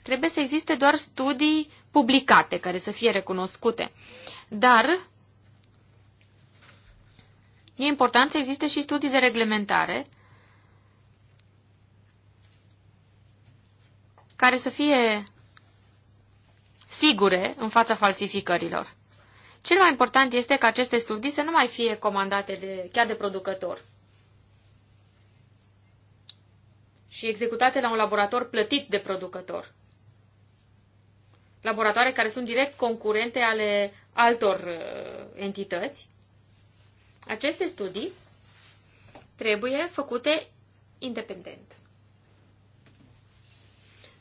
Trebuie să existe doar studii publicate care să fie recunoscute. Dar e important să existe și studii de reglementare care să fie sigure în fața falsificărilor. Cel mai important este ca aceste studii să nu mai fie comandate de, chiar de producător și executate la un laborator plătit de producător. Laboratoare care sunt direct concurente ale altor uh, entități. Aceste studii trebuie făcute independent.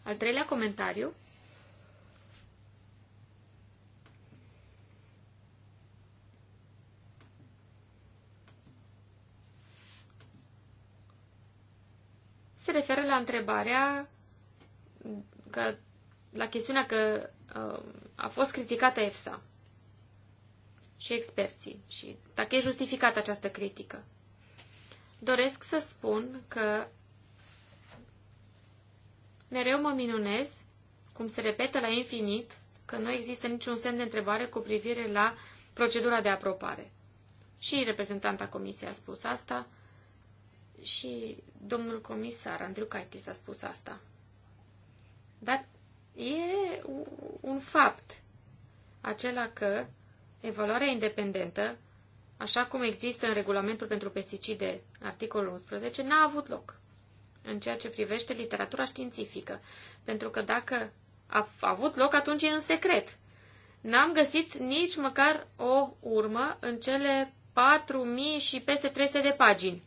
Al treilea comentariu. Se referă la întrebarea că, la chestiunea că um, a fost criticată EFSA și experții și dacă e justificată această critică. Doresc să spun că Mereu mă minunez cum se repetă la infinit că nu există niciun semn de întrebare cu privire la procedura de aprobare. Și reprezentanta comisiei a spus asta și domnul comisar Andrew Caitis a spus asta. Dar e un fapt, acela că evaluarea independentă, așa cum există în regulamentul pentru pesticide, articolul 11, n-a avut loc în ceea ce privește literatura științifică. Pentru că dacă a avut loc, atunci e în secret. N-am găsit nici măcar o urmă în cele 4.000 și peste 300 de pagini.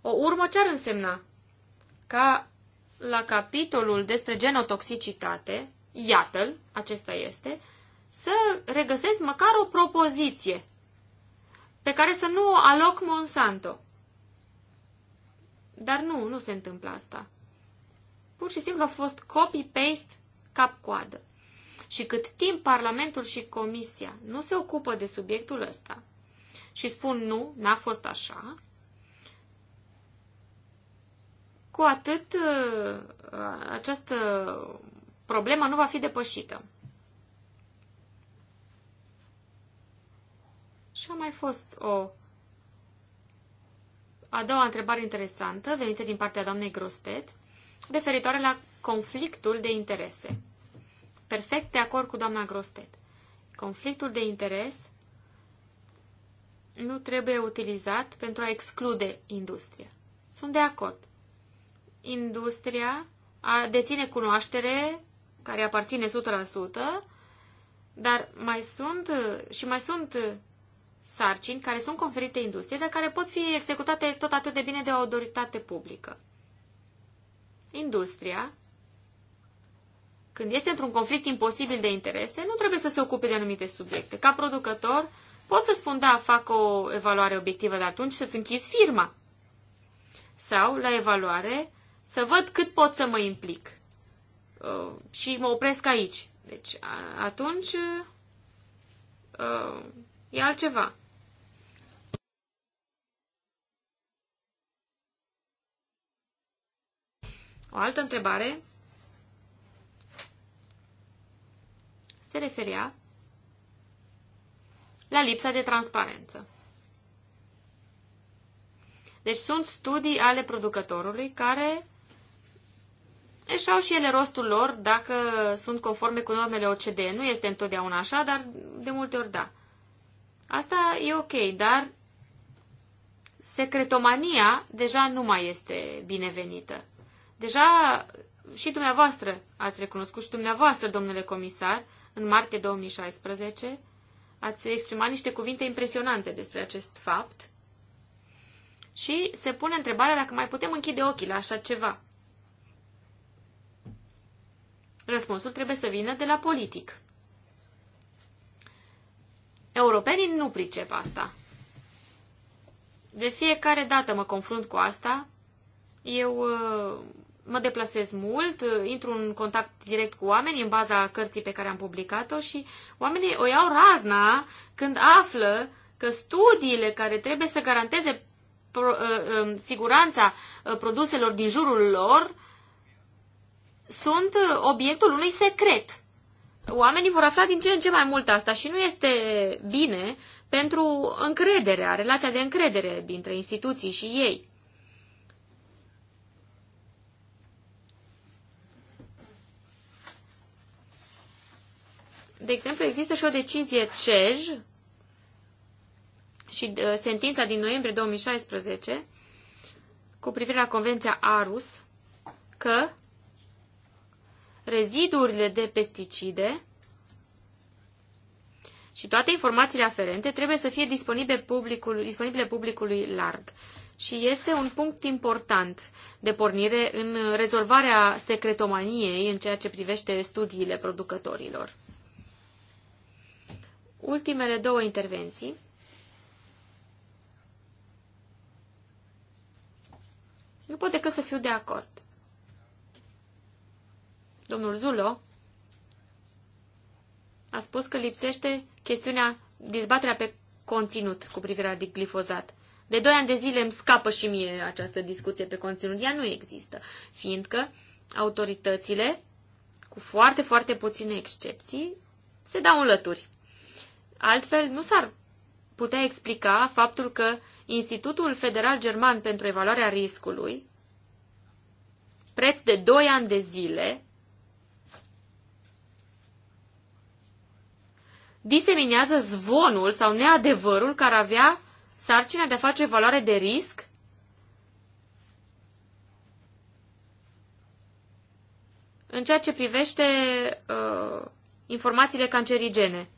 O urmă ce ar însemna? Ca la capitolul despre genotoxicitate, iată-l, acesta este, să regăsesc măcar o propoziție pe care să nu o aloc Monsanto. Dar nu, nu se întâmplă asta. Pur și simplu a fost copy-paste cap-coadă. Și cât timp Parlamentul și Comisia nu se ocupă de subiectul ăsta și spun nu, n-a fost așa, cu atât uh, uh, această problemă nu va fi depășită. Și a mai fost o a doua întrebare interesantă venită din partea doamnei Grostet, referitoare la conflictul de interese. Perfect de acord cu doamna Grostet. Conflictul de interes nu trebuie utilizat pentru a exclude industria. Sunt de acord. Industria a, deține cunoaștere care aparține 100%, dar mai sunt și mai sunt sarcini care sunt conferite industriei, dar care pot fi executate tot atât de bine de o autoritate publică. Industria, când este într-un conflict imposibil de interese, nu trebuie să se ocupe de anumite subiecte. Ca producător, pot să spun, da, fac o evaluare obiectivă, dar atunci să-ți închizi firma. Sau, la evaluare, să văd cât pot să mă implic. Uh, și mă opresc aici. Deci, a, atunci, uh, E altceva. O altă întrebare se referea la lipsa de transparență. Deci sunt studii ale producătorului care își au și ele rostul lor dacă sunt conforme cu normele OCDE. Nu este întotdeauna așa, dar de multe ori da. Asta e ok, dar secretomania deja nu mai este binevenită. Deja și dumneavoastră ați recunoscut și dumneavoastră, domnule comisar, în martie 2016, ați exprimat niște cuvinte impresionante despre acest fapt și se pune întrebarea dacă mai putem închide ochii la așa ceva. Răspunsul trebuie să vină de la politic. Europenii nu pricep asta. De fiecare dată mă confrunt cu asta. Eu uh, mă deplasez mult, uh, intru în contact direct cu oameni în baza cărții pe care am publicat-o și oamenii o iau razna când află că studiile care trebuie să garanteze uh, um, siguranța produselor din jurul lor sunt obiectul unui secret oamenii vor afla din ce în ce mai mult asta și nu este bine pentru încrederea, relația de încredere dintre instituții și ei. De exemplu, există și o decizie CEJ și uh, sentința din noiembrie 2016 cu privire la Convenția Arus că rezidurile de pesticide și toate informațiile aferente trebuie să fie disponibile publicului, disponibile publicului larg. Și este un punct important de pornire în rezolvarea secretomaniei în ceea ce privește studiile producătorilor. Ultimele două intervenții. Nu pot decât să fiu de acord domnul Zulo a spus că lipsește chestiunea, dezbaterea pe conținut cu privire la glifozat. De doi ani de zile îmi scapă și mie această discuție pe conținut. Ea nu există, fiindcă autoritățile, cu foarte, foarte puține excepții, se dau înlături. Altfel, nu s-ar putea explica faptul că Institutul Federal German pentru Evaluarea Riscului, preț de doi ani de zile, diseminează zvonul sau neadevărul care avea sarcina de a face valoare de risc? În ceea ce privește uh, informațiile cancerigene.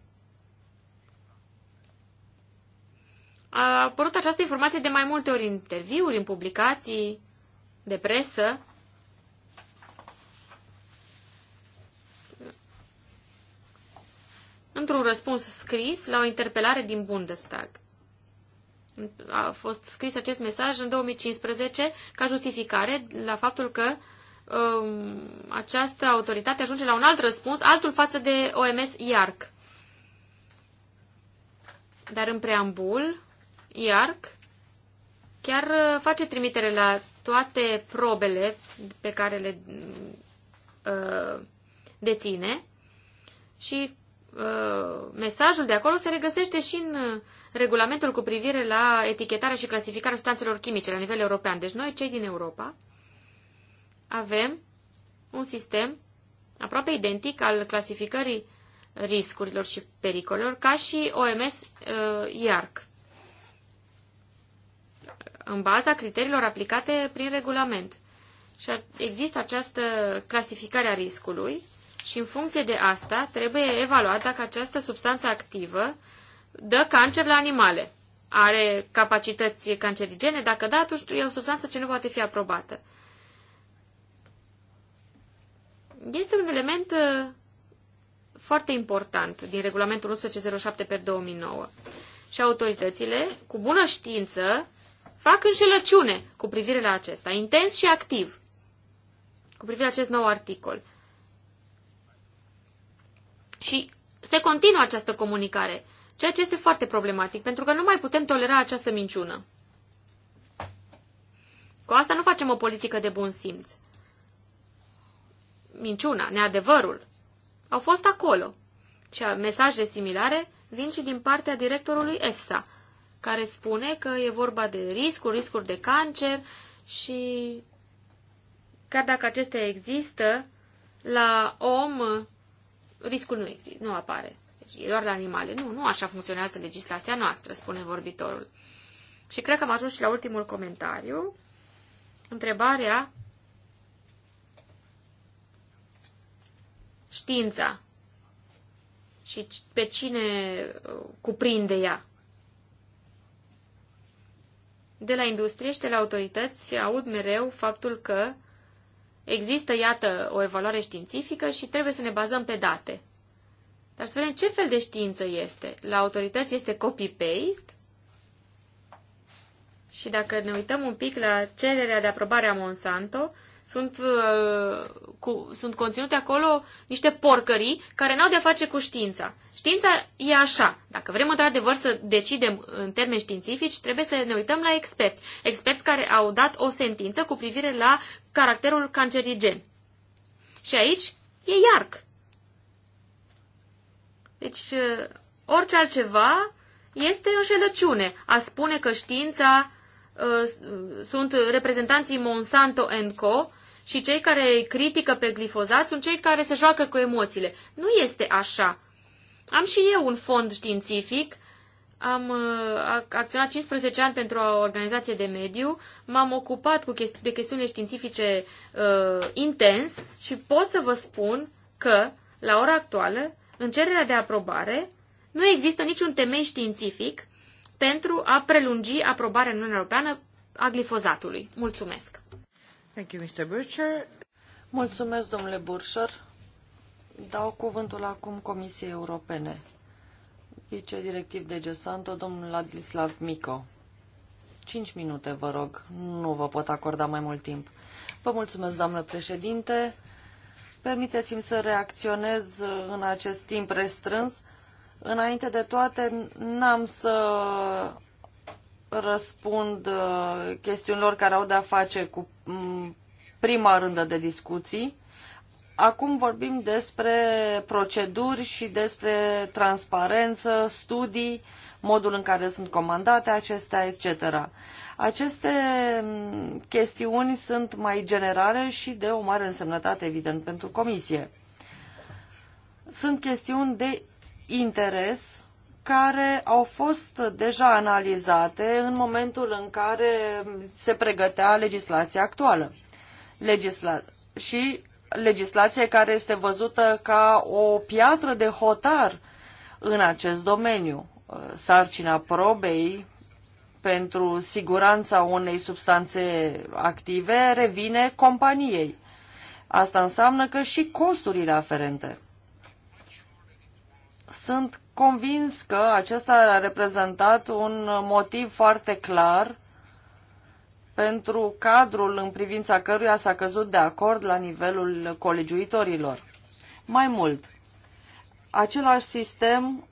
A apărut această informație de mai multe ori în interviuri, în publicații de presă, într-un răspuns scris la o interpelare din Bundestag. A fost scris acest mesaj în 2015 ca justificare la faptul că um, această autoritate ajunge la un alt răspuns, altul față de OMS IARC. Dar în preambul, IARC chiar uh, face trimitere la toate probele pe care le uh, deține și Uh, mesajul de acolo se regăsește și în uh, regulamentul cu privire la etichetarea și clasificarea substanțelor chimice la nivel european. Deci noi, cei din Europa, avem un sistem aproape identic al clasificării riscurilor și pericolelor, ca și OMS uh, IARC, în baza criteriilor aplicate prin regulament. Și există această clasificare a riscului, și în funcție de asta trebuie evaluat dacă această substanță activă dă cancer la animale. Are capacități cancerigene? Dacă da, atunci e o substanță ce nu poate fi aprobată. Este un element uh, foarte important din regulamentul 1107 pe 2009. Și autoritățile, cu bună știință, fac înșelăciune cu privire la acesta, intens și activ, cu privire la acest nou articol. Și se continuă această comunicare, ceea ce este foarte problematic, pentru că nu mai putem tolera această minciună. Cu asta nu facem o politică de bun simț. Minciuna, neadevărul, au fost acolo. Și mesaje similare vin și din partea directorului EFSA, care spune că e vorba de riscuri, riscuri de cancer și chiar dacă acestea există, la om riscul nu, există, nu apare. Deci e doar la animale. Nu, nu așa funcționează legislația noastră, spune vorbitorul. Și cred că am ajuns și la ultimul comentariu. Întrebarea știința și pe cine uh, cuprinde ea. De la industrie și de la autorități aud mereu faptul că Există, iată, o evaluare științifică și trebuie să ne bazăm pe date. Dar să vedem ce fel de știință este. La autorități este copy-paste? Și dacă ne uităm un pic la cererea de aprobare a Monsanto, sunt, uh, cu, sunt conținute acolo niște porcării care n-au de-a face cu știința. Știința e așa. Dacă vrem într-adevăr să decidem în termeni științifici, trebuie să ne uităm la experți. Experți care au dat o sentință cu privire la caracterul cancerigen. Și aici e iarc. Deci, uh, orice altceva este înșelăciune. A spune că știința Uh, sunt reprezentanții Monsanto Co. și cei care îi critică pe glifozat sunt cei care se joacă cu emoțiile. Nu este așa. Am și eu un fond științific, am uh, acționat 15 ani pentru o organizație de mediu, m-am ocupat cu chesti- de chestiuni științifice uh, intens și pot să vă spun că, la ora actuală, în cererea de aprobare, nu există niciun temei științific pentru a prelungi aprobarea în Uniunea Europeană a glifozatului. Mulțumesc! Thank you, Mr. Burcher. Mulțumesc, domnule Burșor. Dau cuvântul acum Comisiei Europene. Vice-directiv de Gesanto, domnul Ladislav Mico. Cinci minute, vă rog. Nu vă pot acorda mai mult timp. Vă mulțumesc, doamnă președinte. Permiteți-mi să reacționez în acest timp restrâns Înainte de toate, n-am să răspund uh, chestiunilor care au de-a face cu mm, prima rândă de discuții. Acum vorbim despre proceduri și despre transparență, studii, modul în care sunt comandate acestea, etc. Aceste mm, chestiuni sunt mai generale și de o mare însemnătate, evident, pentru comisie. Sunt chestiuni de interes care au fost deja analizate în momentul în care se pregătea legislația actuală. Legisla- și legislație care este văzută ca o piatră de hotar în acest domeniu. Sarcina probei pentru siguranța unei substanțe active revine companiei. Asta înseamnă că și costurile aferente sunt convins că acesta a reprezentat un motiv foarte clar pentru cadrul în privința căruia s-a căzut de acord la nivelul colegiuitorilor. Mai mult, același sistem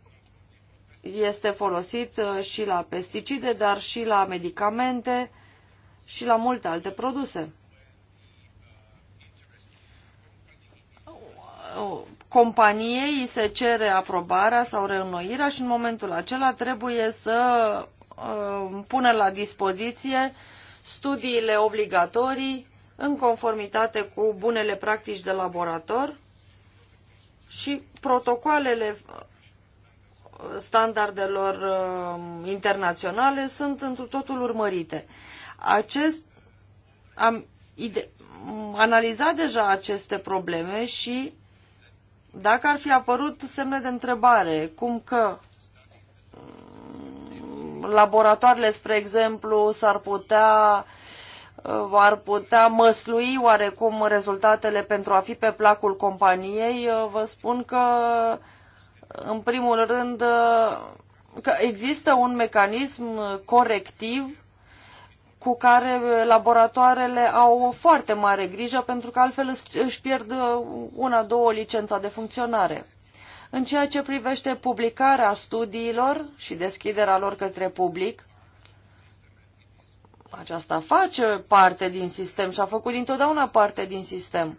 este folosit uh, și la pesticide, dar și la medicamente și la multe alte produse companiei se cere aprobarea sau reînnoirea și în momentul acela trebuie să uh, pună la dispoziție studiile obligatorii în conformitate cu bunele practici de laborator și protocoalele uh, standardelor uh, internaționale sunt întru totul urmărite. Acest, am ide- analizat deja aceste probleme și dacă ar fi apărut semne de întrebare, cum că laboratoarele, spre exemplu, s-ar putea uh, ar putea măslui oarecum rezultatele pentru a fi pe placul companiei, uh, vă spun că, în primul rând, uh, că există un mecanism corectiv cu care laboratoarele au o foarte mare grijă pentru că altfel își pierd uh, una, două licența de funcționare. În ceea ce privește publicarea studiilor și deschiderea lor către public, aceasta face parte din sistem și a făcut dintotdeauna parte din sistem.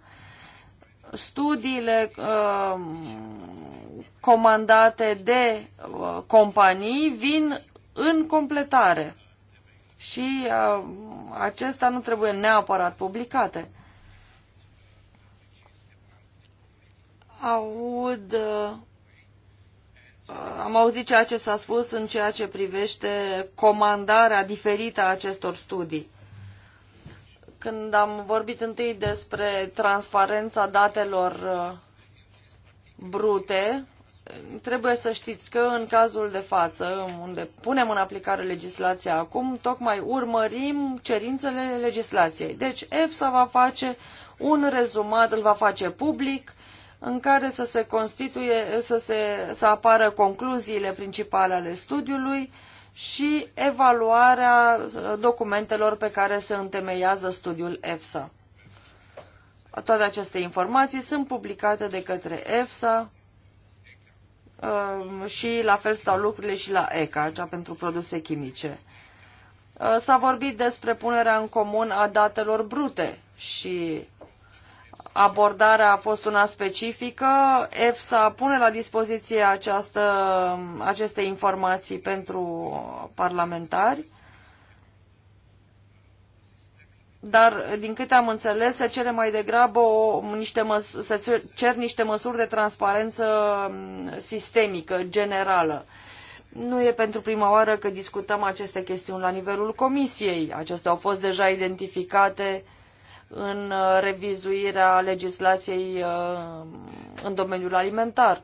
Studiile uh, comandate de uh, companii vin în completare și uh, acestea nu trebuie neapărat publicate. Aud, uh, uh, am auzit ceea ce s-a spus în ceea ce privește comandarea diferită a acestor studii. Când am vorbit întâi despre transparența datelor uh, brute, trebuie să știți că în cazul de față, unde punem în aplicare legislația acum, tocmai urmărim cerințele legislației. Deci EFSA va face un rezumat, îl va face public, în care să se constituie, să, se, să apară concluziile principale ale studiului și evaluarea documentelor pe care se întemeiază studiul EFSA. Toate aceste informații sunt publicate de către EFSA Ehm, și la fel stau lucrurile și la ECA, cea pentru produse chimice. Ehm, s-a vorbit despre punerea în comun a datelor brute și abordarea a fost una specifică. EFSA pune la dispoziție această, aceste informații pentru parlamentari dar din câte am înțeles se cere mai degrabă o, niște măs- să cer niște măsuri de transparență mm, sistemică, generală. Nu e pentru prima oară că discutăm aceste chestiuni la nivelul comisiei. Acestea au fost deja identificate în uh, revizuirea legislației uh, în domeniul alimentar.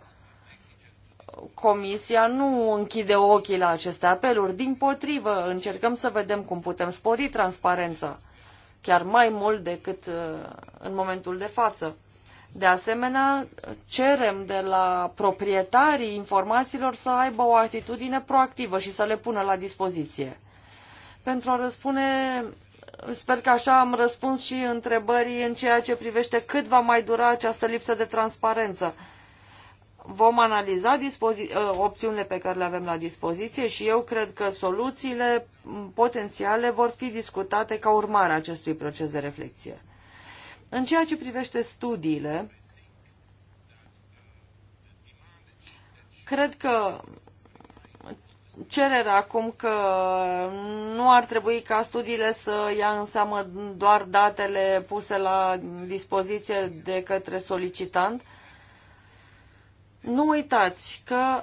Comisia nu închide ochii la aceste apeluri, din potrivă încercăm să vedem cum putem spori transparența chiar mai mult decât uh, în momentul de față. De asemenea, cerem de la proprietarii informațiilor să aibă o atitudine proactivă și să le pună la dispoziție. Pentru a răspune, sper că așa am răspuns și întrebării în ceea ce privește cât va mai dura această lipsă de transparență vom analiza uh, opțiunile pe care le avem la dispoziție și eu cred că soluțiile potențiale vor fi discutate ca urmare a acestui proces de reflexie. În ceea ce privește studiile, cred că cererea acum că nu ar trebui ca studiile să ia în seamă doar datele puse la dispoziție de către solicitant, nu uitați că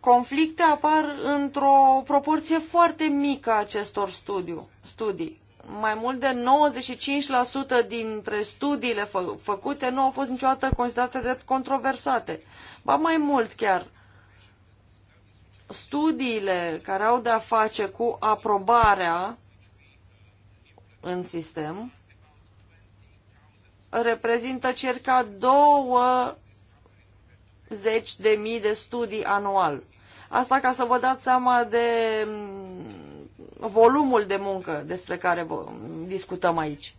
conflicte apar într-o proporție foarte mică a acestor studiu, studii. Mai mult de 95% dintre studiile fă, făcute nu au fost niciodată considerate drept controversate. Ba mai mult chiar, studiile care au de-a face cu aprobarea în sistem reprezintă circa două 80 de mii de studii anual. Asta ca să vă dați seama de mm, volumul de muncă despre care mm, discutăm aici.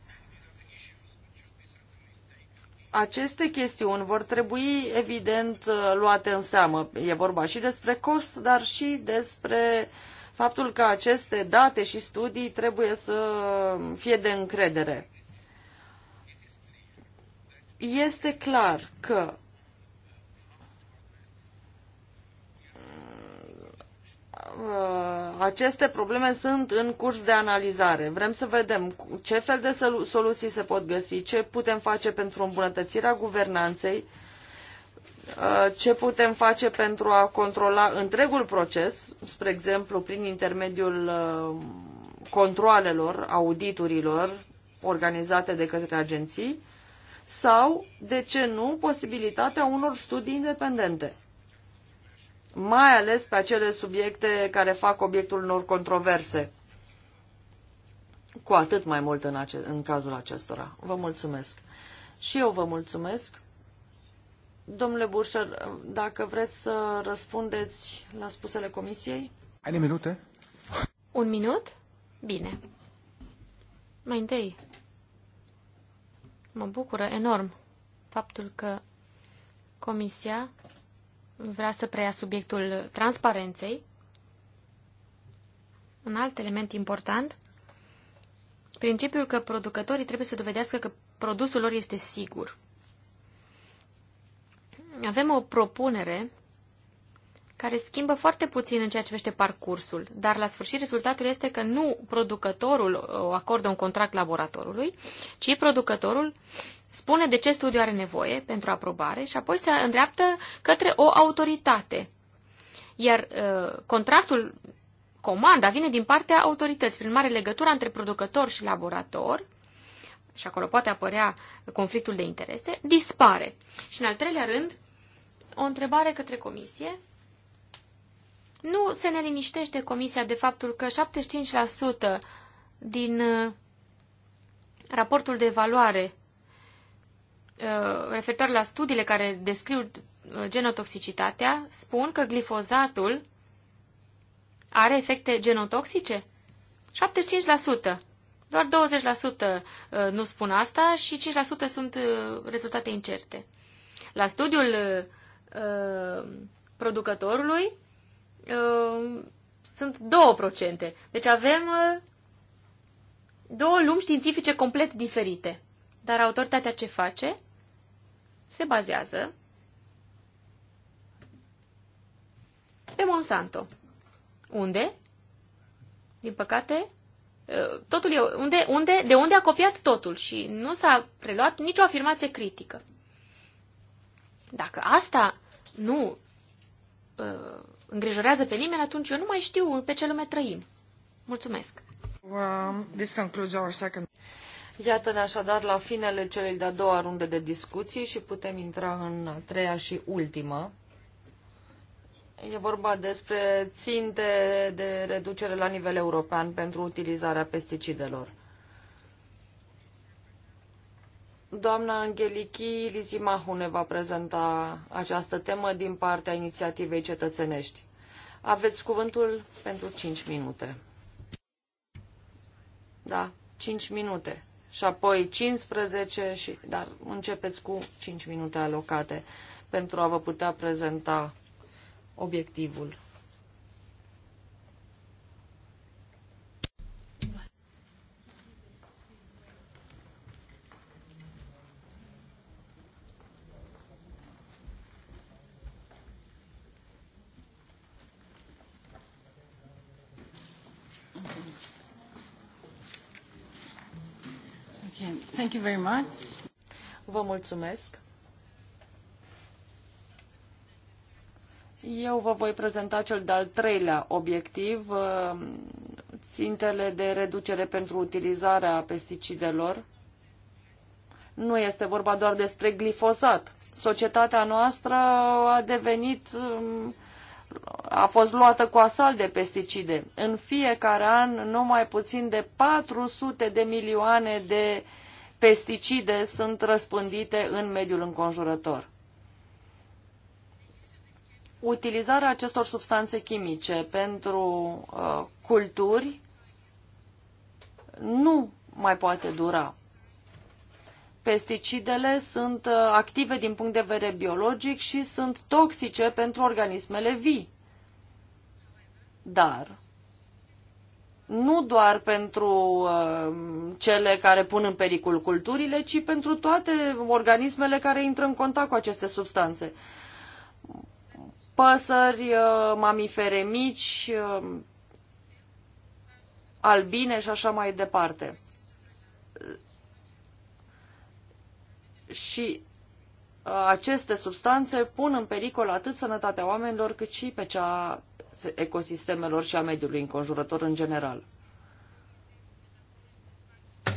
Aceste chestiuni vor trebui, evident, luate în seamă. E vorba și despre cost, dar și despre faptul că aceste date și studii trebuie să fie de încredere. Este clar că Uh, aceste probleme sunt în curs de analizare. Vrem să vedem ce fel de soluții se pot găsi, ce putem face pentru îmbunătățirea guvernanței, uh, ce putem face pentru a controla întregul proces, spre exemplu prin intermediul uh, controalelor, auditurilor organizate de către agenții, sau, de ce nu, posibilitatea unor studii independente mai ales pe acele subiecte care fac obiectul unor controverse. Cu atât mai mult în, ace- în cazul acestora. Vă mulțumesc. Și eu vă mulțumesc. Domnule Burșer, dacă vreți să răspundeți la spusele comisiei? Ai minute? Un minut? Bine. Mai întâi, mă bucură enorm faptul că comisia vrea să preia subiectul transparenței. Un alt element important, principiul că producătorii trebuie să dovedească că produsul lor este sigur. Avem o propunere care schimbă foarte puțin în ceea ce vește parcursul, dar la sfârșit rezultatul este că nu producătorul acordă un contract laboratorului, ci producătorul spune de ce studiu are nevoie pentru aprobare și apoi se îndreaptă către o autoritate. Iar uh, contractul, comanda, vine din partea autorității. Prin mare legătura între producător și laborator, și acolo poate apărea conflictul de interese, dispare. Și în al treilea rând, o întrebare către comisie. Nu se ne liniștește comisia de faptul că 75% din uh, raportul de evaluare Uh, referitoare la studiile care descriu uh, genotoxicitatea, spun că glifozatul are efecte genotoxice? 75%. Doar 20% uh, nu spun asta și 5% sunt rezultate incerte. La studiul producătorului sunt 2%. Deci avem două lumi științifice complet diferite. Dar autoritatea ce face? se bazează pe Monsanto. Unde? Din păcate, ă, totul e, unde, unde, de unde a copiat totul și nu s-a preluat nicio afirmație critică. Dacă asta nu uh, îngrijorează pe nimeni, atunci eu nu mai știu pe ce lume trăim. Mulțumesc! Well, um, this concludes our second... Iată-ne așadar la finele celei de-a doua runde de discuții și putem intra în a treia și ultima. E vorba despre ținte de reducere la nivel european pentru utilizarea pesticidelor. Doamna Angelichi Lizimahu ne va prezenta această temă din partea inițiativei cetățenești. Aveți cuvântul pentru 5 minute. Da, 5 minute și apoi 15, și, dar începeți cu 5 minute alocate pentru a vă putea prezenta obiectivul. Thank you very much. Vă mulțumesc. Eu vă voi prezenta cel de-al treilea obiectiv, uh, țintele de reducere pentru utilizarea pesticidelor. Nu este vorba doar despre glifosat. Societatea noastră a devenit, um, a fost luată cu asalt de pesticide. În fiecare an, nu mai puțin de 400 de milioane de uh, pesticide sunt răspândite în mediul înconjurător. Utilizarea acestor substanțe chimice pentru uh, culturi nu mai poate dura. Pesticidele sunt uh, active din punct de vedere biologic și sunt toxice pentru organismele vii. Dar nu doar pentru uh, cele care pun în pericol culturile, ci pentru toate organismele care intră în contact cu aceste substanțe. Păsări, uh, mamifere mici, uh, albine și așa mai departe. Și uh, aceste substanțe pun în pericol atât sănătatea oamenilor cât și pe cea ecosistemelor și a mediului înconjurător în general.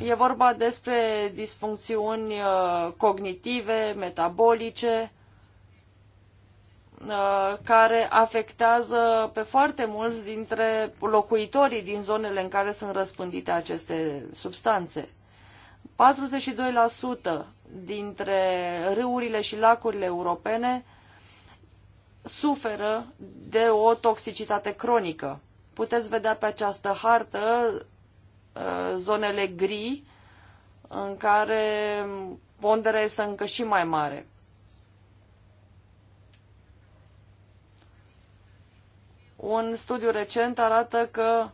E vorba despre disfuncțiuni uh, cognitive, metabolice, uh, care afectează pe foarte mulți dintre locuitorii din zonele în care sunt răspândite aceste substanțe. 42% dintre râurile și lacurile europene suferă de o toxicitate cronică. Puteți vedea pe această hartă uh, zonele gri în care ponderea este încă și mai mare. Un studiu recent arată că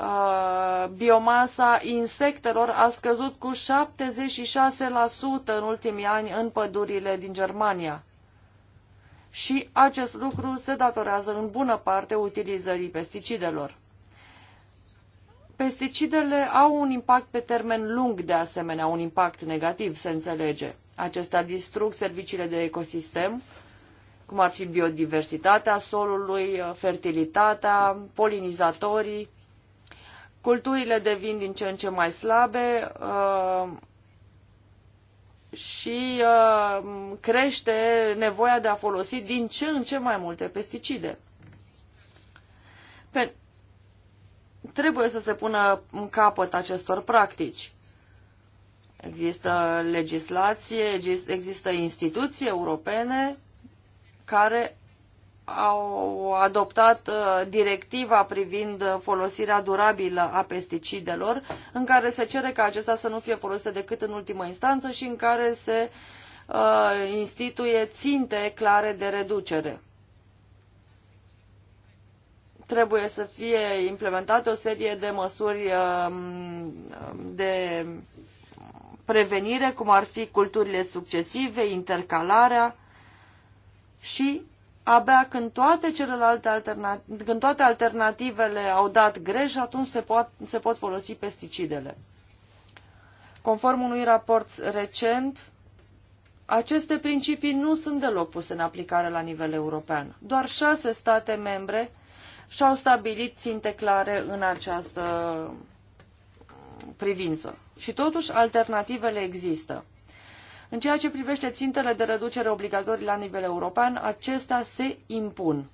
Uh, biomasa insectelor a scăzut cu 76% în ultimii ani în pădurile din Germania. Și acest lucru se datorează în bună parte utilizării pesticidelor. Pesticidele au un impact pe termen lung, de asemenea, un impact negativ, se înțelege. Acestea distrug serviciile de ecosistem, cum ar fi biodiversitatea solului, fertilitatea, polinizatorii, Culturile devin din ce în ce mai slabe uh, și uh, crește nevoia de a folosi din ce în ce mai multe pesticide. Pe... Trebuie să se pună în capăt acestor practici. Există legislație, există instituții europene care au adoptat uh, directiva privind folosirea durabilă a pesticidelor, în care se cere ca acestea să nu fie folosite decât în ultimă instanță și în care se uh, instituie ținte clare de reducere. Trebuie să fie implementate o serie de măsuri um, de prevenire, cum ar fi culturile succesive, intercalarea și Abia când toate celelalte alternative, când toate alternativele au dat greș, atunci se pot, se pot folosi pesticidele. Conform unui raport recent, aceste principii nu sunt deloc puse în aplicare la nivel european. Doar șase state membre și-au stabilit ținte clare în această privință. Și totuși, alternativele există. În ceea ce privește țintele de reducere obligatorii la nivel european, acestea se impun.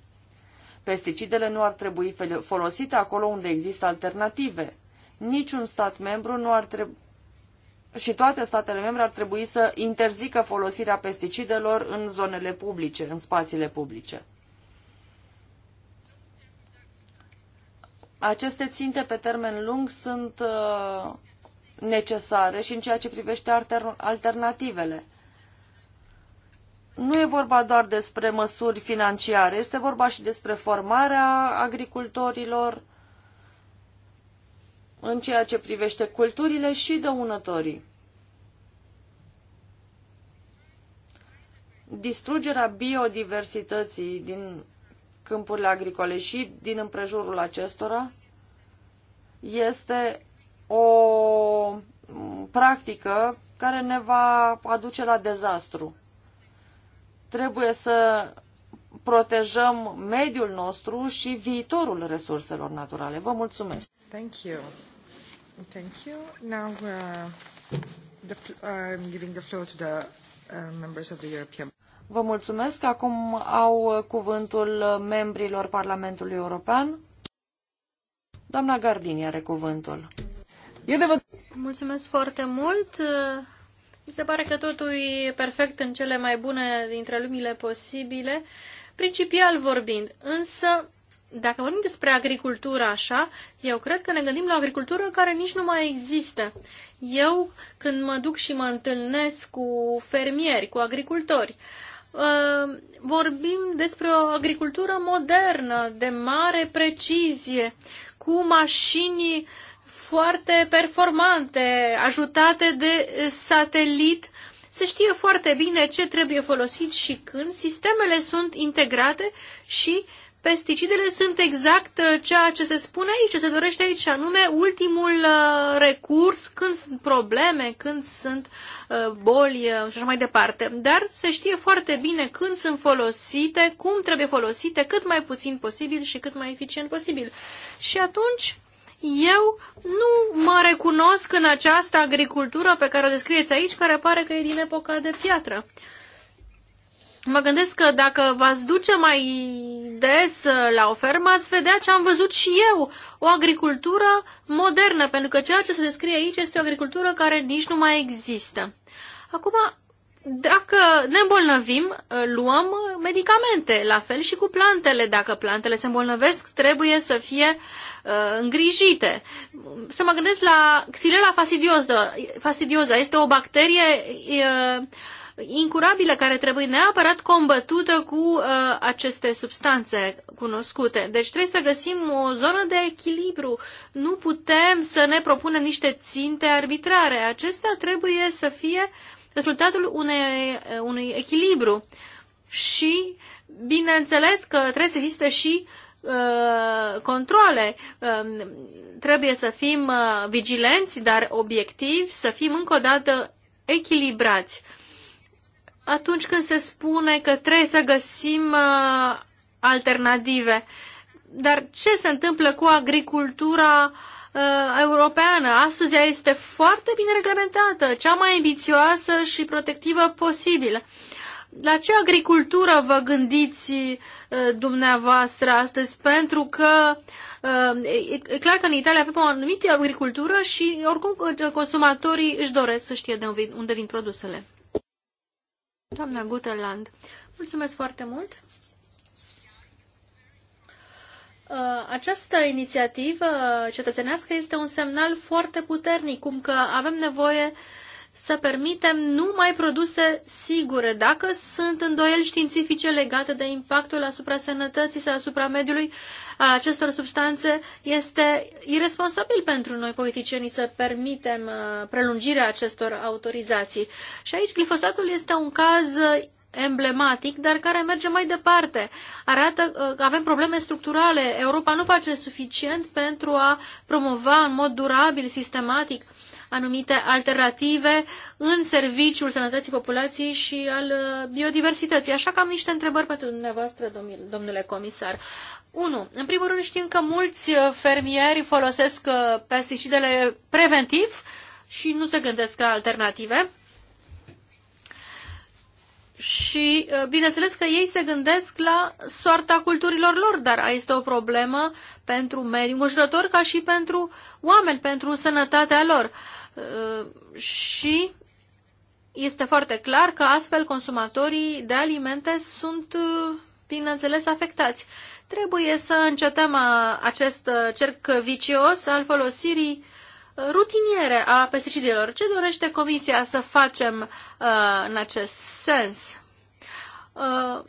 Pesticidele nu ar trebui folosite acolo unde există alternative. Niciun stat membru nu ar trebui și toate statele membre ar trebui să interzică folosirea pesticidelor în zonele publice, în spațiile publice. Aceste ținte pe termen lung sunt uh, necesare și în ceea ce privește alternativele. Nu e vorba doar despre măsuri financiare, este vorba și despre formarea agricultorilor în ceea ce privește culturile și dăunătorii. Distrugerea biodiversității din câmpurile agricole și din împrejurul acestora este o mm, practică care ne va aduce la dezastru. Trebuie să protejăm mediul nostru și viitorul resurselor naturale. Vă mulțumesc. Thank you. Thank you. Now uh, the, I'm giving the floor to the uh, members of the European Vă mulțumesc. Acum au cuvântul membrilor Parlamentului European. Doamna Gardini are cuvântul. Mulțumesc foarte mult. Mi se pare că totul e perfect în cele mai bune dintre lumile posibile, principial vorbind. Însă, dacă vorbim despre agricultură așa, eu cred că ne gândim la agricultură care nici nu mai există. Eu, când mă duc și mă întâlnesc cu fermieri, cu agricultori, uh, vorbim despre o agricultură modernă, de mare precizie, cu mașini uh, foarte performante, ajutate de satelit. Se știe foarte bine ce trebuie folosit și când. Sistemele sunt integrate și pesticidele sunt exact ceea ce se spune aici, ce se dorește aici, anume ultimul uh, recurs când sunt probleme, când sunt uh, boli uh, și așa mai departe. Dar se știe foarte bine când sunt folosite, cum trebuie folosite, cât mai puțin posibil și cât mai eficient posibil. Și atunci eu nu mă recunosc în această agricultură pe care o descrieți aici, care pare că e din epoca de piatră. Mă gândesc că dacă v-ați duce mai des uh, la o fermă, ați vedea ce am văzut și eu, o agricultură modernă, pentru că ceea ce se descrie aici este o agricultură care nici nu mai există. Acum, dacă ne îmbolnăvim, ă, luăm ă, medicamente, la fel și cu plantele. Dacă plantele se îmbolnăvesc, trebuie să fie uh, îngrijite. Să mă gândesc la Xylella fastidiosa. fastidiosa. Este o bacterie uh, incurabilă care trebuie neapărat combătută cu uh, aceste substanțe cunoscute. Deci trebuie să găsim o zonă de echilibru. Nu putem să ne propunem niște ținte arbitrare. Acestea trebuie să fie uh, rezultatul unei, eh, unui echilibru. Și, bineînțeles, că trebuie să existe și uh, controle. Uh, trebuie să fim uh, vigilenți, dar obiectivi, să fim încă o dată echilibrați. Atunci când se spune că trebuie să găsim alternative, dar ce se întâmplă cu agricultura uh, Uh, europeană astăzi este foarte bine reglementată, cea mai ambițioasă și protectivă posibilă. La ce agricultură vă gândiți uh, dumneavoastră astăzi? Pentru că uh, e clar că în Italia avem o anumită agricultură și oricum consumatorii își doresc să știe de unde vin produsele. Doamna Guteland, mulțumesc foarte mult! Uh, această inițiativă cetățenească este un semnal foarte puternic, cum că avem nevoie să permitem numai produse sigure, dacă sunt îndoieli științifice legate de impactul asupra sănătății sau asupra mediului a acestor substanțe, este irresponsabil pentru noi politicienii să permitem uh, prelungirea acestor autorizații. Și aici glifosatul este un caz emblematic, dar care merge mai departe. Arată uh, că avem probleme structurale. Europa nu face suficient pentru a promova în mod durabil, sistematic, anumite alternative în serviciul sănătății populației și al uh, biodiversității. Așa că am niște întrebări pentru dumneavoastră, domnule comisar. 1. În primul rând știm că mulți uh, fermieri folosesc pesticidele preventiv și nu se gândesc la alternative. Și uh, bineînțeles că ei se gândesc la soarta culturilor lor, dar este o problemă pentru mediul înconjurător ca și pentru oameni, pentru sănătatea lor. Uh, și este foarte clar că astfel consumatorii de alimente sunt, uh, bineînțeles, afectați. Trebuie să încetăm acest cerc vicios al folosirii rutiniere a pesticidelor. Ce dorește Comisia să facem uh, în acest sens? Uh,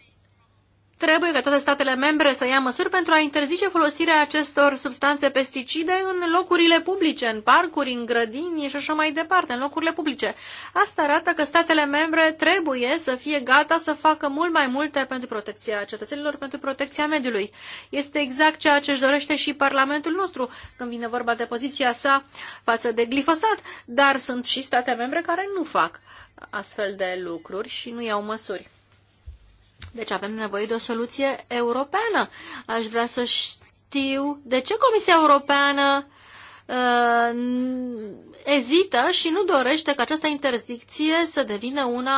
Trebuie ca toate statele membre să ia măsuri pentru a interzice folosirea acestor substanțe pesticide în locurile publice, în parcuri, în grădini și așa mai departe, în locurile publice. Asta arată că statele membre trebuie să fie gata să facă mult mai multe pentru protecția cetățenilor, pentru protecția mediului. Este exact ceea ce își dorește și Parlamentul nostru când vine vorba de poziția sa față de glifosat, dar sunt și state membre care nu fac astfel de lucruri și nu iau măsuri. Deci avem nevoie de o soluție europeană. Aș vrea să știu de ce Comisia Europeană uh, ezită și nu dorește ca această interdicție să devină una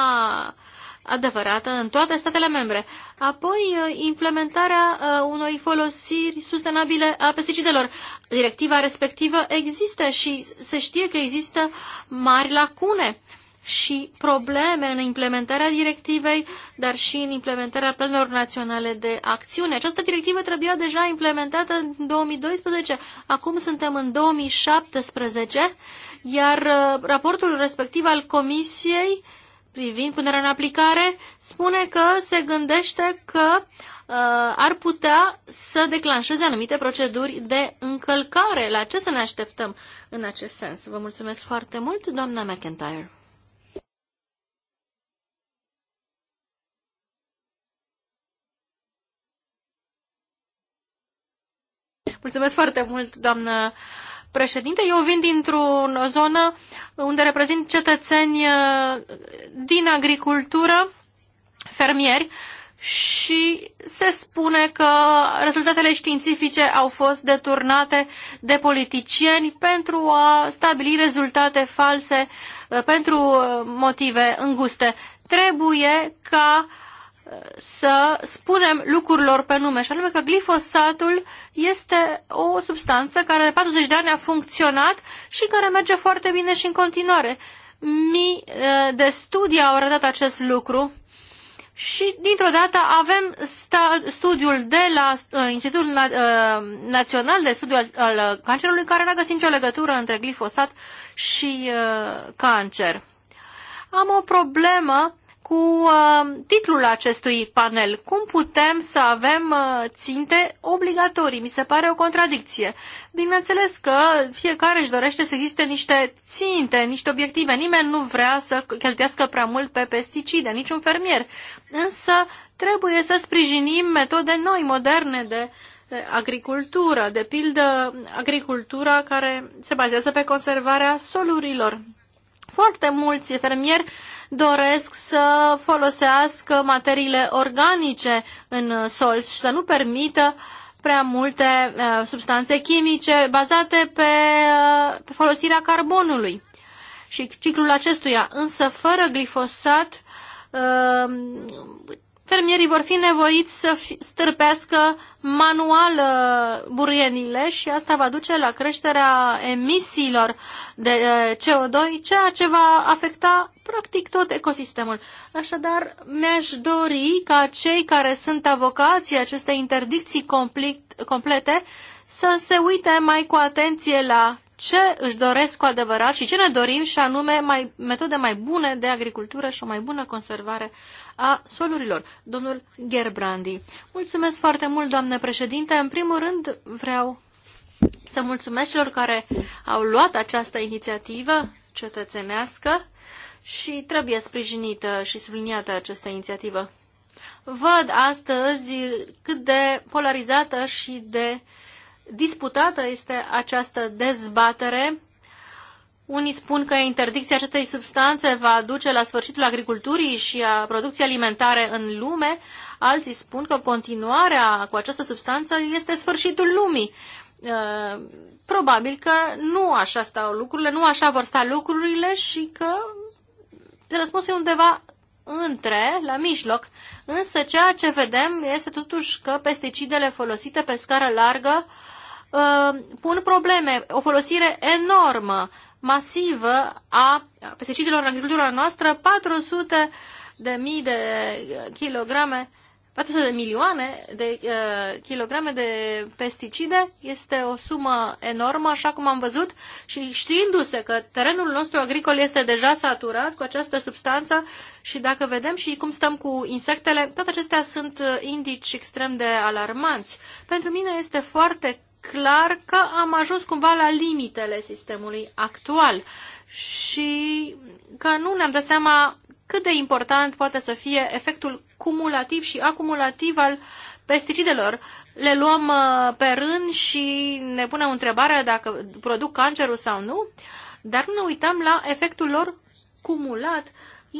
adevărată în toate statele membre. Apoi, uh, implementarea uh, unei folosiri sustenabile a pesticidelor. Directiva respectivă există și se știe că există mari lacune și probleme în implementarea directivei, dar și în implementarea planurilor naționale de acțiune. Această directivă trebuia deja implementată în 2012, acum suntem în 2017, iar uh, raportul respectiv al Comisiei privind punerea în aplicare spune că se gândește că uh, ar putea să declanșeze anumite proceduri de încălcare. La ce să ne așteptăm în acest sens? Vă mulțumesc foarte mult, doamna McIntyre. Mulțumesc foarte mult, doamnă președinte. Eu vin dintr-o zonă unde reprezint cetățeni uh, din agricultură, fermieri, și se spune că rezultatele științifice au fost deturnate de politicieni pentru a stabili rezultate false uh, pentru uh, motive înguste. Trebuie ca uh, să spunem lucrurilor pe nume, și anume că glifosatul este o substanță care de 40 de ani a funcționat și care merge foarte bine și în continuare. Mii eh, de studii au arătat acest lucru și dintr-o dată avem studiul de la eh, Institutul eh, Național de Studiu al Cancerului care n-a găsit nicio legătură între glifosat și cancer. Am o problemă cu uh, titlul acestui panel. Cum putem să avem uh, ținte obligatorii? Mi se pare o contradicție. Bineînțeles că fiecare își dorește să existe niște ținte, niște obiective. Nimeni nu vrea să cheltuiască prea mult pe pesticide, niciun fermier. Însă trebuie să sprijinim metode noi, moderne de agricultură, de pildă agricultura care se bazează pe conservarea solurilor foarte mulți fermieri doresc să folosească materiile organice în sol și să nu permită prea multe uh, substanțe chimice bazate pe, uh, pe folosirea carbonului și ciclul acestuia. Însă, fără glifosat, uh, fermierii vor fi nevoiți să stârpească manual uh, burienile și asta va duce la creșterea emisiilor de uh, CO2, ceea ce va afecta practic tot ecosistemul. Așadar, mi-aș dori ca cei care sunt avocații acestei interdicții complete să se uite mai cu atenție la ce își doresc cu adevărat și ce ne dorim și anume mai, metode mai bune de agricultură și o mai bună conservare a solurilor. Domnul Gerbrandi. Mulțumesc foarte mult, doamne președinte. În primul rând vreau să mulțumesc celor care au luat această inițiativă cetățenească și trebuie sprijinită și subliniată această inițiativă. Văd astăzi cât de polarizată și de uh, disputată este această dezbatere. Unii spun că interdicția acestei substanțe va duce la sfârșitul agriculturii și a producției alimentare în lume, alții spun că continuarea cu această substanță este sfârșitul lumii. Uh, probabil că nu așa stau lucrurile, nu așa vor sta lucrurile și că răspunsul e undeva între, la mijloc, însă ceea ce vedem este totuși că pesticidele folosite pe scară largă uh, Uh, pun probleme. O folosire enormă, masivă a pesticidelor în agricultura noastră, 400 de mii de kilograme, 400 de milioane de uh, kilograme de pesticide este o sumă enormă, așa cum am văzut, și știindu-se că terenul nostru agricol este deja saturat cu această substanță și dacă vedem și cum stăm cu insectele, toate acestea sunt uh, indici extrem de alarmanți. Pentru mine este foarte clar că am ajuns cumva la limitele sistemului actual și că nu ne-am dat seama cât de important poate să fie efectul cumulativ și acumulativ al pesticidelor. Le luăm uh, pe rând și ne punem întrebarea dacă produc cancerul sau nu, dar nu ne uităm la efectul lor cumulat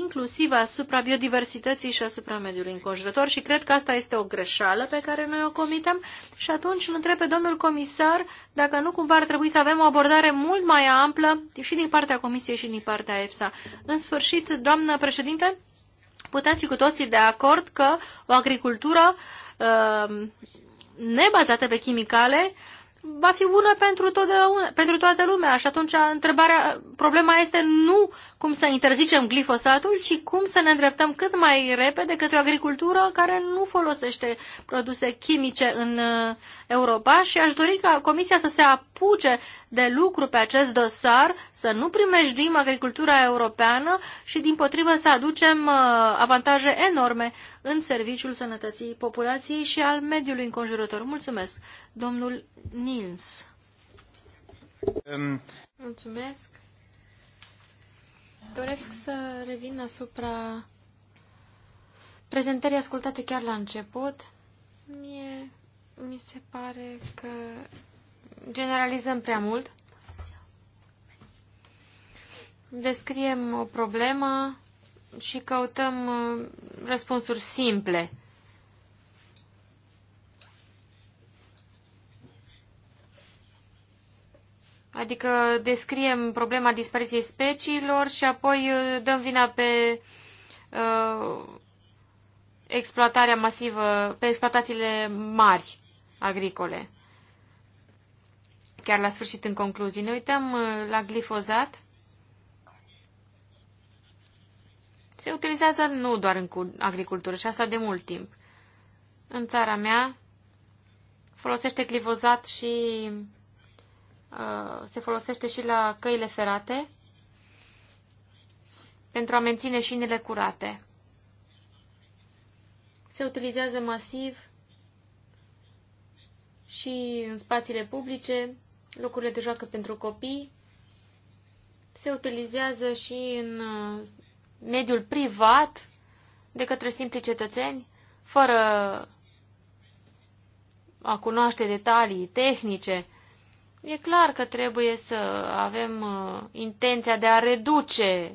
inclusiv asupra biodiversității și asupra mediului înconjurător și cred că asta este o greșeală pe care noi o comitem și atunci îl întreb pe domnul comisar dacă nu cumva ar trebui să avem o abordare mult mai amplă și din partea Comisiei și din partea EFSA. În sfârșit, doamnă președinte, putem fi cu toții de acord că o agricultură uh, nebazată pe chimicale uh, va fi una pentru, totdeauna, pentru toată lumea. Și atunci întrebarea, problema este nu cum să interzicem glifosatul, ci cum să ne îndreptăm cât mai repede către o agricultură care nu folosește produse chimice în uh, Europa și aș dori ca Comisia să se apuce de lucru pe acest dosar, să nu primejduim agricultura europeană și din potrivă să aducem uh, avantaje enorme în serviciul sănătății populației și al mediului înconjurător. Mulțumesc, domnul Nils. Um. Mulțumesc. Doresc să revin asupra prezentării ascultate chiar la început. Mie mi se pare că generalizăm prea mult. Descriem o problemă și căutăm uh, răspunsuri simple. Adică descriem problema dispariției speciilor și apoi uh, dăm vina pe uh, exploatarea masivă, pe exploatațiile mari agricole. Chiar la sfârșit, în concluzie, ne uităm uh, la glifozat se utilizează nu doar în agricultură, și asta de mult timp. În țara mea folosește glifozat și uh, se folosește și la căile ferate pentru a menține șinele curate. Se utilizează masiv și în spațiile publice, locurile de joacă pentru copii. Se utilizează și în uh, mediul privat de către simpli cetățeni, fără a cunoaște detalii tehnice. E clar că trebuie să avem uh, intenția de a reduce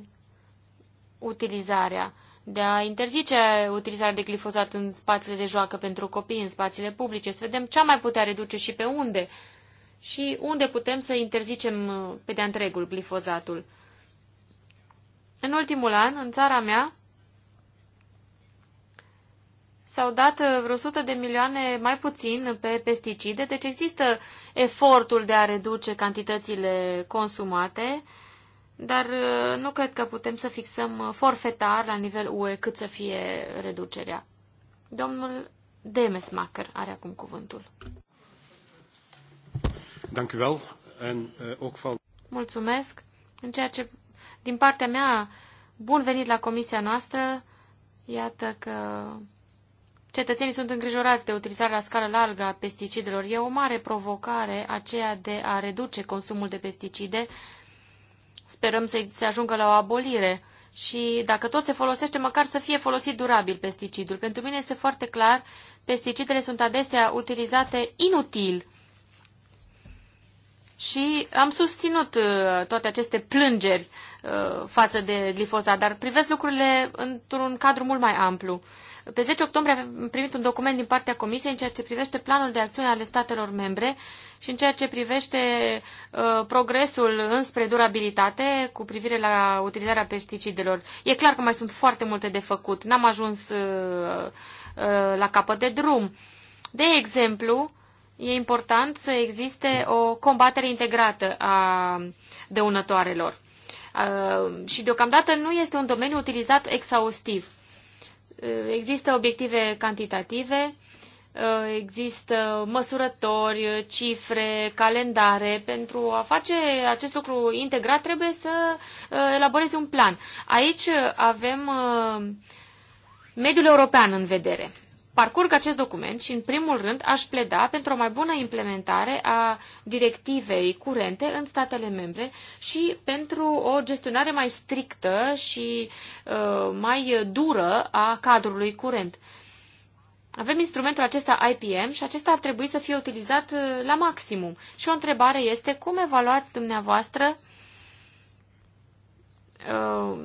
utilizarea, de a interzice utilizarea de glifozat în spațiile de joacă pentru copii, în spațiile publice, să vedem ce am mai putea reduce și pe unde și unde putem să interzicem uh, pe de întregul glifozatul. În ultimul an, în țara mea, s-au dat uh, vreo 100 de milioane mai puțin pe pesticide, deci există efortul de a reduce cantitățile consumate, dar uh, nu cred că putem să fixăm uh, forfetar la nivel UE cât să fie reducerea. Domnul Demesmacher are acum cuvântul. Eh, Mulțumesc. În ceea ce din partea mea, bun venit la comisia noastră. Iată că cetățenii sunt îngrijorați de utilizarea la scară largă a pesticidelor. E o mare provocare aceea de a reduce consumul de pesticide. Sperăm să se ajungă la o abolire. Și dacă tot se folosește, măcar să fie folosit durabil pesticidul. Pentru mine este foarte clar, pesticidele sunt adesea utilizate inutil și am susținut uh, toate aceste plângeri uh, față de glifosat, dar privesc lucrurile într-un cadru mult mai amplu. Pe 10 octombrie am primit un document din partea Comisiei în ceea ce privește planul de acțiune ale statelor membre și în ceea ce privește uh, progresul înspre durabilitate cu privire la utilizarea pesticidelor. E clar că mai sunt foarte multe de făcut. N-am ajuns uh, uh, la capăt de drum. De exemplu, e important să existe o combatere integrată a dăunătoarelor. Și deocamdată nu este un domeniu utilizat exhaustiv. Există obiective cantitative, există măsurători, cifre, calendare. Pentru a face acest lucru integrat trebuie să elaborezi un plan. Aici avem mediul european în vedere parcurg acest document și, în primul rând, aș pleda pentru o mai bună implementare a directivei curente în statele membre și pentru o gestionare mai strictă și uh, mai dură a cadrului curent. Avem instrumentul acesta IPM și acesta ar trebui să fie utilizat uh, la maximum. Și o întrebare este cum evaluați dumneavoastră uh,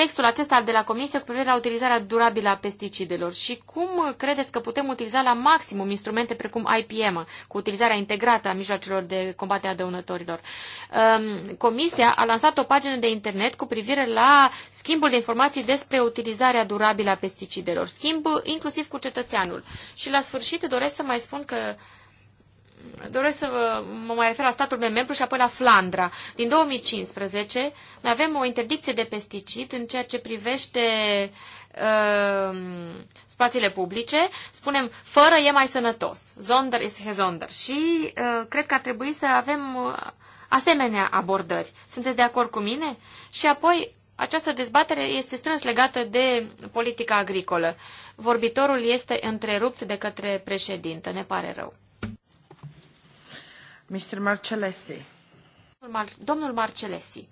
textul acesta de la Comisie cu privire la utilizarea durabilă a pesticidelor și cum credeți că putem utiliza la maximum instrumente precum IPM, cu utilizarea integrată a mijloacelor de combate a dăunătorilor. Um, comisia a lansat o pagină de internet cu privire la schimbul de informații despre utilizarea durabilă a pesticidelor, schimb inclusiv cu cetățeanul. Și la sfârșit doresc să mai spun că doresc să mă mai refer la statul meu membru și apoi la Flandra. Din 2015 noi avem o interdicție de pesticid în ceea ce privește uh, spațiile publice. Spunem, fără e mai sănătos. Zonder este hezonder. Și uh, cred că ar trebui să avem uh, asemenea abordări. Sunteți de acord cu mine? Și apoi, această dezbatere este strâns legată de politica agricolă. Vorbitorul este întrerupt de către președintă. Ne pare rău. Mr. Marcellesi. Domnul Marcellesi.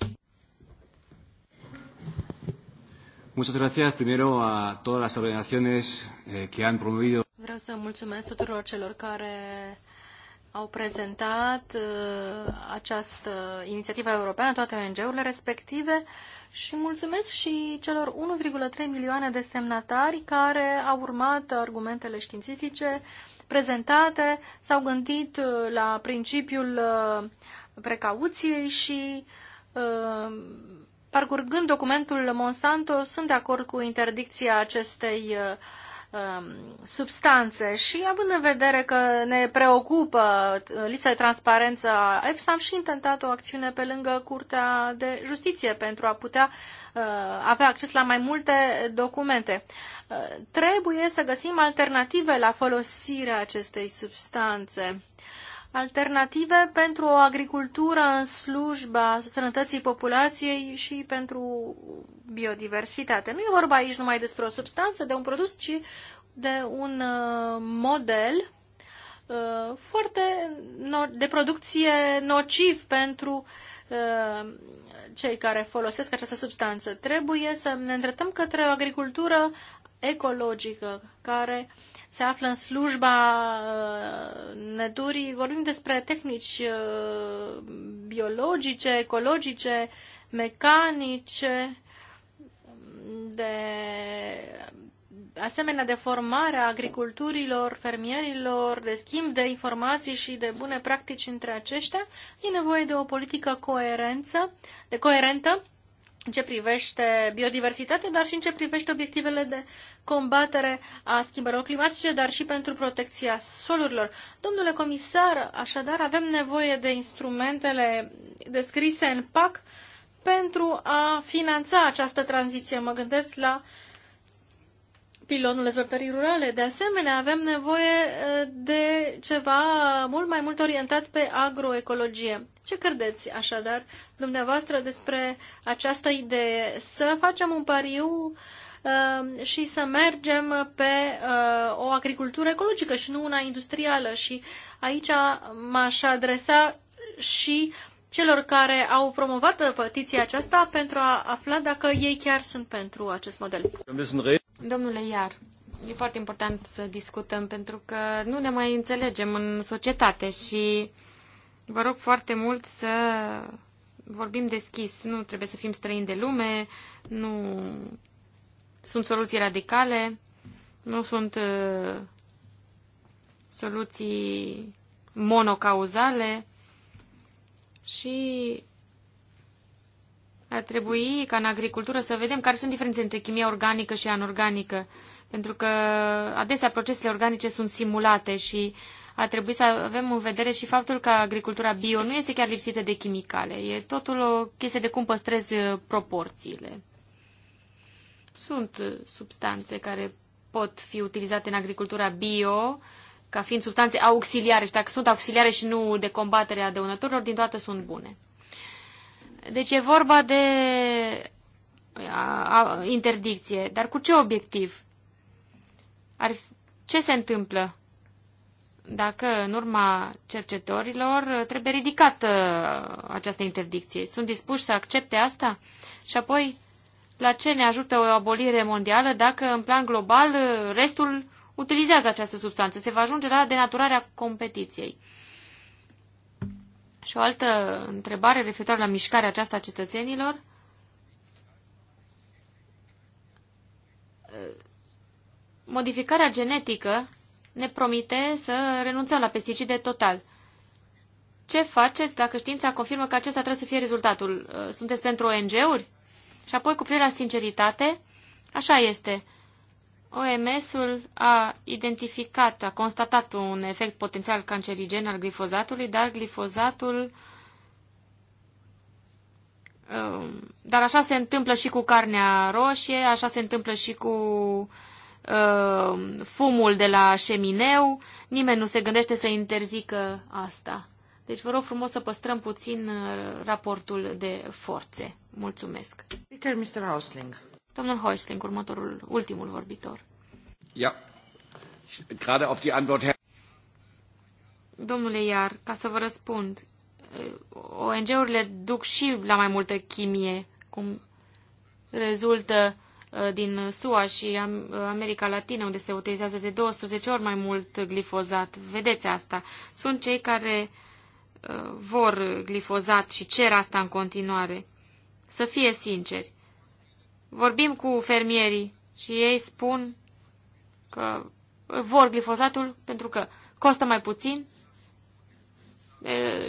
Muchas gracias primero a todas las organizaciones eh, que han promovido. Vreau să mulțumesc tuturor celor care au prezentat eh, această inițiativă europeană, toate ONG-urile respective și mulțumesc și celor 1,3 milioane de semnatari care au urmat argumentele științifice prezentate s-au gândit uh, la principiul uh, precauției și uh, parcurgând documentul Monsanto, sunt de acord cu interdicția acestei uh, Um, substanțe și având în vedere că ne preocupă uh, lipsa de transparență a EFSA, am și intentat o acțiune pe lângă Curtea de Justiție pentru a putea uh, avea acces la mai multe documente. Uh, trebuie să găsim alternative la folosirea acestei substanțe. Uh, alternative pentru o agricultură în slujba sănătății populației și pentru biodiversitate. Nu e vorba aici numai despre o substanță, de un produs, ci de un uh, model uh, foarte de producție nociv pentru uh, cei care folosesc această substanță. Trebuie să ne îndreptăm către o agricultură ecologică care uh, se află în slujba uh, naturii, Vorbim despre tehnici uh, biologice, ecologice, mecanice, de asemenea de formare a agriculturilor, fermierilor, de schimb de informații și de bune practici între aceștia, e nevoie de o politică coerență, de coerentă în ce privește biodiversitatea, dar și în ce privește obiectivele de combatere a schimbărilor climatice, dar și pentru protecția solurilor. Domnule comisar, așadar avem nevoie de instrumentele descrise în PAC pentru a finanța această tranziție. Mă gândesc la pilonul dezvoltării rurale. De asemenea, avem nevoie eh, de ceva mult mai mult orientat pe agroecologie. Ce credeți așadar dumneavoastră despre această idee? Să facem un pariu uh, și să mergem pe uh, o agricultură ecologică și nu una industrială. Și aici m-aș adresa și celor care au promovat petiția aceasta pentru a afla dacă ei chiar sunt pentru acest model. Domnule Iar, e foarte important să discutăm pentru că nu ne mai înțelegem în societate și uh, Vă rog foarte mult să vorbim deschis. Nu trebuie să fim străini de lume, nu sunt soluții radicale, nu sunt uh, soluții monocauzale și ar trebui ca în agricultură să vedem care sunt diferențe între chimia organică și anorganică, pentru că adesea procesele organice sunt simulate și uh, ar trebui să avem în vedere și faptul că agricultura bio nu este chiar lipsită de chimicale. E totul o chestie de cum păstrezi uh, proporțiile. Sunt uh, substanțe care pot fi utilizate în agricultura bio ca fiind substanțe auxiliare și dacă sunt auxiliare și nu de combatere a dăunătorilor, din toate sunt bune. Deci e vorba de interdicție. Dar cu ce obiectiv? Ar, ce se întâmplă dacă în urma cercetorilor uh, trebuie ridicată uh, această interdicție. Sunt dispuși să accepte asta? Și apoi, la ce ne ajută o abolire mondială dacă în plan global uh, restul utilizează această substanță? Se va ajunge la denaturarea competiției. Și o altă întrebare referitoare la mișcarea aceasta a cetățenilor. Modificarea genetică ne promite să renunțăm la pesticide total. Ce faceți dacă știința confirmă că acesta trebuie să fie rezultatul? Uh, sunteți pentru ONG-uri? Și apoi, cu la sinceritate, așa este. OMS-ul a identificat, a constatat un efect potențial cancerigen al glifozatului, dar glifozatul... Um, dar așa se întâmplă și cu carnea roșie, așa se întâmplă și cu uh, fumul de la șemineu, nimeni nu se gândește să interzică asta. Deci vă rog frumos să păstrăm puțin uh, raportul de forțe. Mulțumesc. Speaker, Mr. Hausling. Domnul Häusling, următorul, ultimul vorbitor. Ja, gerade auf die Antwort, Herr... Domnule Iar, ca să vă răspund, uh, ONG-urile duc și la mai multă chimie, cum rezultă Uh, din SUA și uh, America Latină, unde se utilizează de 12 ori mai mult glifozat. Vedeți asta. Sunt cei care uh, vor glifozat și cer asta în continuare. Să fie sinceri. Vorbim cu fermierii și ei spun că vor glifozatul pentru că costă mai puțin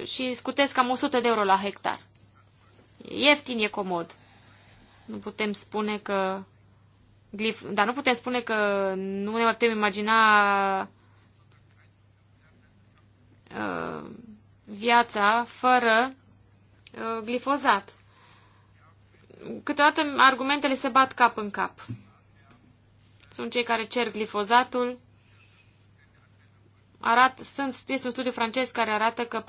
și scutesc cam 100 de euro la hectar. E ieftin, e comod. Nu putem spune că glif... Dar nu putem spune că nu ne putem imagina uh, viața fără uh, glifozat. Câteodată argumentele se bat cap în cap. Sunt cei care cer glifozatul. Arat, sunt, este un studiu francez care arată că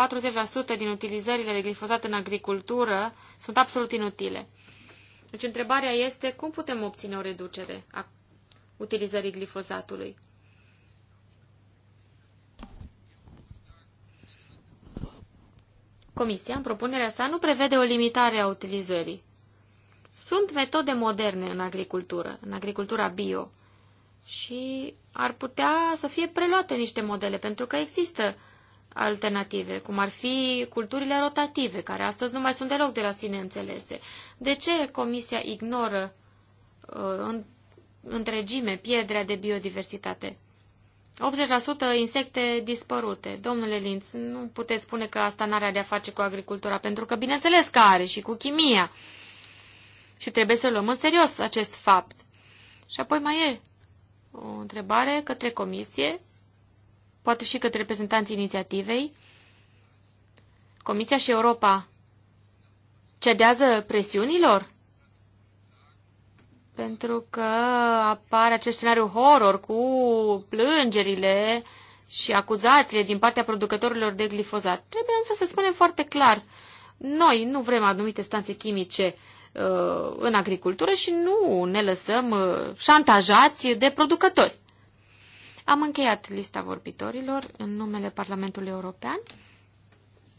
40% din utilizările de glifozat în agricultură sunt absolut inutile. Deci întrebarea este cum putem obține o reducere a utilizării glifozatului. Comisia, în propunerea sa, nu prevede o limitare a utilizării. Sunt metode moderne în agricultură, în agricultura bio, și ar putea să fie preluate niște modele, pentru că există uh, alternative, cum ar fi culturile rotative, care astăzi nu mai sunt deloc de la sine înțelese. De ce Comisia ignoră uh, în, întregime pierderea de biodiversitate? 80% insecte dispărute. Domnule Linț, nu puteți spune că asta n-are de-a face cu agricultura, pentru că bineînțeles că are și cu chimia. Și trebuie să luăm în serios acest fapt. Și apoi mai e o întrebare către comisie poate și către reprezentanții inițiativei. Comisia și Europa cedează presiunilor? Pentru că apare acest scenariu horror cu plângerile și acuzațiile din partea producătorilor de glifozat. Trebuie însă să spunem foarte clar, noi nu vrem anumite stanțe chimice uh, în agricultură și nu ne lăsăm uh, șantajați de producători. Am încheiat lista vorbitorilor în numele Parlamentului European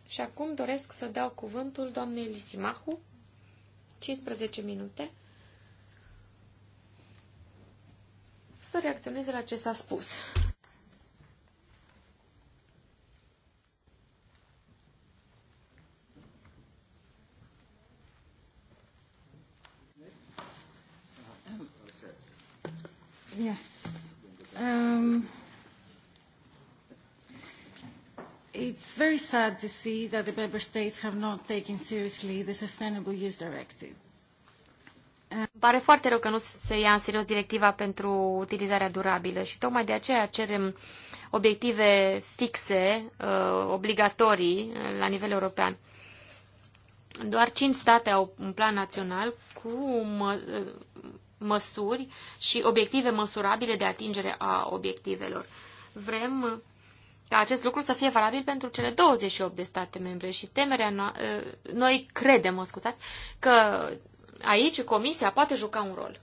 și acum doresc să dau cuvântul doamnei Lisimahu, 15 minute, să reacționeze la ce s-a spus. Yes. Um, it's very sad to see that the member states have not taken seriously the Sustainable Use Directive. Îmi pare foarte rău că nu se ia în serios directiva pentru utilizarea durabilă și tocmai de aceea cerem obiective fixe, uh, obligatorii, uh, la nivel european. Doar cinci state au un plan național cu uh, măsuri și obiective măsurabile de atingere a obiectivelor. Vrem ca acest lucru să fie valabil pentru cele 28 de state membre și temerea no- ă, noi credem, mă scuzați, că aici Comisia poate juca un rol.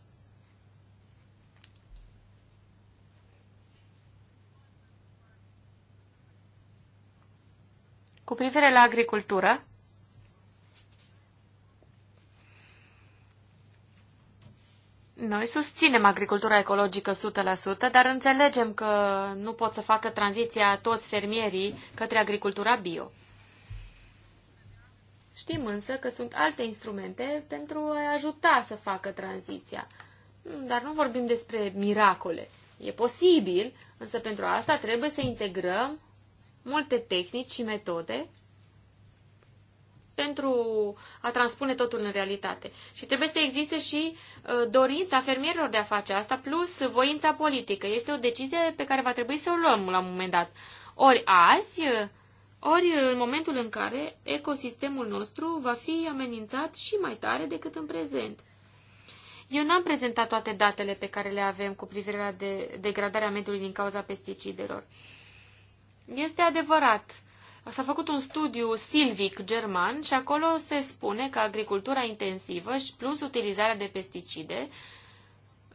Cu privire la agricultură, Noi susținem agricultura ecologică 100%, dar înțelegem că nu pot să facă tranziția toți fermierii către agricultura bio. Știm însă că sunt alte instrumente pentru a ajuta să facă tranziția. Dar nu vorbim despre miracole. E posibil, însă pentru asta trebuie să integrăm multe tehnici și metode pentru a transpune totul în realitate. Și trebuie să existe și uh, dorința fermierilor de a face asta, plus voința politică. Este o decizie pe care va trebui să o luăm la un moment dat. Ori azi, uh, ori în momentul în care ecosistemul nostru va fi amenințat și mai tare decât în prezent. Eu n-am prezentat toate datele pe care le avem cu privire la de degradarea mediului din cauza pesticidelor. Este adevărat S-a făcut un studiu silvic german și acolo se spune că agricultura intensivă și plus utilizarea de pesticide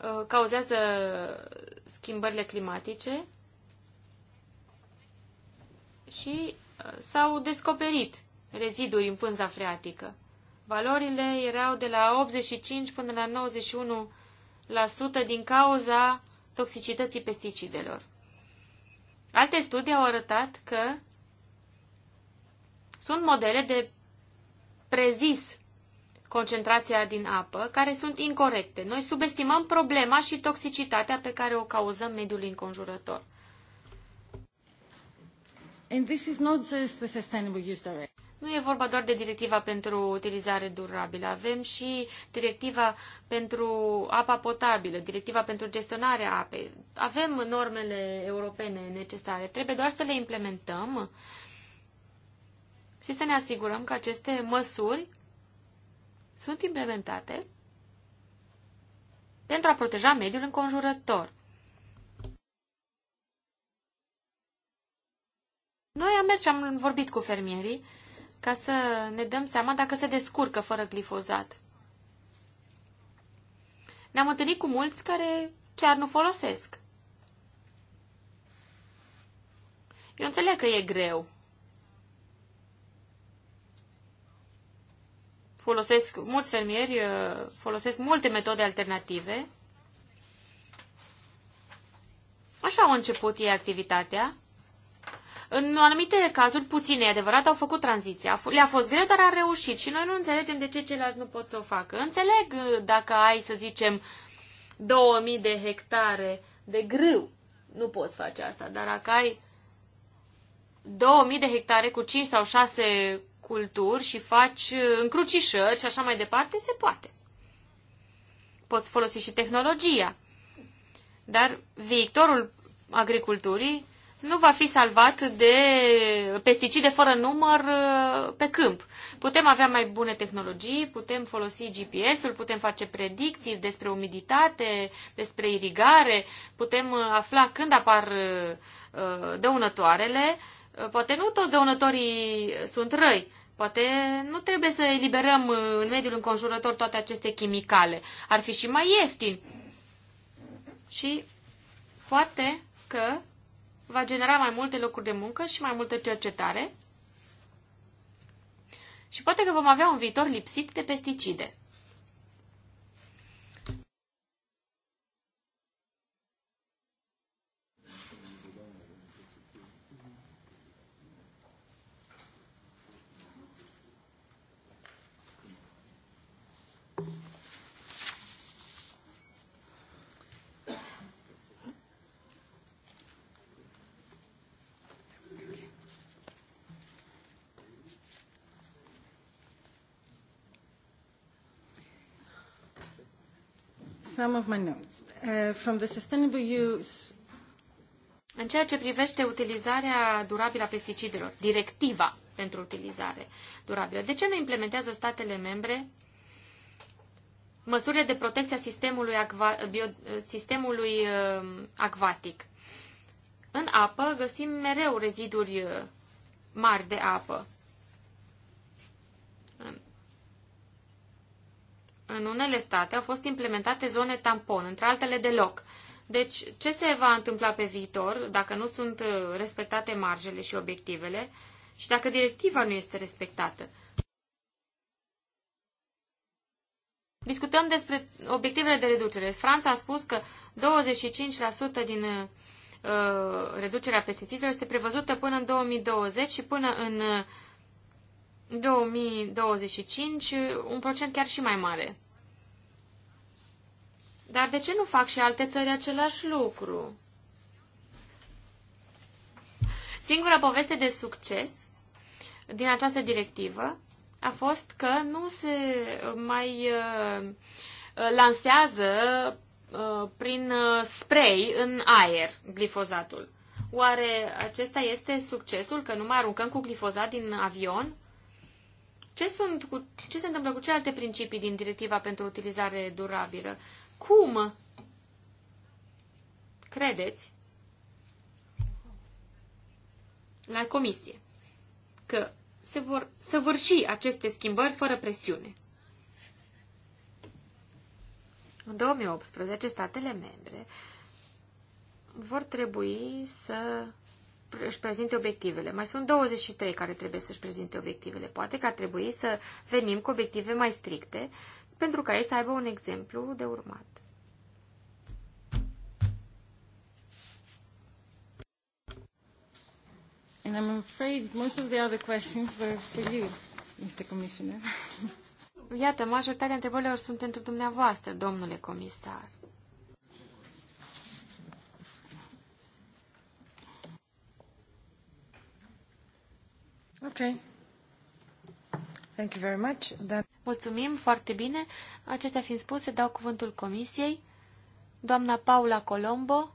uh, cauzează schimbările climatice și uh, s-au descoperit reziduri în pânza freatică. Valorile erau de la 85 până la 91% din cauza toxicității pesticidelor. Alte studii au arătat că sunt modele de prezis concentrația din apă, care sunt incorrecte. Noi subestimăm problema și toxicitatea pe care o cauzăm mediului înconjurător. And this is not just the sustainable use direct. Nu e vorba doar de directiva pentru utilizare durabilă. Avem și directiva pentru apa potabilă, directiva pentru gestionarea apei. Avem normele europene necesare. Trebuie doar să le implementăm și să ne asigurăm că aceste măsuri sunt implementate pentru a proteja mediul înconjurător. Noi am mers și am vorbit cu fermierii ca să ne dăm seama dacă se descurcă fără glifozat. Ne-am întâlnit cu mulți care chiar nu folosesc. Eu înțeleg că e greu folosesc, mulți fermieri uh, folosesc multe metode alternative. Așa au început ei activitatea. În anumite cazuri, puține, e adevărat, au făcut tranziția. Le-a fost greu, dar a reușit și noi nu înțelegem de ce ceilalți nu pot să o facă. Înțeleg uh, dacă ai, să zicem, 2000 de hectare de grâu, nu poți face asta, dar dacă ai 2000 de hectare cu 5 sau 6 culturi și faci încrucișări și așa mai departe, se poate. Poți folosi și tehnologia. Dar viitorul agriculturii nu va fi salvat de pesticide fără număr uh, pe câmp. Putem avea mai bune tehnologii, putem folosi GPS-ul, putem face predicții despre umiditate, despre irigare, putem uh, afla când apar uh, dăunătoarele. Poate nu toți dăunătorii sunt răi, Poate nu trebuie să eliberăm uh, în mediul înconjurător toate aceste chimicale. Ar fi și mai ieftin. Și poate că va genera mai multe locuri de muncă și mai multă cercetare. Și poate că vom avea un viitor lipsit de pesticide. some of my notes. Uh, from the sustainable use în ceea ce privește utilizarea durabilă a pesticidelor, directiva pentru utilizare durabilă, de ce nu implementează statele membre măsurile de protecție a sistemului, acva, bio, sistemului uh, acvatic? În apă găsim mereu reziduri uh, mari de apă. în unele state au fost implementate zone tampon, între altele deloc. Deci, ce se va întâmpla pe viitor dacă nu sunt uh, respectate marjele și obiectivele și dacă directiva nu este respectată? Discutăm despre obiectivele de reducere. Franța a spus că 25% din uh, reducerea pesticidelor este prevăzută până în 2020 și până în uh, 2025 un procent chiar și mai mare. Dar de ce nu fac și alte țări același lucru? Singura poveste de succes din această directivă a fost că nu se mai uh, uh, lansează uh, prin spray în aer glifozatul. Oare acesta este succesul, că nu mai aruncăm cu glifozat din avion? Ce, sunt cu, ce se întâmplă cu celelalte principii din directiva pentru utilizare durabilă? Cum credeți la comisie că se vor săvârși aceste schimbări fără presiune? În 2018, statele membre vor trebui să își prezinte obiectivele. Mai sunt 23 care trebuie să-și prezinte obiectivele. Poate că ar trebui să venim cu obiective mai stricte pentru ca ei să aibă un exemplu de urmat. And I'm afraid most of the other questions were for you, Mr. Commissioner. Iată, majoritatea întrebărilor sunt pentru dumneavoastră, domnule comisar. Ok. Thank you very much. That... Mulțumim foarte bine. Acestea fiind spuse, dau cuvântul comisiei. Doamna Paula Colombo,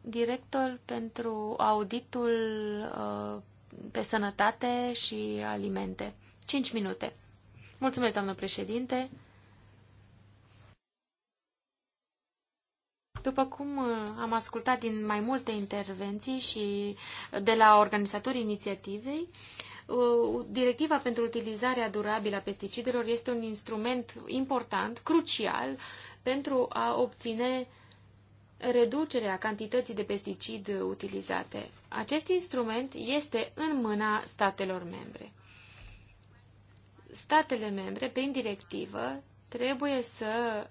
director pentru auditul uh, pe sănătate și alimente. 5 minute. Mulțumesc, doamnă președinte. După cum uh, am ascultat din mai multe intervenții și uh, de la organizatorii inițiativei, uh, Directiva pentru utilizarea durabilă a pesticidelor este un instrument important, crucial, pentru a obține reducerea cantității de pesticid utilizate. Acest instrument este în mâna statelor membre. Statele membre, prin directivă, trebuie să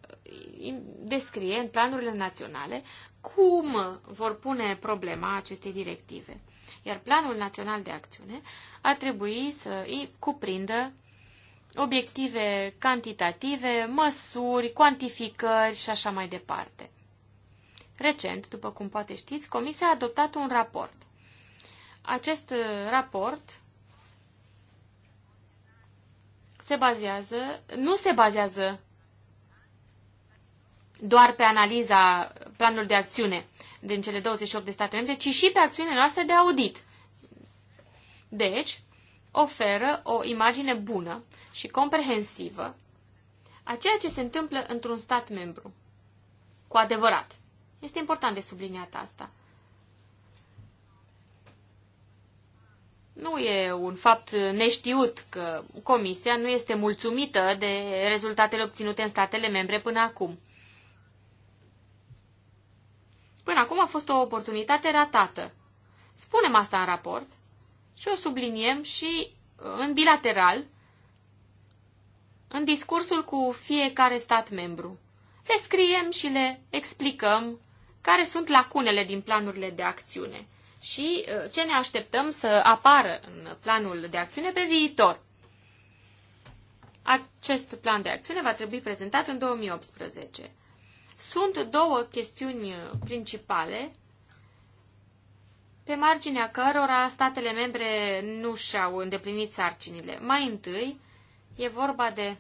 descrie în planurile naționale cum vor pune problema acestei directive. Iar planul național de acțiune ar trebui să cuprindă obiective cantitative, măsuri, cuantificări și așa mai departe. Recent, după cum poate știți, Comisia a adoptat un raport. Acest raport se bazează, nu se bazează doar pe analiza planului de acțiune din cele 28 de state membre, ci și pe acțiunile noastre de audit. Deci, oferă o imagine bună și comprehensivă a ceea ce se întâmplă într-un stat membru. Cu adevărat. Este important de subliniat asta. Nu e un fapt neștiut că Comisia nu este mulțumită de rezultatele obținute în statele membre până acum. Până acum a fost o oportunitate ratată. Spunem asta în raport și o subliniem și uh, în bilateral, în discursul cu fiecare stat membru. Le scriem și le explicăm care sunt lacunele din planurile de acțiune și uh, ce ne așteptăm să apară în planul de acțiune pe viitor. Acest plan de acțiune va trebui prezentat în 2018. Sunt două chestiuni uh, principale pe marginea cărora statele membre nu și-au îndeplinit sarcinile. Mai întâi, e vorba de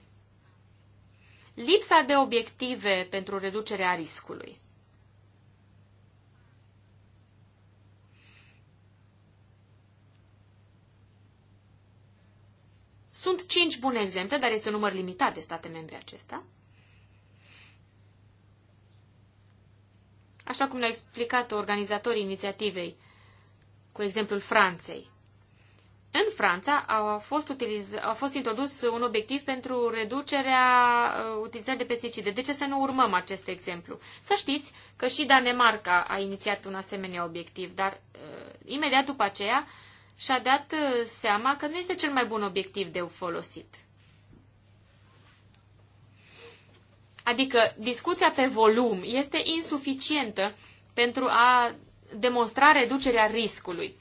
lipsa de obiective pentru reducerea riscului. Sunt cinci bune exemple, dar este un număr limitat de state membre acesta. Așa cum ne-au explicat organizatorii inițiativei, cu exemplul Franței. În Franța a fost, utiliz... a fost introdus un obiectiv pentru reducerea uh, utilizării de pesticide. De ce să nu urmăm acest exemplu? Să știți că și Danemarca a inițiat un asemenea obiectiv, dar uh, imediat după aceea uh, și-a dat uh, seama că nu este cel mai bun obiectiv de folosit. Adică discuția pe volum este insuficientă pentru a demonstra reducerea riscului.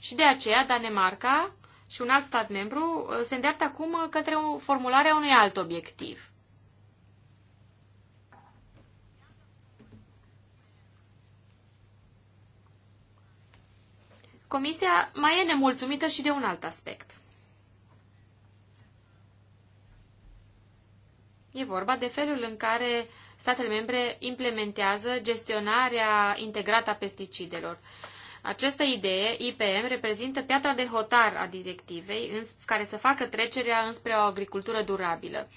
Și de aceea Danemarca și un alt stat membru uh, se îndreaptă acum uh, către formularea unui alt obiectiv. Comisia mai e nemulțumită și de un alt aspect. E vorba de felul în care statele membre implementează gestionarea integrată a pesticidelor. Această idee, IPM, reprezintă piatra de hotar a directivei în care să facă trecerea înspre o agricultură durabilă.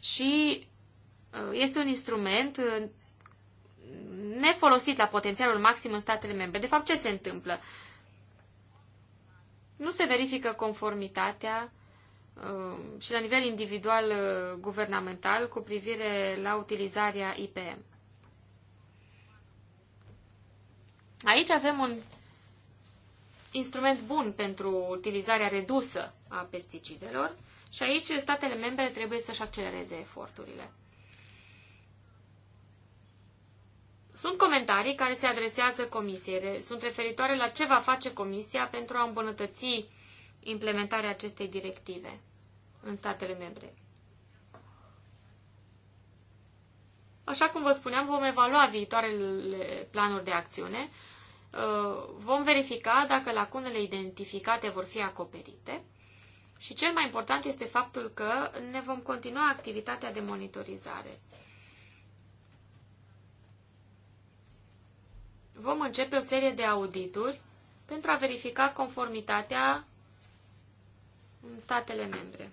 Și uh, este un instrument uh, nefolosit la potențialul maxim în statele membre. De fapt, ce se întâmplă? nu se verifică conformitatea um, și la nivel individual uh, guvernamental cu privire la utilizarea IPM. Aici avem un instrument bun pentru utilizarea redusă a pesticidelor și aici statele membre trebuie să-și accelereze eforturile. Sunt comentarii care se adresează comisiei, sunt referitoare la ce va face comisia pentru a îmbunătăți implementarea acestei directive în statele membre. Așa cum vă spuneam, vom evalua viitoarele planuri de acțiune, uh, vom verifica dacă lacunele identificate vor fi acoperite și cel mai important este faptul că ne vom continua activitatea de monitorizare. vom începe o serie de audituri pentru a verifica conformitatea în statele membre.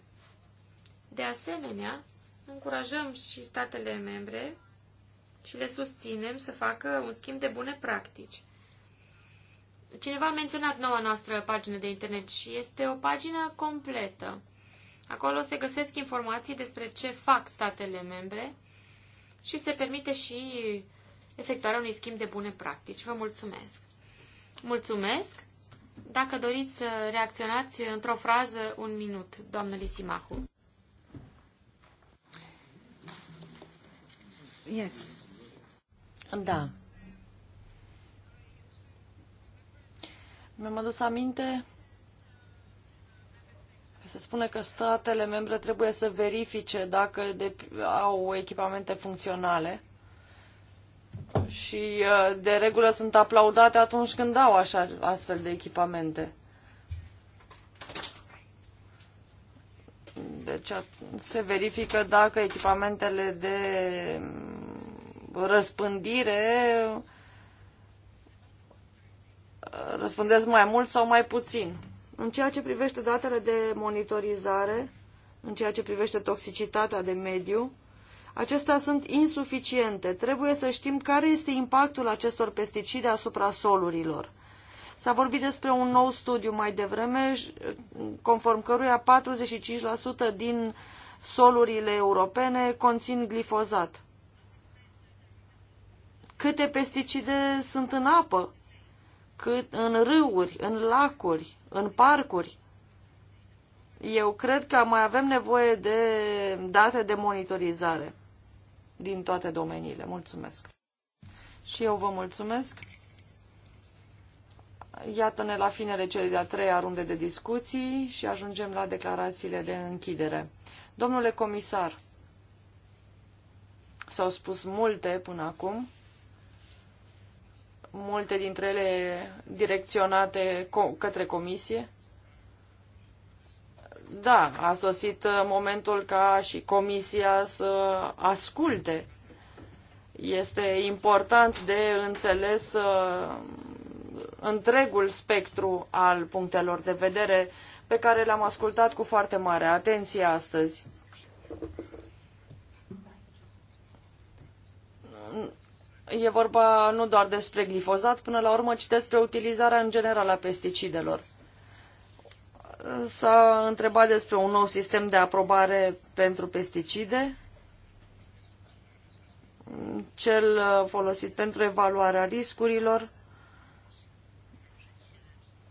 De asemenea, încurajăm și statele membre și le susținem să facă un schimb de bune practici. Cineva a menționat noua noastră pagină de internet și este o pagină completă. Acolo se găsesc informații despre ce fac statele membre și se permite și efectuarea unui schimb de bune practici. Vă mulțumesc! Mulțumesc! Dacă doriți să reacționați într-o frază, un minut, doamnă Lisimahu. Yes. Da. Mi-am adus aminte că se spune că statele membre trebuie să verifice dacă au echipamente funcționale și uh, de regulă sunt aplaudate atunci când au așa, astfel de echipamente. Deci se verifică dacă echipamentele de mm, răspândire uh, răspândesc mai mult sau mai puțin. În ceea ce privește datele de monitorizare, în ceea ce privește toxicitatea de mediu, Acestea sunt insuficiente. Trebuie să știm care este impactul acestor pesticide asupra solurilor. S-a vorbit despre un nou studiu mai devreme, conform căruia 45% din solurile europene conțin glifozat. Câte pesticide sunt în apă? Cât în râuri, în lacuri, în parcuri? Eu cred că mai avem nevoie de date de monitorizare din toate domeniile. Mulțumesc! Și eu vă mulțumesc! Iată-ne la finele celei de-a treia runde de discuții și ajungem la declarațiile de închidere. Domnule comisar, s-au spus multe până acum, multe dintre ele direcționate către comisie da, a sosit uh, momentul ca și comisia să asculte. Este important de înțeles uh, întregul spectru al punctelor de vedere pe care le-am ascultat cu foarte mare atenție astăzi. E vorba nu doar despre glifozat, până la urmă ci despre utilizarea în general a pesticidelor. S-a întrebat despre un nou sistem de aprobare pentru pesticide, cel folosit pentru evaluarea riscurilor.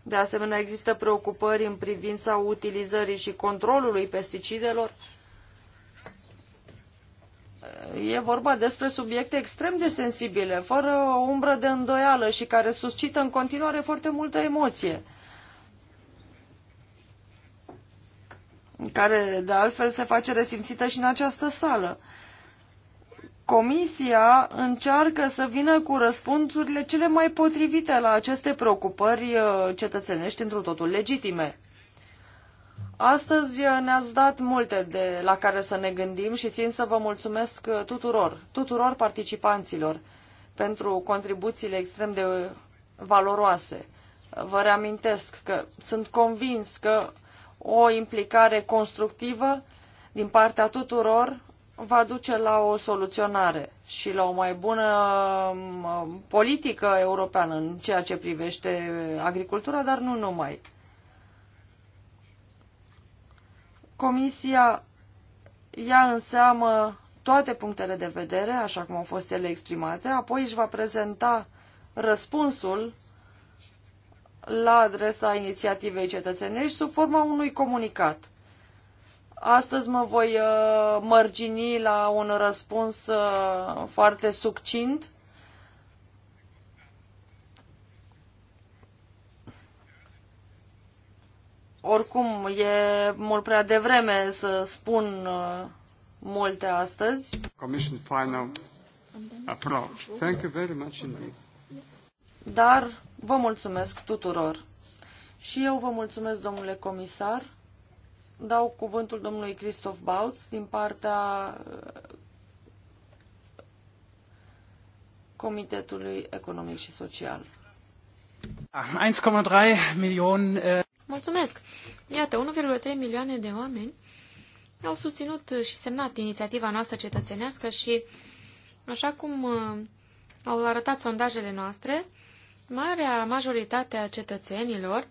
De asemenea, există preocupări în privința utilizării și controlului pesticidelor. E vorba despre subiecte extrem de sensibile, fără o umbră de îndoială și care suscită în continuare foarte multă emoție. care de altfel se face resimțită și în această sală. Comisia încearcă să vină cu răspunsurile cele mai potrivite la aceste preocupări uh, cetățenești într totul legitime. Astăzi uh, ne-ați dat multe de la care să ne gândim și țin să vă mulțumesc uh, tuturor, tuturor participanților pentru contribuțiile extrem de valoroase. Vă reamintesc că sunt convins că o implicare constructivă din partea tuturor va duce la o soluționare și la o mai bună um, politică europeană în ceea ce privește agricultura, dar nu numai. Comisia ia în seamă toate punctele de vedere, așa cum au fost ele exprimate, apoi își va prezenta răspunsul la adresa inițiativei cetățenești sub forma unui comunicat. Astăzi mă voi uh, mărgini la un răspuns uh, foarte succint. Oricum, e mult prea devreme să spun uh, multe astăzi. Commission final approach. Thank you very much indeed. Dar Vă mulțumesc tuturor. Și eu vă mulțumesc, domnule comisar. Dau cuvântul domnului Christoph Bautz din partea uh, Comitetului Economic și Social. 1,3 milioane. Uh, mulțumesc! Iată, 1,3 milioane de oameni au susținut și semnat inițiativa noastră cetățenească și, așa cum uh, au arătat sondajele noastre, marea majoritate a cetățenilor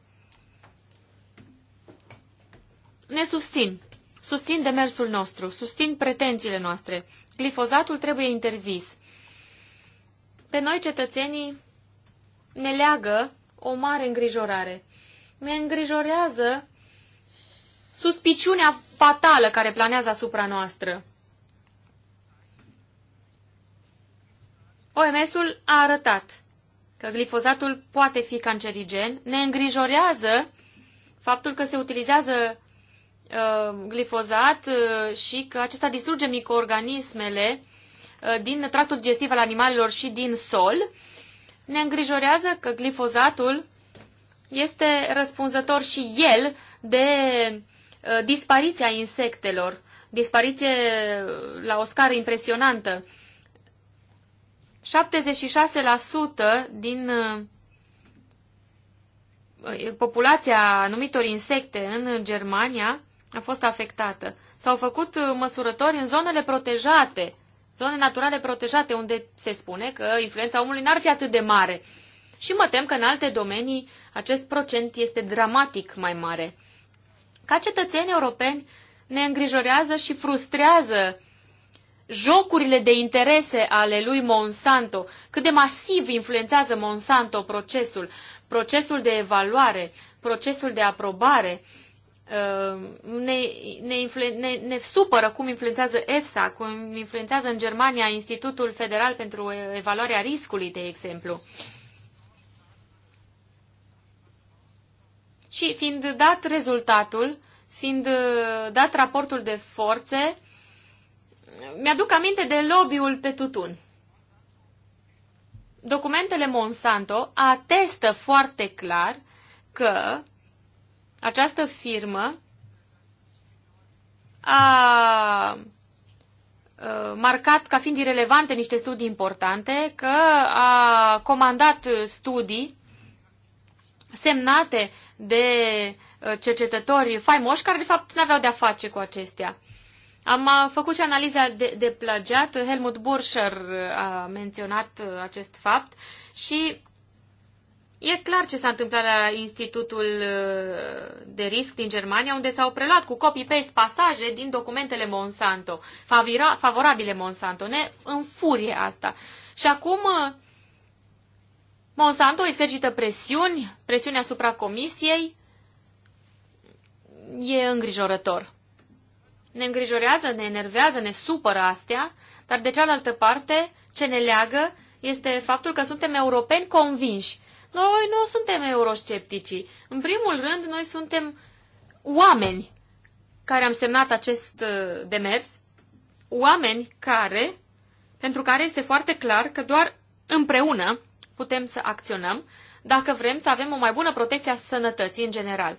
ne susțin. Susțin demersul nostru, susțin pretențiile noastre. Glifozatul trebuie interzis. Pe noi, cetățenii, ne leagă o mare îngrijorare. Ne îngrijorează suspiciunea fatală care planează asupra noastră. OMS-ul a arătat că glifozatul poate fi cancerigen, ne îngrijorează faptul că se utilizează uh, glifozat uh, și că acesta distruge microorganismele uh, din tractul digestiv al animalelor și din sol. Ne îngrijorează că glifozatul este răspunzător și el de uh, dispariția insectelor, dispariție la o scară impresionantă. 76% din uh, populația anumitor insecte în Germania a fost afectată. S-au făcut uh, măsurători în zonele protejate, zone naturale protejate, unde se spune că influența omului n-ar fi atât de mare. Și mă tem că în alte domenii acest procent este dramatic mai mare. Ca cetățeni europeni ne îngrijorează și frustrează uh, jocurile de interese ale lui Monsanto, cât de masiv influențează Monsanto procesul, procesul de evaluare, procesul de aprobare, uh, ne, ne, influen, ne, ne supără cum influențează EFSA, cum influențează în Germania Institutul Federal pentru Evaluarea Riscului, de exemplu. Și fiind dat rezultatul, fiind uh, dat raportul de forțe, mi-aduc aminte de lobby-ul pe tutun. Documentele Monsanto atestă foarte clar că această firmă a marcat ca fiind irelevante niște studii importante, că a comandat studii semnate de uh, cercetători faimoși care de fapt n-aveau de-a face cu acestea. Am făcut și analiza de, de plagiat. Helmut Borscher a menționat uh, acest fapt și e clar ce s-a întâmplat la Institutul uh, de Risc din Germania, unde s-au preluat cu copy-paste pasaje din documentele Monsanto, favira, favorabile Monsanto. Ne înfurie asta. Și acum uh, Monsanto exercită presiuni, presiuni asupra comisiei. E îngrijorător ne îngrijorează, ne enervează, ne supără astea, dar de cealaltă parte, ce ne leagă este faptul că suntem europeni convinși. Noi nu suntem eurosceptici. În primul rând, noi suntem oameni care am semnat acest uh, demers, oameni care, pentru care este foarte clar că doar împreună putem să acționăm dacă vrem să avem o mai bună protecție a sănătății în general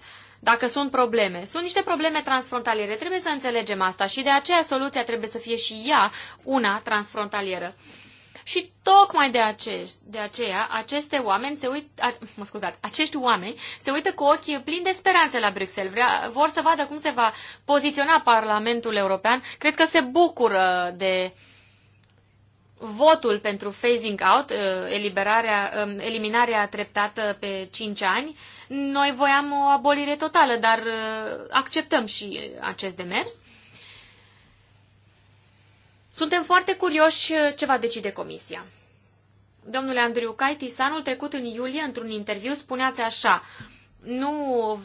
dacă sunt probleme. Sunt niște probleme transfrontaliere, trebuie să înțelegem asta și de aceea soluția trebuie să fie și ea una transfrontalieră. Și tocmai de, ace- de aceea aceste oameni se uit, a, mă scuzați, acești oameni se uită cu ochii plini de speranțe la Bruxelles. Vrea, vor să vadă cum se va poziționa Parlamentul European. Cred că se bucură de votul pentru phasing out, uh, eliberarea, um, eliminarea treptată pe 5 ani noi voiam o abolire totală, dar uh, acceptăm și acest demers. Suntem foarte curioși uh, ce va decide Comisia. Domnule Andriu Caitis, anul trecut în iulie, într-un interviu, spuneați așa, nu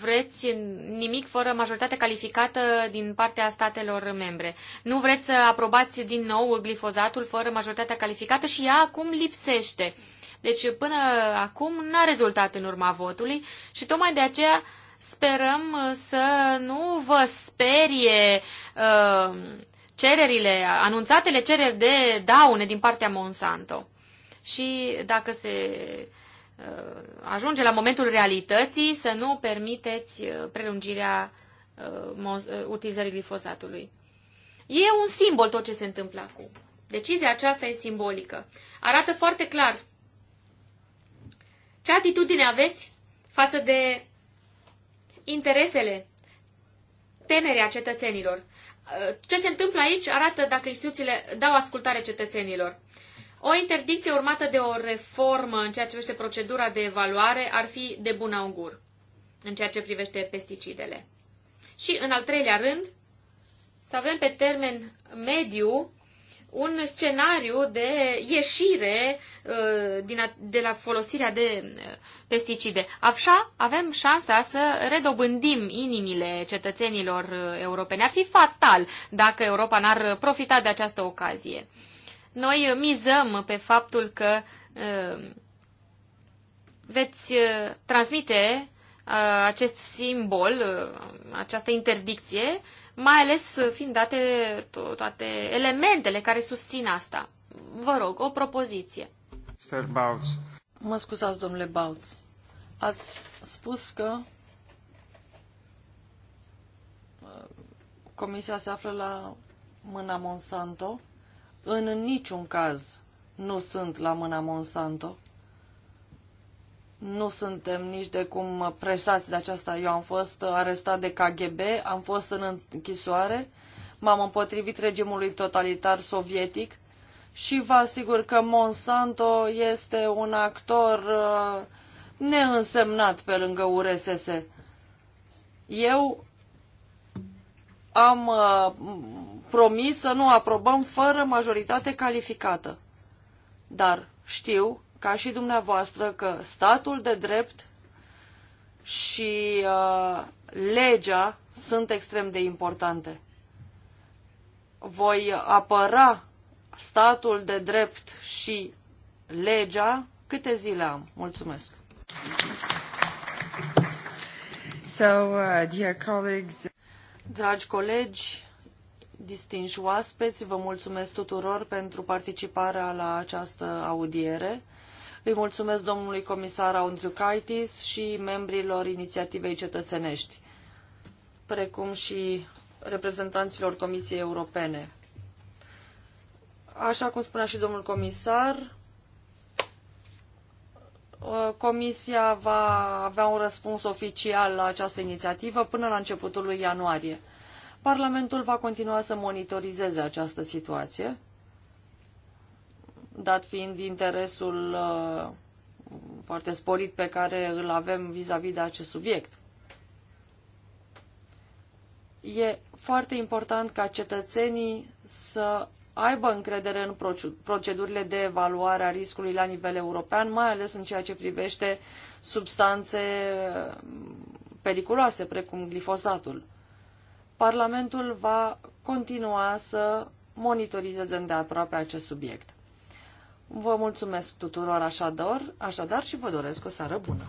vreți nimic fără majoritate calificată din partea statelor membre. Nu vreți să aprobați din nou glifozatul fără majoritatea calificată și ea acum lipsește. Uh, deci până acum n-a rezultat în urma votului și tocmai de aceea sperăm uh, să nu vă sperie uh, cererile, anunțatele cereri de daune din partea Monsanto. Și dacă se uh, ajunge la momentul realității, să nu permiteți uh, prelungirea uh, uh, utilizării glifosatului. E un simbol tot ce se întâmplă acum. Decizia aceasta e simbolică. Arată foarte clar ce atitudine aveți față de interesele, temerea cetățenilor? Ce se întâmplă aici arată dacă instituțiile dau ascultare cetățenilor. O interdicție urmată de o reformă în ceea ce privește procedura de evaluare ar fi de bun augur în ceea ce privește pesticidele. Și, în al treilea rând, să avem pe termen mediu un scenariu de ieșire uh, din de la folosirea de uh, pesticide. Așa avem șansa să redobândim inimile cetățenilor uh, europene. Ar fi fatal dacă Europa n-ar profita de această ocazie. Noi mizăm pe faptul că veți transmite acest simbol, această interdicție, mai ales fiind date to- toate elementele care susțin asta. Vă rog, o propoziție. Mr. Bautz. Mă scuzați, domnule Bautz. Ați spus că uh, comisia se află la mâna Monsanto. În niciun caz nu sunt la mâna Monsanto nu suntem nici de cum presați de aceasta. Eu am fost arestat de KGB, am fost în închisoare, m-am împotrivit regimului totalitar sovietic și vă asigur că Monsanto este un actor uh, neînsemnat pe lângă URSS. Eu am uh, promis să nu aprobăm fără majoritate calificată. Dar știu ca și dumneavoastră, că statul de drept și uh, legea sunt extrem de importante. Voi apăra statul de drept și legea câte zile am. Mulțumesc! So, uh, dear colleagues... Dragi colegi, distinși oaspeți, vă mulțumesc tuturor pentru participarea la această audiere. Îi mulțumesc domnului comisar Andriukaitis și membrilor inițiativei cetățenești, precum și reprezentanților Comisiei Europene. Așa cum spunea și domnul comisar, ă, Comisia va avea un răspuns oficial la această inițiativă până la începutul lui ianuarie. Parlamentul va continua să monitorizeze această situație dat fiind interesul uh, foarte sporit pe care îl avem vis-a-vis -vis de acest subiect. E foarte important ca cetățenii să aibă încredere în procedurile de evaluare a riscului la nivel european, mai ales în ceea ce privește substanțe uh, periculoase, precum glifosatul. Parlamentul va continua să monitorizeze îndeaproape acest subiect. Vă mulțumesc tuturor așadar, așadar și vă doresc o seară bună!